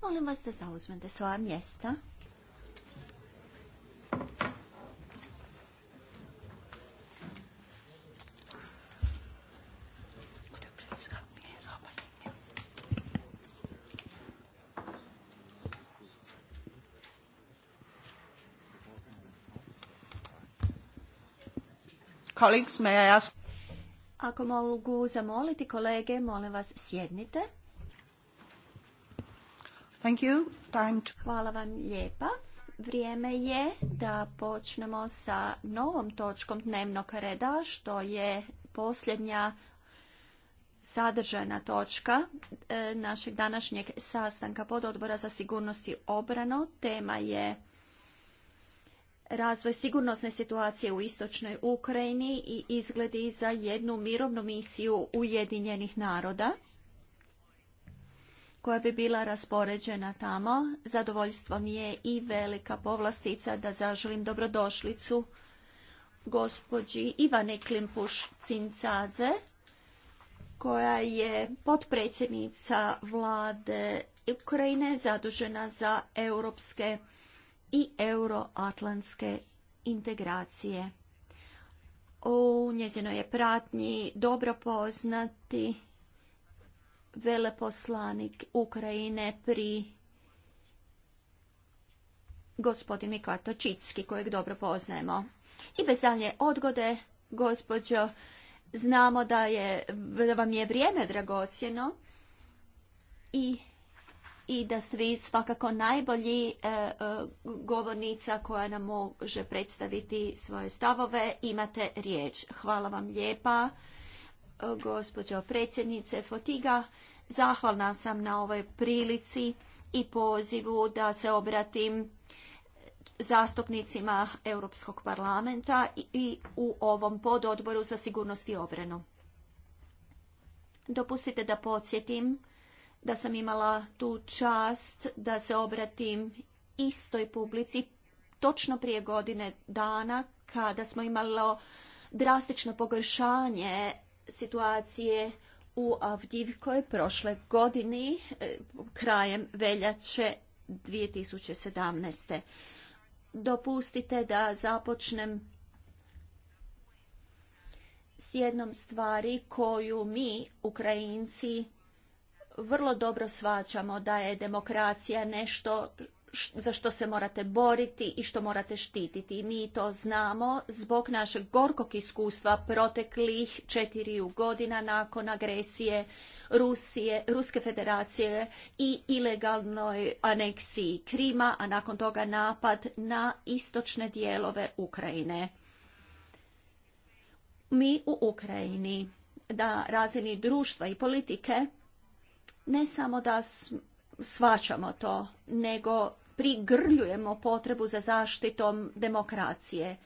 Molim vas da zauzmete svoja mjesta. Colleagues, may I ask ako mogu zamoliti kolege, molim vas sjednite. Thank you. Time to... Hvala vam lijepa. Vrijeme je da počnemo sa novom točkom dnevnog reda, što je posljednja sadržajna točka e, našeg današnjeg sastanka pod odbora za sigurnost i obranu. Tema je razvoj sigurnosne situacije u istočnoj Ukrajini i izgledi za jednu mirovnu misiju Ujedinjenih naroda koja bi bila raspoređena tamo. Zadovoljstvo mi je i velika povlastica da zaželim dobrodošlicu gospođi Ivane Klimpuš-Cincadze, koja je potpredsjednica vlade Ukrajine zadužena za europske i euroatlantske integracije. U njezinoj je pratnji dobro poznati veleposlanik Ukrajine pri gospodin Mikato Čicki, kojeg dobro poznajemo. I bez dalje odgode, gospođo, znamo da, je, da vam je vrijeme dragocjeno i i da ste vi svakako najbolji e, e, govornica koja nam može predstaviti svoje stavove. Imate riječ. Hvala vam lijepa, e, gospođo predsjednice Fotiga. Zahvalna sam na ovoj prilici i pozivu da se obratim zastupnicima Europskog parlamenta i u ovom pododboru za sigurnost i obranu. Dopustite da podsjetim da sam imala tu čast da se obratim istoj publici točno prije godine dana kada smo imali drastično pogoršanje situacije u Avdivkoj prošle godini, e, krajem veljače 2017. Dopustite da započnem s jednom stvari koju mi, Ukrajinci, vrlo dobro svačamo da je demokracija nešto za što se morate boriti i što morate štititi. mi to znamo zbog našeg gorkog iskustva proteklih četiriju godina nakon agresije Rusije, Ruske federacije i ilegalnoj aneksiji Krima, a nakon toga napad na istočne dijelove Ukrajine. Mi u Ukrajini da razini društva i politike ne samo da svačamo to, nego prigrljujemo potrebu za zaštitom demokracije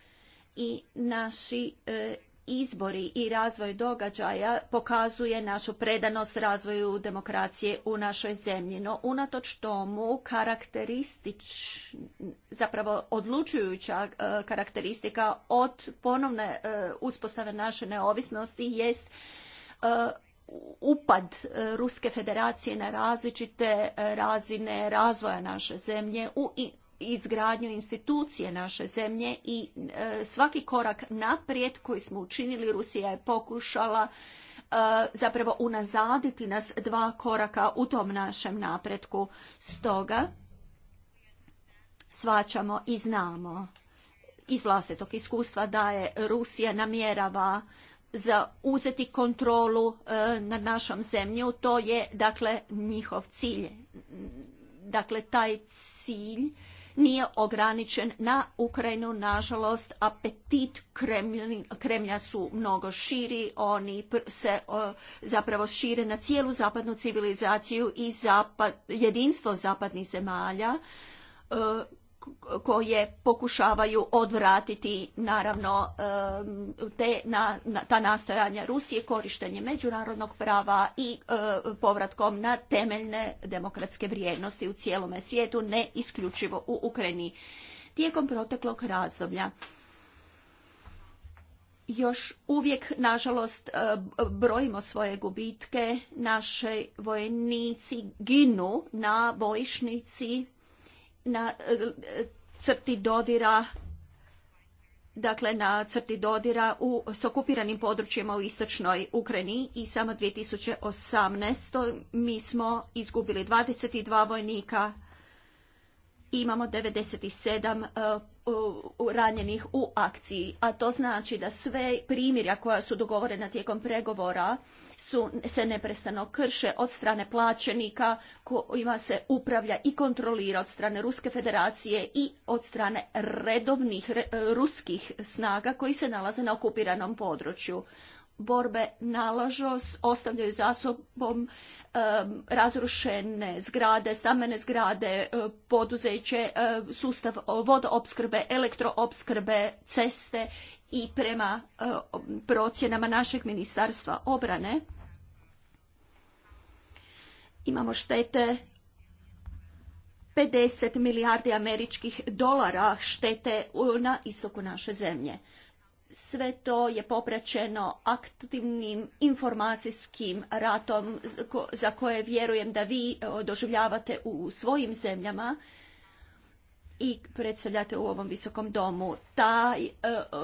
i naši e, izbori i razvoj događaja pokazuje našu predanost razvoju demokracije u našoj zemlji. No, unatoč tomu, karakteristič, zapravo odlučujuća e, karakteristika od ponovne e, uspostave naše neovisnosti jest upad e, Ruske federacije na različite e, razine razvoja naše zemlje u izgradnju institucije naše zemlje i e, svaki korak naprijed koji smo učinili Rusija je pokušala zapravo unazaditi nas dva koraka u tom našem napretku. Stoga svačamo i znamo iz vlastitog iskustva da je Rusija namjerava zauzeti kontrolu e, nad našom zemlju. To je dakle njihov cilj. Dakle, taj cilj nije ograničen na Ukrajinu. Nažalost, apetit Kremlja su mnogo širi. Oni se zapravo šire na cijelu zapadnu civilizaciju i jedinstvo zapadnih zemalja. E, koje pokušavaju odvratiti naravno te, na, ta nastojanja Rusije korištenje međunarodnog prava i e, povratkom na temeljne demokratske vrijednosti u cijelome svijetu, ne isključivo u Ukrajini. Tijekom proteklog razdoblja još uvijek, nažalost, e, brojimo svoje gubitke. Naše vojnici ginu na bojišnici na e, crti dodira dakle na crti dodira u, s okupiranim područjima u istočnoj Ukrajini i samo 2018. mi smo izgubili 22 vojnika imamo 97 e, ranjenih u akciji, a to znači da sve primirja koja su dogovorena tijekom pregovora su, se neprestano krše od strane plaćenika kojima se upravlja i kontrolira od strane Ruske federacije i od strane redovnih ruskih snaga koji se nalaze na okupiranom području borbe nalažu, ostavljaju za sobom razrušene zgrade, stambene zgrade, e, poduzeće, e, sustav vodoopskrbe, elektroopskrbe, ceste i prema e, procjenama našeg ministarstva obrane imamo štete 50 milijardi američkih dolara štete na istoku naše zemlje sve to je popraćeno aktivnim informacijskim ratom za koje vjerujem da vi e, doživljavate u svojim zemljama i predstavljate u ovom visokom domu. Ta e,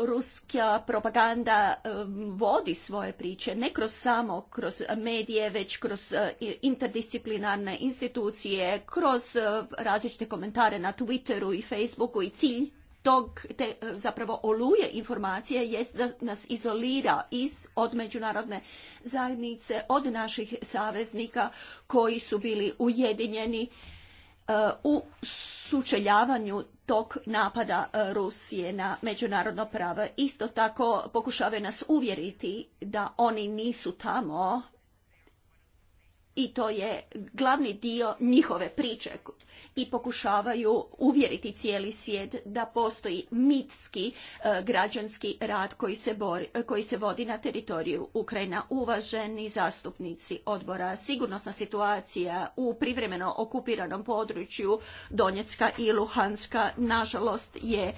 ruska propaganda e, vodi svoje priče, ne kroz samo kroz medije, već kroz interdisciplinarne institucije, kroz različite komentare na Twitteru i Facebooku i cilj tog, te zapravo oluje informacije jest da nas izolira iz, od međunarodne zajednice, od naših saveznika koji su bili ujedinjeni e, u sučeljavanju tog napada e, Rusije na međunarodno pravo. Isto tako pokušavaju nas uvjeriti da oni nisu tamo i to je glavni dio njihove priče i pokušavaju uvjeriti cijeli svijet da postoji mitski e, građanski rad koji se, bori, e, koji se vodi na teritoriju Ukrajina. Uvaženi zastupnici odbora, sigurnosna situacija u privremeno okupiranom području Donjecka i Luhanska nažalost je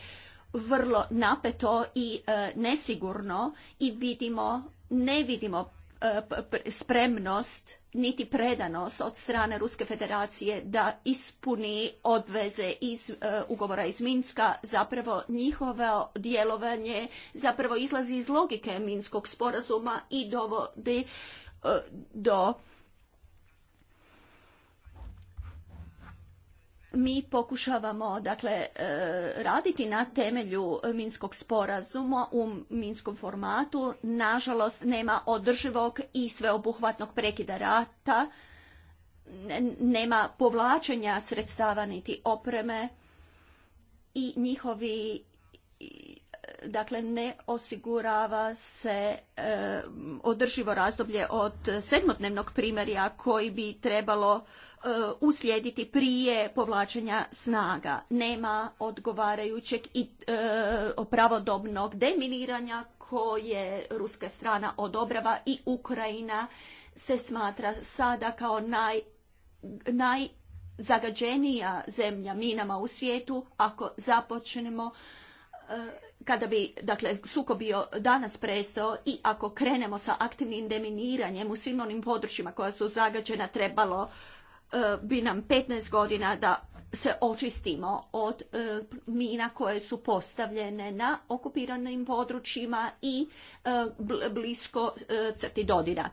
vrlo napeto i e, nesigurno i vidimo ne vidimo E, spremnost niti predanost od strane Ruske federacije da ispuni obveze iz e, ugovora iz Minska, zapravo njihovo djelovanje zapravo izlazi iz logike Minskog sporazuma i dovodi e, do mi pokušavamo dakle e, raditi na temelju minskog sporazuma u minskom formatu nažalost nema održivog i sveobuhvatnog prekida rata nema povlačenja sredstava niti opreme i njihovi dakle ne osigurava se e, održivo razdoblje od sedmodnevnog primjerja koji bi trebalo e, uslijediti prije povlačenja snaga. Nema odgovarajućeg i e, pravodobnog deminiranja koje ruska strana odobrava i Ukrajina se smatra sada kao naj, naj zagađenija zemlja minama u svijetu ako započnemo kada bi dakle, sukob bio danas prestao i ako krenemo sa aktivnim deminiranjem u svim onim područjima koja su zagađena, trebalo e, bi nam 15 godina da se očistimo od e, mina koje su postavljene na okupiranim područjima i e, blisko crti dodira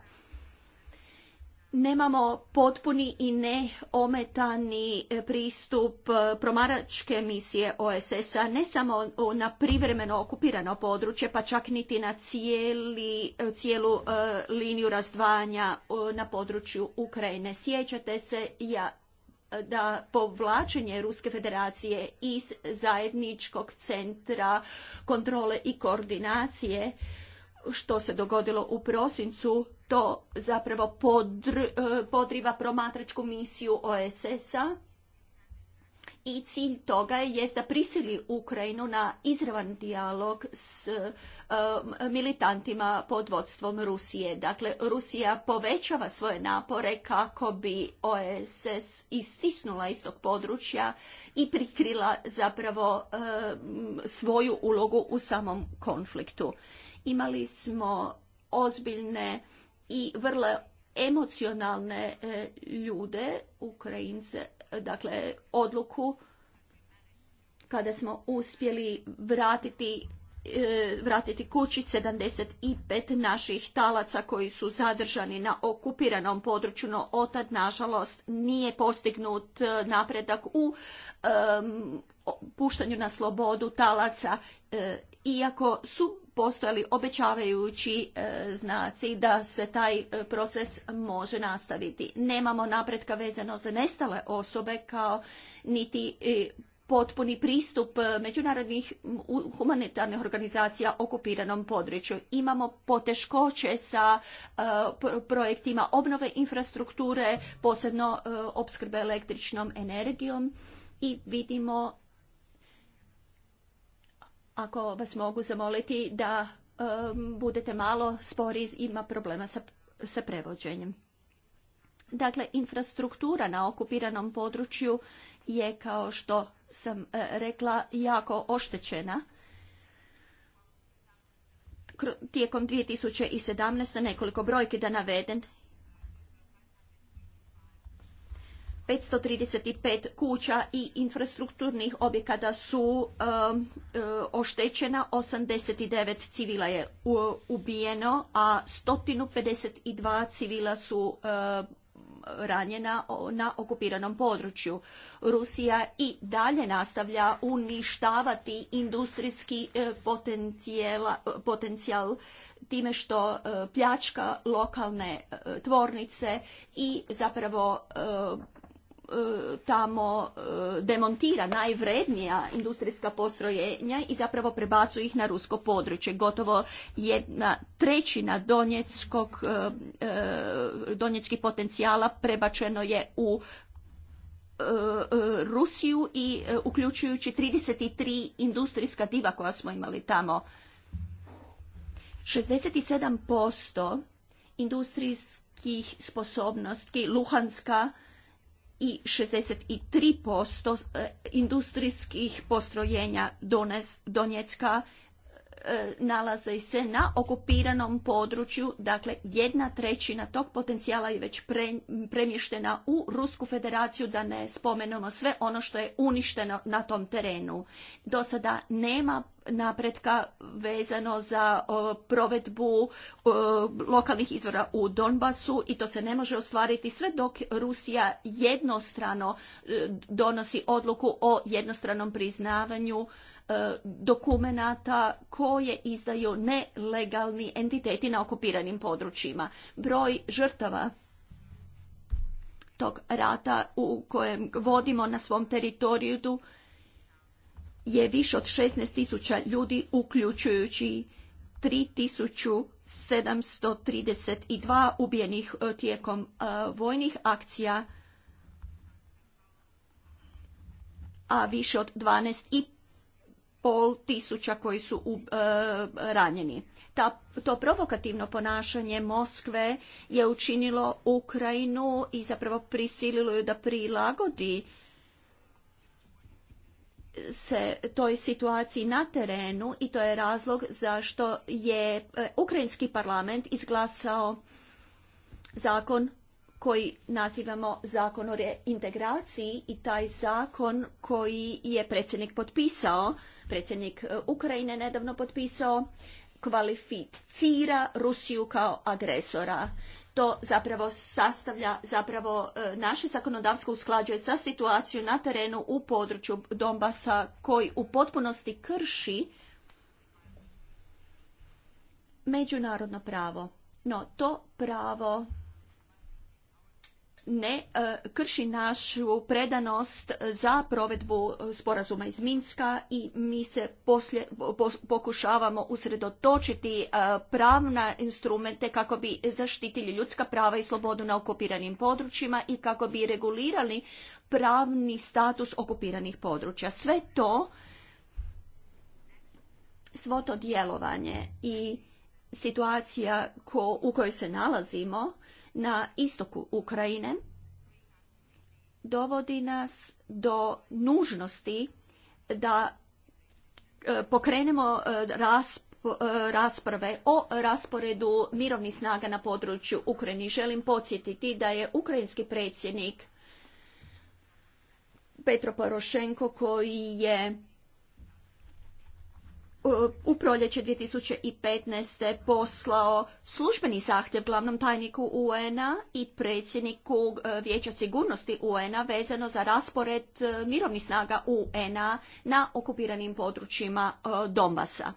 nemamo potpuni i neometani e, pristup e, promaračke misije OSS-a ne samo na privremeno okupirano područje pa čak niti na cijeli, e, cijelu liniju razdvajanja na području Ukrajine. Sjećate se ja da povlačenje Ruske federacije iz zajedničkog centra kontrole i koordinacije što se dogodilo u prosincu to zapravo e, podriva promatračku misiju OSS-a i cilj toga je da prisili Ukrajinu na izravan dijalog s e, militantima pod vodstvom Rusije. Dakle, Rusija povećava svoje napore kako bi OSS istisnula iz tog područja i prikrila zapravo e, svoju ulogu u samom konfliktu. Imali smo ozbiljne i vrlo emocionalne e, ljude, Ukrajince, dakle odluku kada smo uspjeli vratiti e, vratiti kući 75 naših talaca koji su zadržani na okupiranom području, no otad nažalost nije postignut e, napredak u puštanju na slobodu talaca, iako su postojali obećavajući e, znaci da se taj e, proces može nastaviti. Nemamo napretka vezano za nestale osobe kao niti e, potpuni pristup međunarodnih humanitarnih organizacija okupiranom području. Imamo poteškoće sa projektima obnove infrastrukture, posebno opskrbe električnom energijom i vidimo ako vas mogu zamoliti da budete malo spori, ima problema sa, sa prevođenjem. Dakle, infrastruktura na okupiranom području je, kao što sam e, rekla, jako oštećena. Tijekom 2017. nekoliko brojki da naveden 535 kuća i infrastrukturnih objekata su um, uh, oštećena, 89 civila je ubijeno, a 152 civila su uh, ranjena na okupiranom području. Rusija i dalje nastavlja uništavati industrijski uh, potencijal time što pljačka lokalne tvornice i zapravo E, tamo e, demontira najvrednija industrijska postrojenja i zapravo prebacu ih na rusko područje. Gotovo jedna trećina donjeckog, e, donjeckih potencijala prebačeno je u Rusiju i uključujući 33 industrijska diva koja smo imali tamo. 67% industrijskih sposobnosti Luhanska i 63% e, industrijskih postrojenja Donetska E, nalaze se na okupiranom području, dakle jedna trećina tog potencijala je već premještena u Rusku federaciju, da ne spomenemo sve ono što je uništeno na tom terenu. Do sada nema napretka vezano za provedbu lokalnih izvora u Donbasu i to se ne može ostvariti sve dok Rusija jednostrano e, donosi odluku o jednostranom priznavanju E, dokumenata koje izdaju nelegalni entiteti na okupiranim područjima. Broj žrtava tog rata u kojem vodimo na svom teritoriju je više od 16.000 ljudi, uključujući 3.732 ubijenih e, tijekom e, vojnih akcija, a više od i pol tisuća koji su e, ranjeni. Ta, to provokativno ponašanje Moskve je učinilo Ukrajinu i zapravo prisililo ju da prilagodi se toj situaciji na terenu i to je razlog zašto je e, ukrajinski parlament izglasao zakon koji nazivamo zakon o reintegraciji i taj zakon koji je predsjednik potpisao, predsjednik e, Ukrajine nedavno potpisao, kvalificira Rusiju kao agresora. To zapravo sastavlja, zapravo e, naše zakonodavstvo usklađuje sa situaciju na terenu u području Donbasa koji u potpunosti krši međunarodno pravo. No, to pravo ne e, krši našu predanost za provedbu e, sporazuma iz Minska i mi se pokušavamo usredotočiti e, pravna instrumente kako bi zaštitili ljudska prava i slobodu na okupiranim područjima i kako bi regulirali pravni status okupiranih područja. Sve to, svo to djelovanje i situacija u kojoj se nalazimo na istoku Ukrajine dovodi nas do nužnosti da e, pokrenemo e, e, rasprave o rasporedu mirovnih snaga na području Ukrajini. Želim podsjetiti da je ukrajinski predsjednik Petro Porošenko koji je u proljeće 2015. poslao službeni zahtjev glavnom tajniku UN-a i predsjedniku e, Vijeća sigurnosti UN-a vezano za raspored e, mirovnih snaga UN-a na okupiranim područjima e, Donbasa.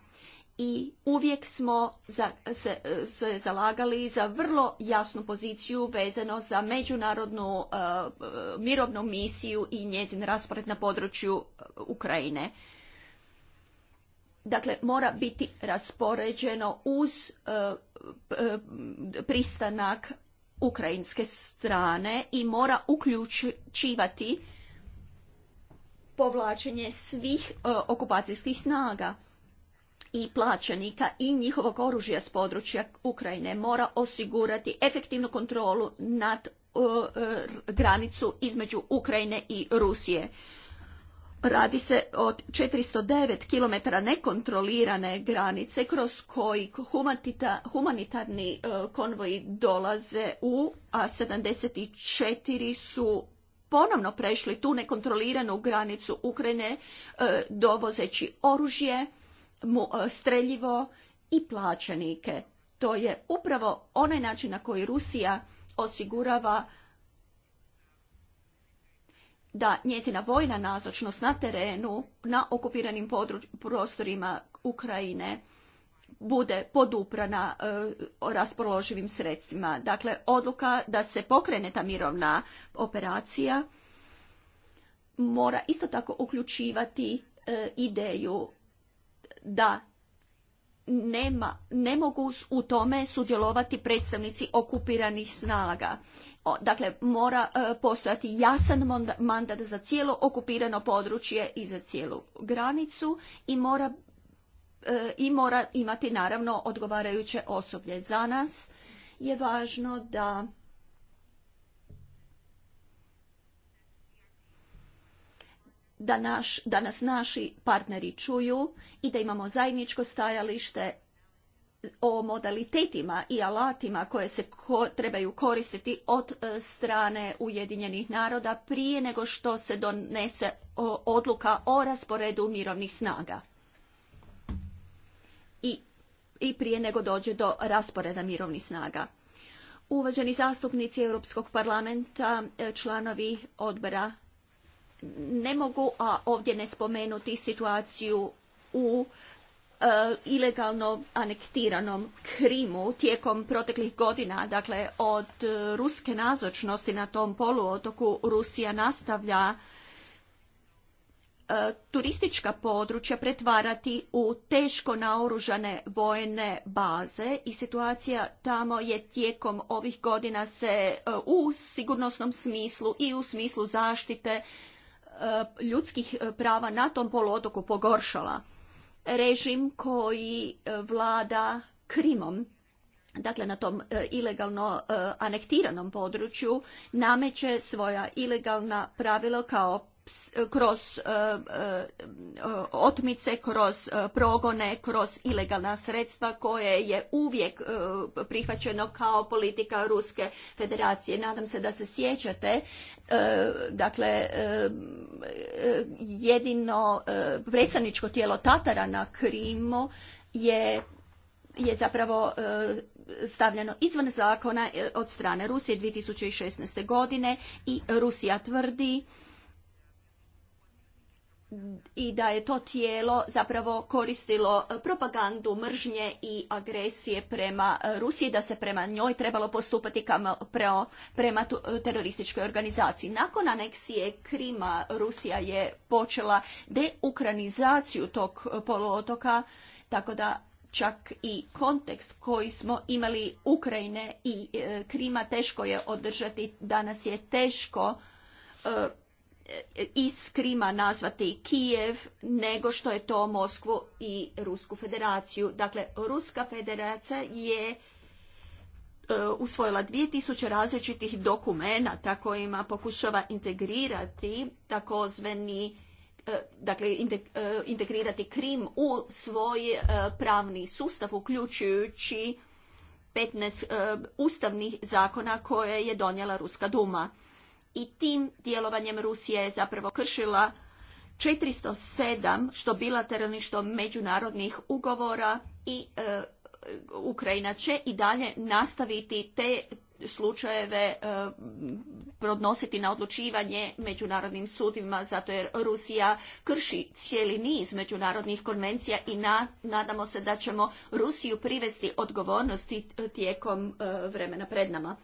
I uvijek smo se, zalagali za vrlo jasnu poziciju vezano za međunarodnu mirovnu misiju i njezin raspored na području Ukrajine dakle mora biti raspoređeno uz e, e, pristanak ukrajinske strane i mora uključivati povlačenje svih e, okupacijskih snaga i plaćenika i njihovog oružja s područja Ukrajine mora osigurati efektivnu kontrolu nad granicu između Ukrajine i Rusije. Radi se o 409 km nekontrolirane granice kroz koji humanitarni e, konvoji dolaze u, a 74 su ponovno prešli tu nekontroliranu granicu Ukrajine e, dovozeći oružje, e, streljivo i plaćenike. To je upravo onaj način na koji Rusija osigurava da njezina vojna nazočnost na terenu, na okupiranim prostorima Ukrajine, bude poduprana e, raspoloživim sredstvima. Dakle, odluka da se pokrene ta mirovna operacija mora isto tako uključivati e, ideju da ne mogu u tome sudjelovati predstavnici okupiranih snaga Dakle, mora e, postojati jasan mandat za cijelo okupirano područje i za cijelu granicu i mora, e, i mora imati naravno odgovarajuće osoblje. Za nas je važno da Da, naš, da nas naši partneri čuju i da imamo zajedničko stajalište o modalitetima i alatima koje se trebaju koristiti od e, strane Ujedinjenih naroda prije nego što se donese odluka o rasporedu mirovnih snaga i, i prije nego dođe do rasporeda mirovnih snaga. Uvaženi zastupnici Europskog parlamenta, e, članovi odbora, ne mogu a ovdje ne spomenuti situaciju u E, ilegalno anektiranom Krimu tijekom proteklih godina, dakle od e, ruske nazočnosti na tom poluotoku Rusija nastavlja e, turistička područja pretvarati u teško naoružane vojne baze i situacija tamo je tijekom ovih godina se u sigurnosnom smislu i u smislu zaštite ljudskih prava na tom poluotoku pogoršala režim koji e, vlada Krimom dakle na tom e, ilegalno e, anektiranom području nameće svoja ilegalna pravila kao kroz e, e, otmice, kroz e, progone, kroz ilegalna sredstva koje je uvijek prihvaćeno kao politika Ruske federacije. Nadam se da se sjećate, dakle, jedino predstavničko tijelo Tatara na Krimu je je zapravo stavljeno izvan zakona od strane Rusije 2016. godine i Rusija tvrdi i da je to tijelo zapravo koristilo e, propagandu mržnje i agresije prema e, Rusiji, da se prema njoj trebalo postupati kao prema e, terorističkoj organizaciji. Nakon aneksije Krima Rusija je počela deukranizaciju tog poluotoka, tako da čak i kontekst koji smo imali Ukrajine i Krima teško je održati. Danas je teško iz Krima nazvati Kijev nego što je to Moskvu i Rusku federaciju. Dakle, Ruska federacija je e, usvojila 2000 različitih dokumenata kojima pokušava integrirati takozvani e, dakle e, integrirati Krim u svoj pravni sustav uključujući 15 ustavnih zakona koje je donijela Ruska Duma i tim djelovanjem Rusija je zapravo kršila 407 što bilateralnih što međunarodnih ugovora i e, Ukrajina će i dalje nastaviti te slučajeve e, podnositi na odlučivanje međunarodnim sudima zato jer Rusija krši cijeli niz međunarodnih konvencija i nadamo se da ćemo Rusiju privesti odgovornosti e, tijekom vremena pred nama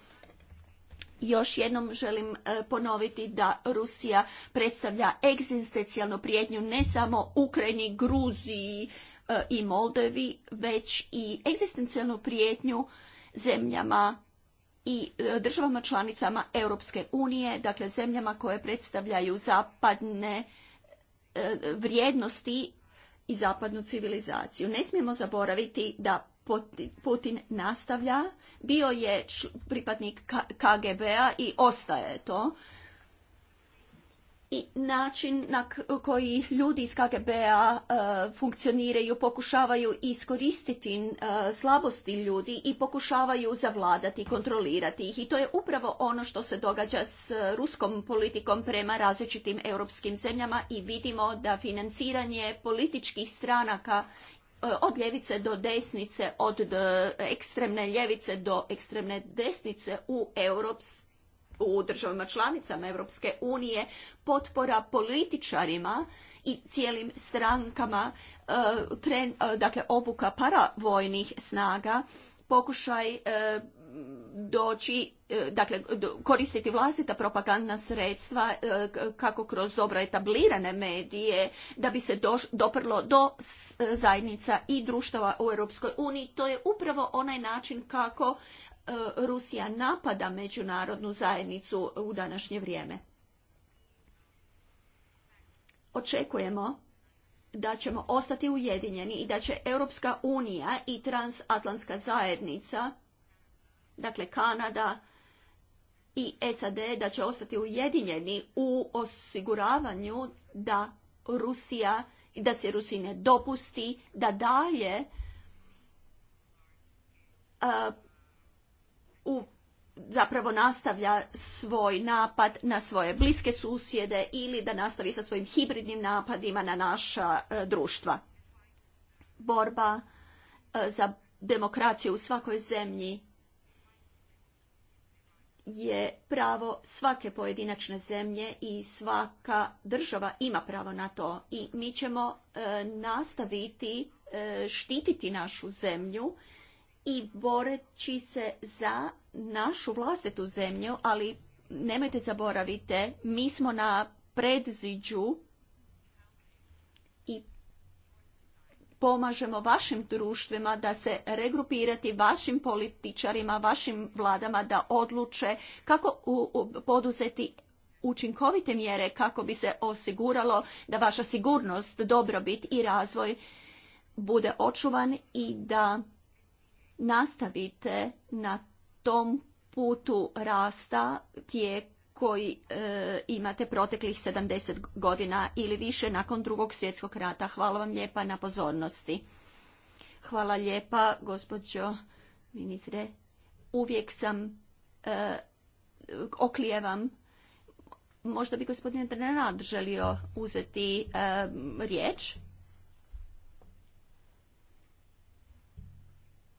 još jednom želim e, ponoviti da Rusija predstavlja egzistencijalnu prijetnju ne samo Ukrajini, Gruziji e, i Moldovi, već i egzistencijalnu prijetnju zemljama i e, državama članicama Europske unije, dakle zemljama koje predstavljaju zapadne vrijednosti i zapadnu civilizaciju. Ne smijemo zaboraviti da Putin nastavlja, bio je pripadnik KGB-a i ostaje to. I način na koji ljudi iz KGB-a e, funkcioniraju, pokušavaju iskoristiti e, slabosti ljudi i pokušavaju zavladati, kontrolirati ih. I to je upravo ono što se događa s ruskom politikom prema različitim europskim zemljama i vidimo da financiranje političkih stranaka E, od ljevice do desnice, od e, ekstremne ljevice do ekstremne desnice u Europs, u državama članicama Europske unije, potpora političarima i cijelim strankama, e, tren, dakle obuka paravojnih snaga, pokušaj doći E, dakle, koristiti vlastita propagandna sredstva e, kako kroz dobro etablirane medije da bi se doprlo do e, zajednica i društava u Europskoj uniji. To je upravo onaj način kako Rusija napada međunarodnu zajednicu u današnje vrijeme. Očekujemo da ćemo ostati ujedinjeni i da će Europska unija i transatlantska zajednica, dakle Kanada, i SAD da će ostati ujedinjeni u osiguravanju da Rusija, da se Rusiji ne dopusti da dalje uh, zapravo nastavlja svoj napad na svoje bliske susjede ili da nastavi sa svojim hibridnim napadima na naša e, društva. Borba e, za demokraciju u svakoj zemlji je pravo svake pojedinačne zemlje i svaka država ima pravo na to i mi ćemo e, nastaviti e, štititi našu zemlju i boreći se za našu vlastitu zemlju, ali nemojte zaboravite, mi smo na predziđu i pomažemo vašim društvima da se regrupirati vašim političarima, vašim vladama da odluče kako poduzeti učinkovite mjere kako bi se osiguralo da vaša sigurnost, dobrobit i razvoj bude očuvan i da nastavite na tom putu rasta tijek koji e, imate proteklih 70 godina ili više nakon drugog svjetskog rata. Hvala vam lijepa na pozornosti. Hvala lijepa, gospođo ministre. Uvijek sam e, oklijevam. Možda bi gospodin Drenad želio uzeti e, riječ.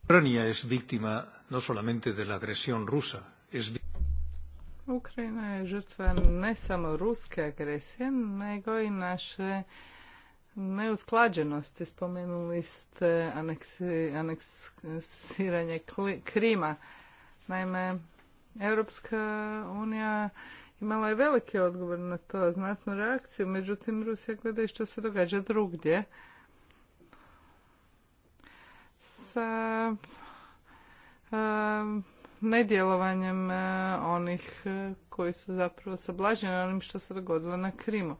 Ukrajina je viktima no solamente de la agresión rusa, es Ukrajina je žrtva ne samo ruske agresije, nego i naše neusklađenosti. Spomenuli ste aneksiranje Krima. Naime, Europska unija imala je veliki odgovor na to, znatnu reakciju, međutim Rusija gleda i što se događa drugdje. Sa nedjelovanjem e, onih e, koji su zapravo sablaženi onim što se dogodilo na Krimu.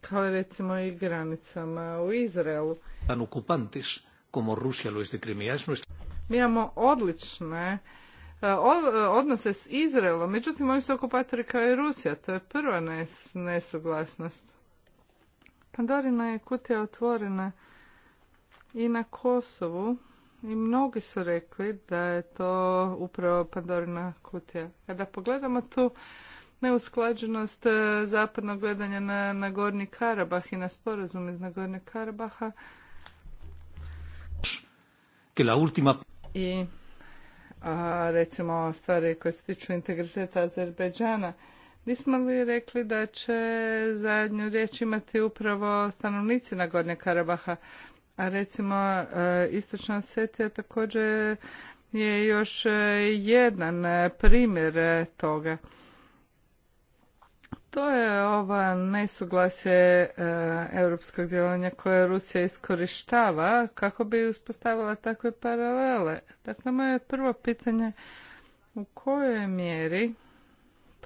Kao recimo i granicama u Izraelu. Mi imamo odlične e, odnose s Izraelom, međutim oni su okupatori kao i Rusija, to je prva nesuglasnost. Pandorina je kutija otvorena i na Kosovu i mnogi su rekli da je to upravo Pandorina kutija. Kada pogledamo tu neusklađenost e, zapadnog gledanja na gornji Karabah i na sporazum iz Nagorne Karabaha i a, recimo stvari koje se tiču integriteta Azerbejdžana Nismo li rekli da će zadnju riječ imati upravo stanovnici na Gornje Karabaha? A recimo, e, Istočna Osetija također je još e, jedan e, primjer toga. To je ova nesuglasje europskog djelovanja koje Rusija iskorištava kako bi uspostavila takve paralele. Dakle, moje prvo pitanje u kojoj mjeri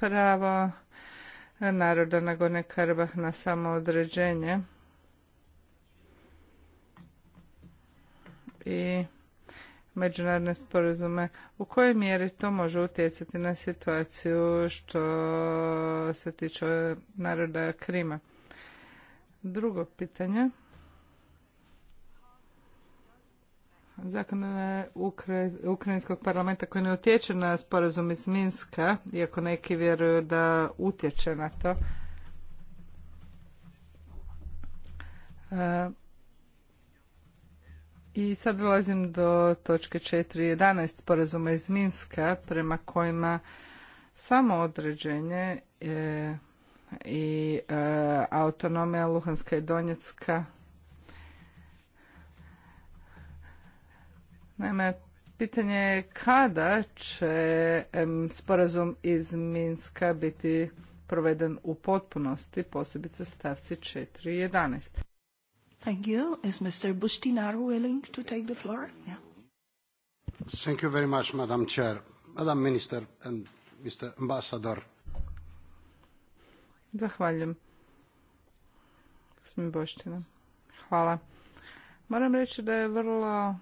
pravo naroda na gone Karbah na samoodređenje. I međunarodne sporazume, u kojoj mjeri to može utjecati na situaciju što se tiče naroda Krima. Drugo pitanje. zakona Ukra Ukrajinskog parlamenta koji ne utječe na sporazum iz Minska, iako neki vjeruju da utječe na to. E, I sad dolazim do točke 4.11 sporazuma iz Minska prema kojima samo određenje e, i e, autonomija Luhanska i Donjetska Naime, pitanje je kada će sporazum iz Minska biti proveden u potpunosti, posebice stavci 4 i 11. Thank you. Is Mr. Bustinaru willing to take the floor? Yeah. Thank you very much, Madam Chair, Madam Minister and Mr. Ambassador. Zahvaljujem. Gospodin Boština. Hvala. Moram reći da je vrlo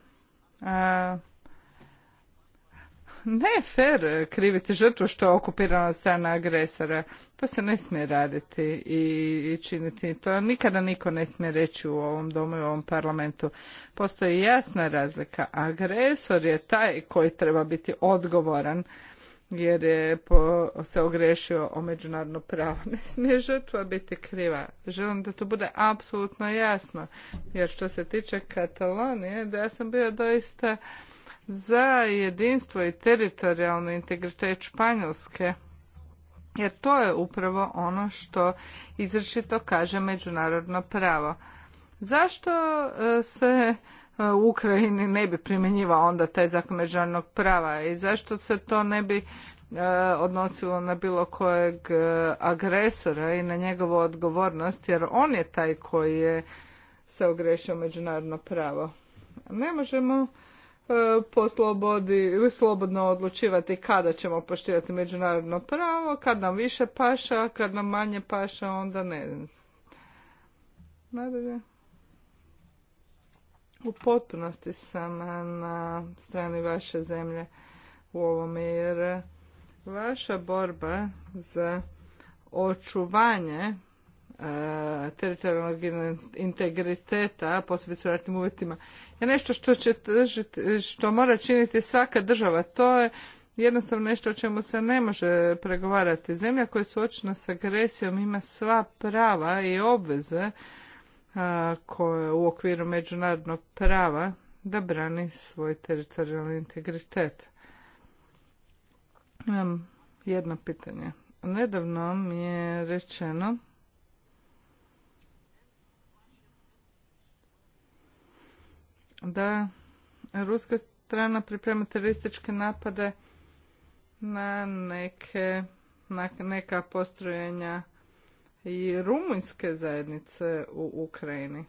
ne je fer kriviti žrtvu što je okupirana strana agresora. To se ne smije raditi i, činiti. To nikada niko ne smije reći u ovom domu i u ovom parlamentu. Postoji jasna razlika. Agresor je taj koji treba biti odgovoran jer je po, se ogrešio o međunarodno pravo. Ne smije žrtva biti kriva. Želim da to bude apsolutno jasno. Jer što se tiče Katalonije, da ja sam bio doista za jedinstvo i teritorijalni integritet Španjolske. Jer to je upravo ono što izrečito kaže međunarodno pravo. Zašto e, se E, u Ukrajini ne bi primjenjivao onda taj zakon međunarodnog prava i zašto se to ne bi e, odnosilo na bilo kojeg e, agresora i na njegovu odgovornost jer on je taj koji je se ogrešio međunarodno pravo. Ne možemo po slobodi, slobodno odlučivati kada ćemo poštivati međunarodno pravo, kad nam više paša, kad nam manje paša, onda ne. Nadalje. U potpunosti sam na strani vaše zemlje u ovome jer vaša borba za očuvanje e, teritorijalnog integriteta, posebice u ratnim uvjetima, je nešto što će držiti, što mora činiti svaka država. To je jednostavno nešto o čemu se ne može pregovarati. Zemlja koja je suočena s agresijom ima sva prava i obveze koje u okviru međunarodnog prava da brani svoj teritorijalni integritet. Imam jedno pitanje. Nedavno mi je rečeno da ruska strana priprema terorističke napade na neke na neka postrojenja i rumunjske zajednice u Ukrajini.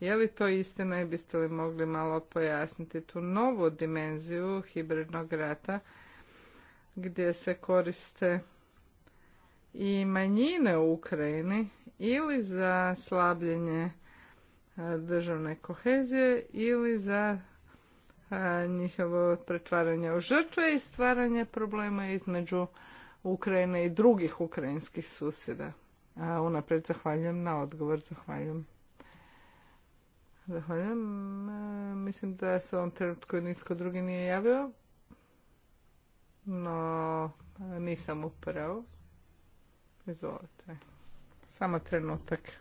Je li to istina i biste li mogli malo pojasniti tu novu dimenziju hibridnog rata gdje se koriste i manjine u Ukrajini ili za slabljenje e, državne kohezije ili za e, njihovo pretvaranje u žrtve i stvaranje problema između Ukrajine i drugih ukrajinskih susjeda. Unaprijed zahvaljujem na odgovor, zahvaljujem. Zahvaljujem. E, mislim da se u ovom trenutku nitko drugi nije javio. No, e, nisam upravo. Izvolite. Samo trenutak.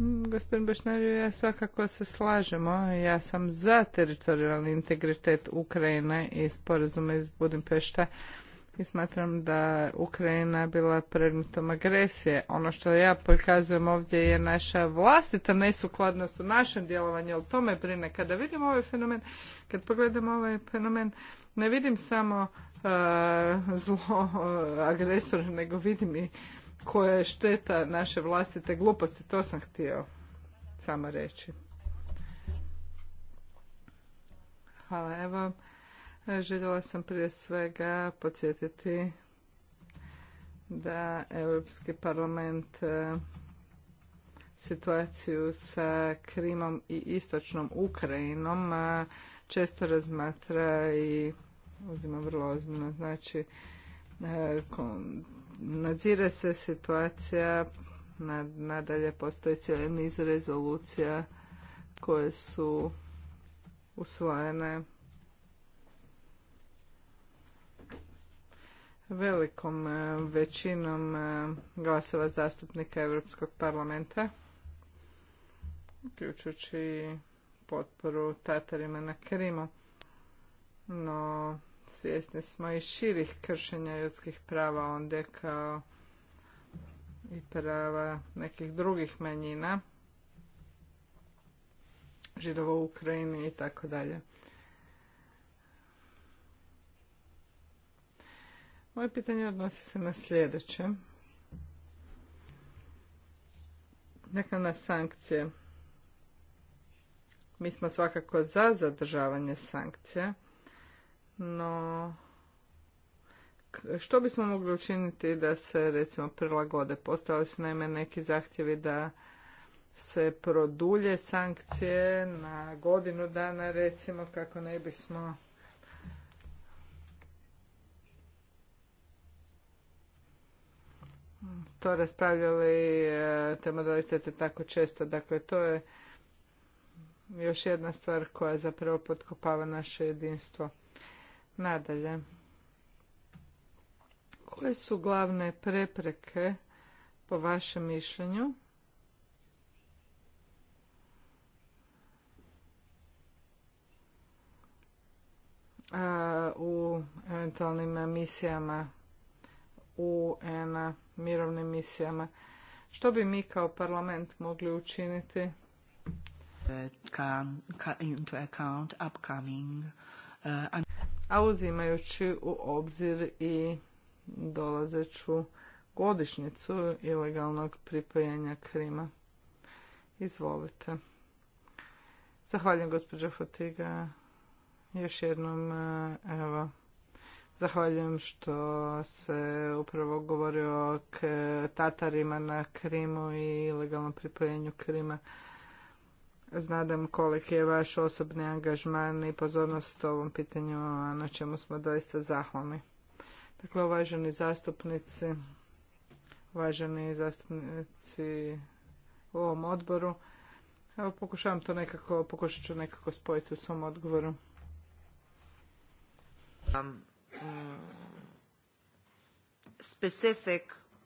Mm, gospodin Bošnarju, ja svakako se slažemo. Ja sam za teritorijalni integritet Ukrajine i sporazume iz Budimpešta i smatram da Ukrajina bila predmetom agresije. Ono što ja pokazujem ovdje je naša vlastita nesukladnost u našem djelovanju, ali to me brine. Kada vidim ovaj fenomen, kad pogledamo ovaj fenomen, ne vidim samo eh, zlo agresor, eh, agresora, nego vidim i koja je šteta naše vlastite gluposti, to sam htio samo reći. Hvala, evo. Željela sam prije svega podsjetiti da Europski parlament e, situaciju sa Krimom i istočnom Ukrajinom e, često razmatra i uzima vrlo ozbiljno. Znači, e, nadzire se situacija, nadalje postoji cijeli niz rezolucija koje su usvojene velikom e, većinom e, glasova zastupnika Europskog parlamenta, uključujući potporu Tatarima na Krimu. No, Svjesni smo i širih kršenja ljudskih prava onda kao i prava nekih drugih manjina, židova u Ukrajini i tako dalje. Moje pitanje odnosi se na sljedeće. Dakle, na sankcije. Mi smo svakako za zadržavanje sankcija no što bismo mogli učiniti da se recimo prilagode? Postavili su naime neki zahtjevi da se produlje sankcije na godinu dana recimo kako ne bismo to raspravljali e, te modalitete tako često. Dakle, to je još jedna stvar koja zapravo potkopava naše jedinstvo. Nadalje, koje su glavne prepreke po vašem mišljenju u eventualnim misijama u ena mirovnim misijama. Što bi mi kao parlament mogli učiniti? a uzimajući u obzir i dolazeću godišnjicu ilegalnog pripojenja Krima. Izvolite. Zahvaljujem gospođa Fotiga. Još jednom, evo, zahvaljujem što se upravo govori o Tatarima na Krimu i ilegalnom pripojenju Krima. Znadam koliki je vaš osobni angažman i pozornost ovom pitanju, a na čemu smo doista zahvalni. Dakle, uvaženi zastupnici, uvaženi zastupnici u ovom odboru, evo pokušavam to nekako, pokušat ću nekako spojiti u svom odgovoru. Um, mm, specific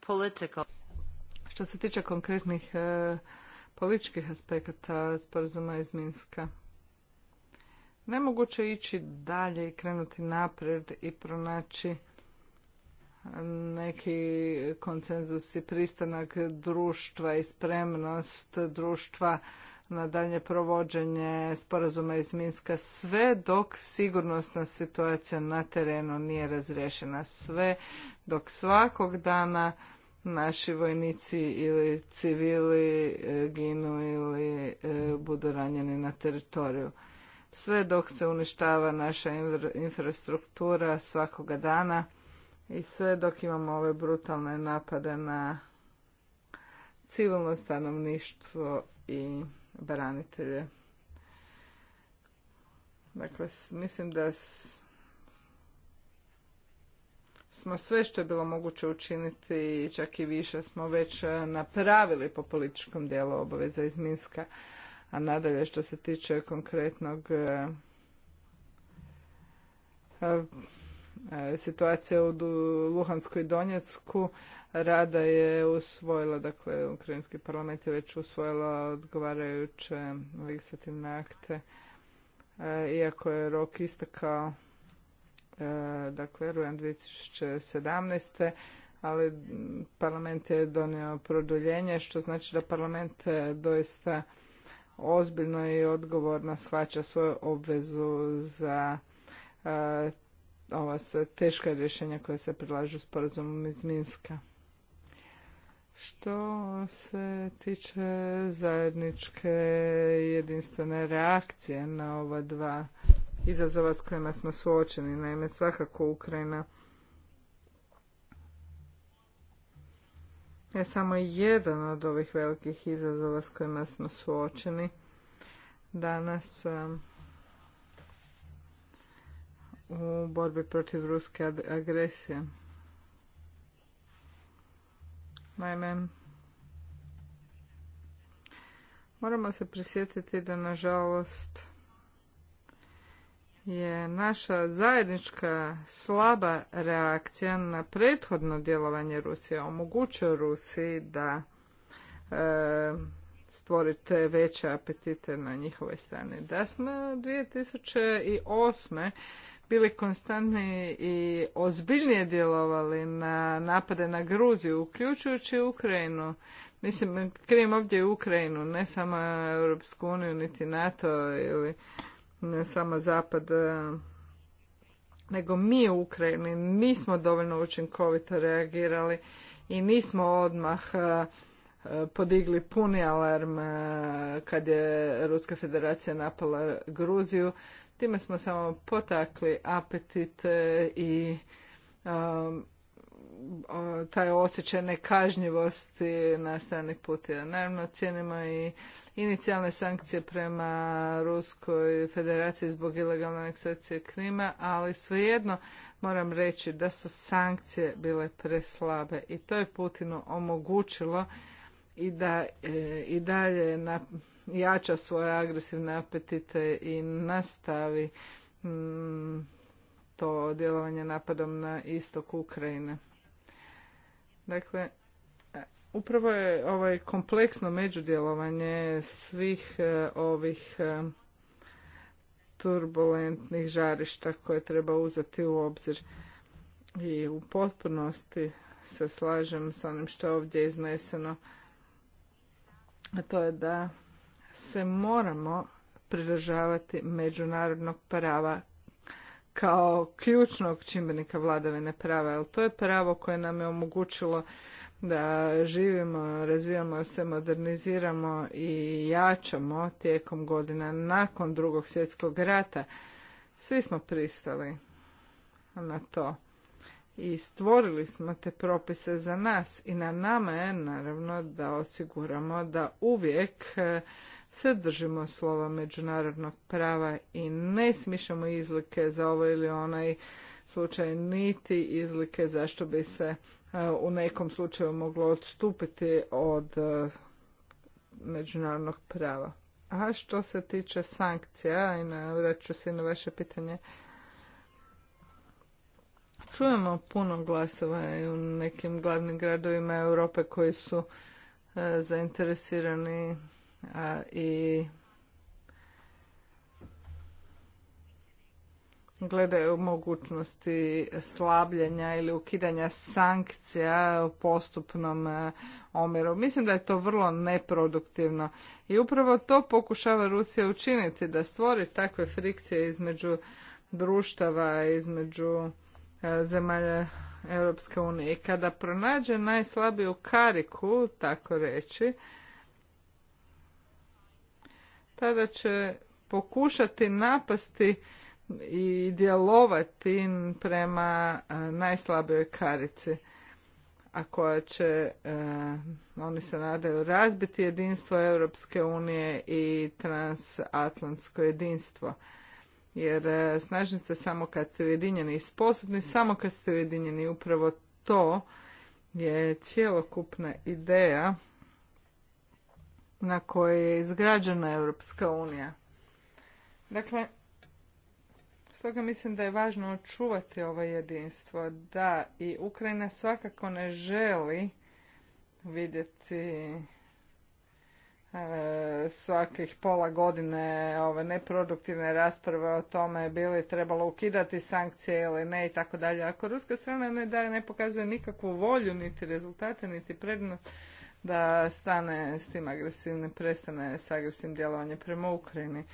political. Što se tiče konkretnih eh, političkih aspekata sporazuma iz Minska. Nemoguće ići dalje i krenuti naprijed i pronaći neki konsenzus i pristanak društva i spremnost društva na dalje provođenje sporazuma iz Minska sve dok sigurnosna situacija na terenu nije razriješena sve dok svakog dana naši vojnici ili civili e, ginu ili e, budu ranjeni na teritoriju. Sve dok se uništava naša infrastruktura svakoga dana i sve dok imamo ove brutalne napade na civilno stanovništvo i branitelje. Dakle, mislim da smo sve što je bilo moguće učiniti, čak i više smo već e, napravili po političkom dijelu obaveza iz Minska. A nadalje što se tiče konkretnog e, e, situacije u Luhansku i Donjecku. Rada je usvojila, dakle, Ukrajinski parlament je već usvojila odgovarajuće legislativne akte. Iako je rok istakao E, dakle rujan 2017. ali parlament je donio produljenje što znači da parlament e, doista ozbiljno i odgovorno shvaća svoju obvezu za e, ova sve teška rješenja koja se prilažu sporazumom iz Minska. Što se tiče zajedničke jedinstvene reakcije na ova dva izazova s kojima smo suočeni. Naime, svakako Ukrajina je samo jedan od ovih velikih izazova s kojima smo suočeni. Danas um, u borbi protiv ruske agresije. Naime, moramo se prisjetiti da nažalost je naša zajednička slaba reakcija na prethodno djelovanje Rusije omogućuje Rusiji da e, stvorite veće apetite na njihovoj strani. Da smo 2008. bili konstantni i ozbiljnije djelovali na napade na Gruziju, uključujući Ukrajinu. Mislim, krijem ovdje Ukrajinu, ne samo Europsku uniju, niti NATO ili ne samo zapad e, nego mi u Ukrajini nismo dovoljno učinkovito reagirali i nismo odmah e, podigli puni alarm e, kad je Ruska federacija napala Gruziju. Time smo samo potakli apetit i taj osjećaj nekažnjivosti na strani Putina. Naravno, cijenimo i inicijalne sankcije prema Ruskoj federaciji zbog ilegalne aneksacije Krima, ali svejedno moram reći da su sankcije bile preslabe i to je Putinu omogućilo i da e, i dalje na, jača svoje agresivne apetite i nastavi mm, to djelovanje napadom na istok Ukrajine. Dakle, e, upravo je ovaj kompleksno međudjelovanje svih e, ovih e, turbulentnih žarišta koje treba uzeti u obzir i u potpunosti se slažem s onim što je ovdje izneseno, a to je da se moramo pridržavati međunarodnog prava kao ključnog čimbenika vladavine prava, jer to je pravo koje nam je omogućilo da živimo, razvijamo se, moderniziramo i jačamo tijekom godina nakon drugog svjetskog rata. Svi smo pristali na to i stvorili smo te propise za nas i na nama je naravno da osiguramo da uvijek se držimo slova međunarodnog prava i ne smišamo izlike za ovo ili onaj slučaj, niti izlike zašto bi se e, u nekom slučaju moglo odstupiti od e, međunarodnog prava. A što se tiče sankcija, i vraću se na vaše pitanje, čujemo puno glasova i u nekim glavnim gradovima Europe koji su e, zainteresirani i gledaju mogućnosti slabljenja ili ukidanja sankcija u postupnom e, omjeru. Mislim da je to vrlo neproduktivno i upravo to pokušava Rusija učiniti, da stvori takve frikcije između društava, između e, zemalja Europske unije. I kada pronađe najslabiju kariku, tako reći, tada će pokušati napasti i djelovati prema e, najslabijoj karici a koja će, e, oni se nadaju, razbiti jedinstvo Europske unije i transatlantsko jedinstvo. Jer e, snažni ste samo kad ste ujedinjeni i sposobni, samo kad ste ujedinjeni. Upravo to je cjelokupna ideja na koje je izgrađena Europska unija. Dakle, stoga mislim da je važno očuvati ovo jedinstvo, da i Ukrajina svakako ne želi vidjeti e, svakih pola godine ove neproduktivne rasprave o tome bi li trebalo ukidati sankcije ili ne i tako dalje. Ako ruska strana ne daje, ne pokazuje nikakvu volju, niti rezultate, niti prednost da stane s tim agresivnim, prestane s agresivnim djelovanjem prema Ukrajini.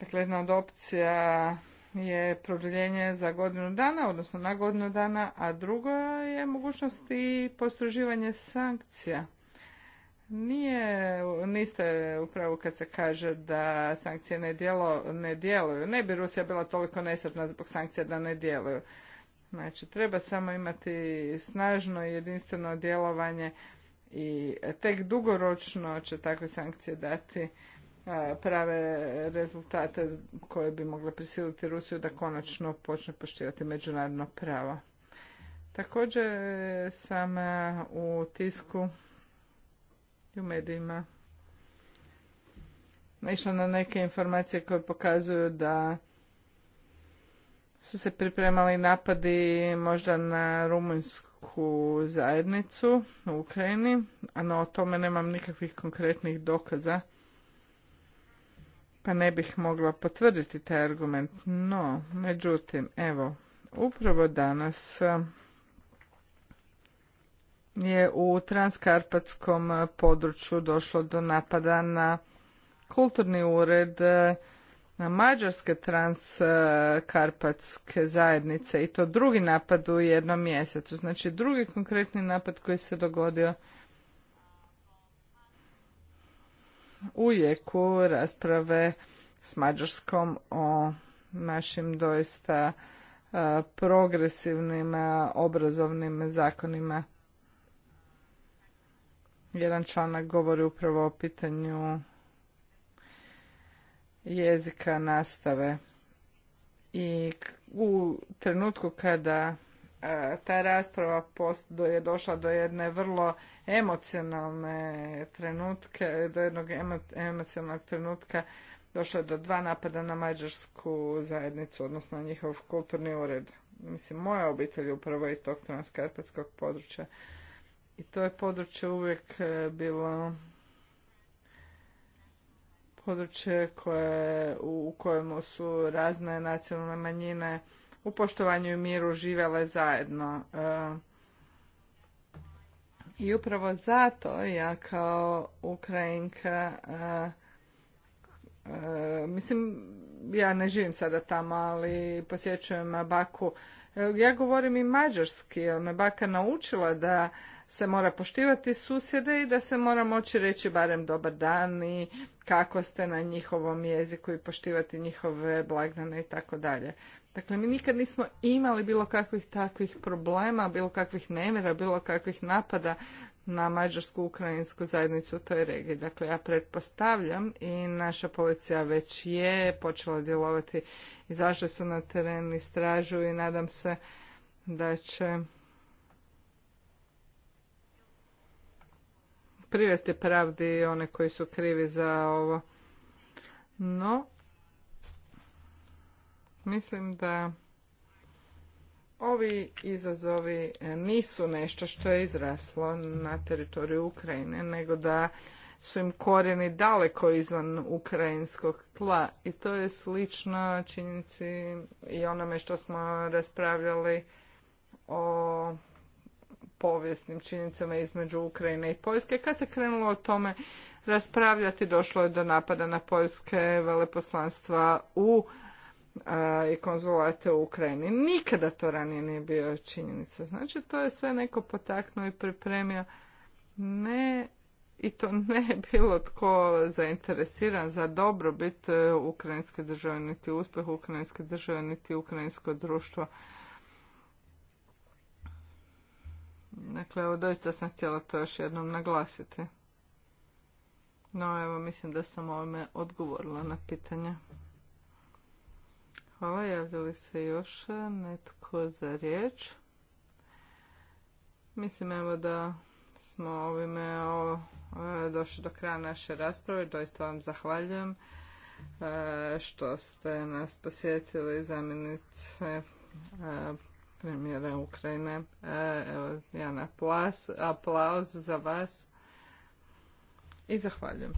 Dakle, jedna od opcija je produljenje za godinu dana, odnosno na godinu dana, a drugo je mogućnost i postruživanje sankcija. Nije, niste upravo kad se kaže da sankcije ne, djelo, ne djeluju. Ne bi Rusija bila toliko nesretna zbog sankcija da ne djeluju. Znači, treba samo imati snažno i jedinstveno djelovanje i tek dugoročno će takve sankcije dati e, prave rezultate koje bi mogle prisiliti Rusiju da konačno počne poštivati međunarodno pravo. Također e, sam e, u tisku i u medijima naišla na neke informacije koje pokazuju da su se pripremali napadi možda na Rumunjsku u zajednicu u Ukrajini, a no o tome nemam nikakvih konkretnih dokaza, pa ne bih mogla potvrditi taj argument. No, međutim, evo, upravo danas je u transkarpatskom području došlo do napada na kulturni ured na mađarske transkarpatske zajednice i to drugi napad u jednom mjesecu. Znači drugi konkretni napad koji se dogodio u jeku rasprave s Mađarskom o našim doista progresivnim obrazovnim zakonima. Jedan članak govori upravo o pitanju jezika nastave i u trenutku kada ta rasprava do, je došla do jedne vrlo emocionalne trenutke, do jednog emocionalnog trenutka došlo je do dva napada na mađarsku zajednicu, odnosno na njihov kulturni ured. Mislim, moja obitelj upravo iz tog transkarpatskog područja. I to je područje uvijek e, bilo područje koje, u kojemu su razne nacionalne manjine u poštovanju i miru živele zajedno. E, I upravo zato ja kao Ukrajinka e, e, mislim, ja ne živim sada tamo, ali posjećujem baku. Ja govorim i mađarski, jer me baka naučila da se mora poštivati susjede i da se mora moći reći barem dobar dan i kako ste na njihovom jeziku i poštivati njihove blagdane i tako dalje. Dakle, mi nikad nismo imali bilo kakvih takvih problema, bilo kakvih nemira, bilo kakvih napada na mađarsku ukrajinsku zajednicu u toj regiji. Dakle, ja pretpostavljam i naša policija već je počela djelovati, izašli su na teren, stražu i nadam se da će privesti pravdi one koji su krivi za ovo. No, mislim da ovi izazovi nisu nešto što je izraslo na teritoriju Ukrajine, nego da su im korijeni daleko izvan ukrajinskog tla i to je slično činjenici i onome što smo raspravljali o povijesnim činjenicama između Ukrajine i Poljske. Kad se krenulo o tome raspravljati, došlo je do napada na poljske veleposlanstva u e, i konzulate u Ukrajini. Nikada to ranije nije bio činjenica. Znači, to je sve neko potaknuo i pripremio. Ne, i to ne je bilo tko zainteresiran za dobrobit e, ukrajinske države, niti uspjeh ukrajinske države, niti ukrajinsko društvo. Dakle, evo doista sam htjela to još jednom naglasiti. No, evo, mislim da sam ovome odgovorila na pitanje. Hvala, javlja li se još netko za riječ? Mislim, evo, da smo ovime e, došli do kraja naše rasprave. Doista vam zahvaljujem e, što ste nas posjetili zamjenice e, premijera Ukrajine. E, evo, jedan aplauz za vas i zahvaljujem.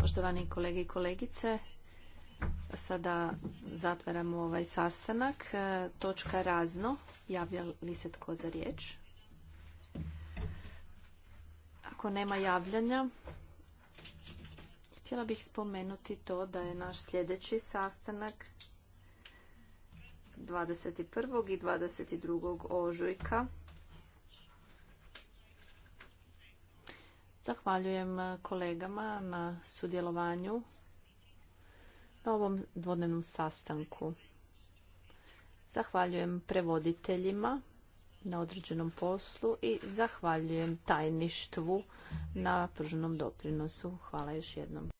Poštovani kolege i kolegice, sada zatvaramo ovaj sastanak. E, točka razno, javlja li se tko za riječ? Ako nema javljanja, htjela bih spomenuti to da je naš sljedeći sastanak 21. i 22. ožujka Zahvaljujem e, kolegama na sudjelovanju na ovom dvodnevnom sastanku. Zahvaljujem prevoditeljima na određenom poslu i zahvaljujem tajništvu na pruženom doprinosu. Hvala još jednom.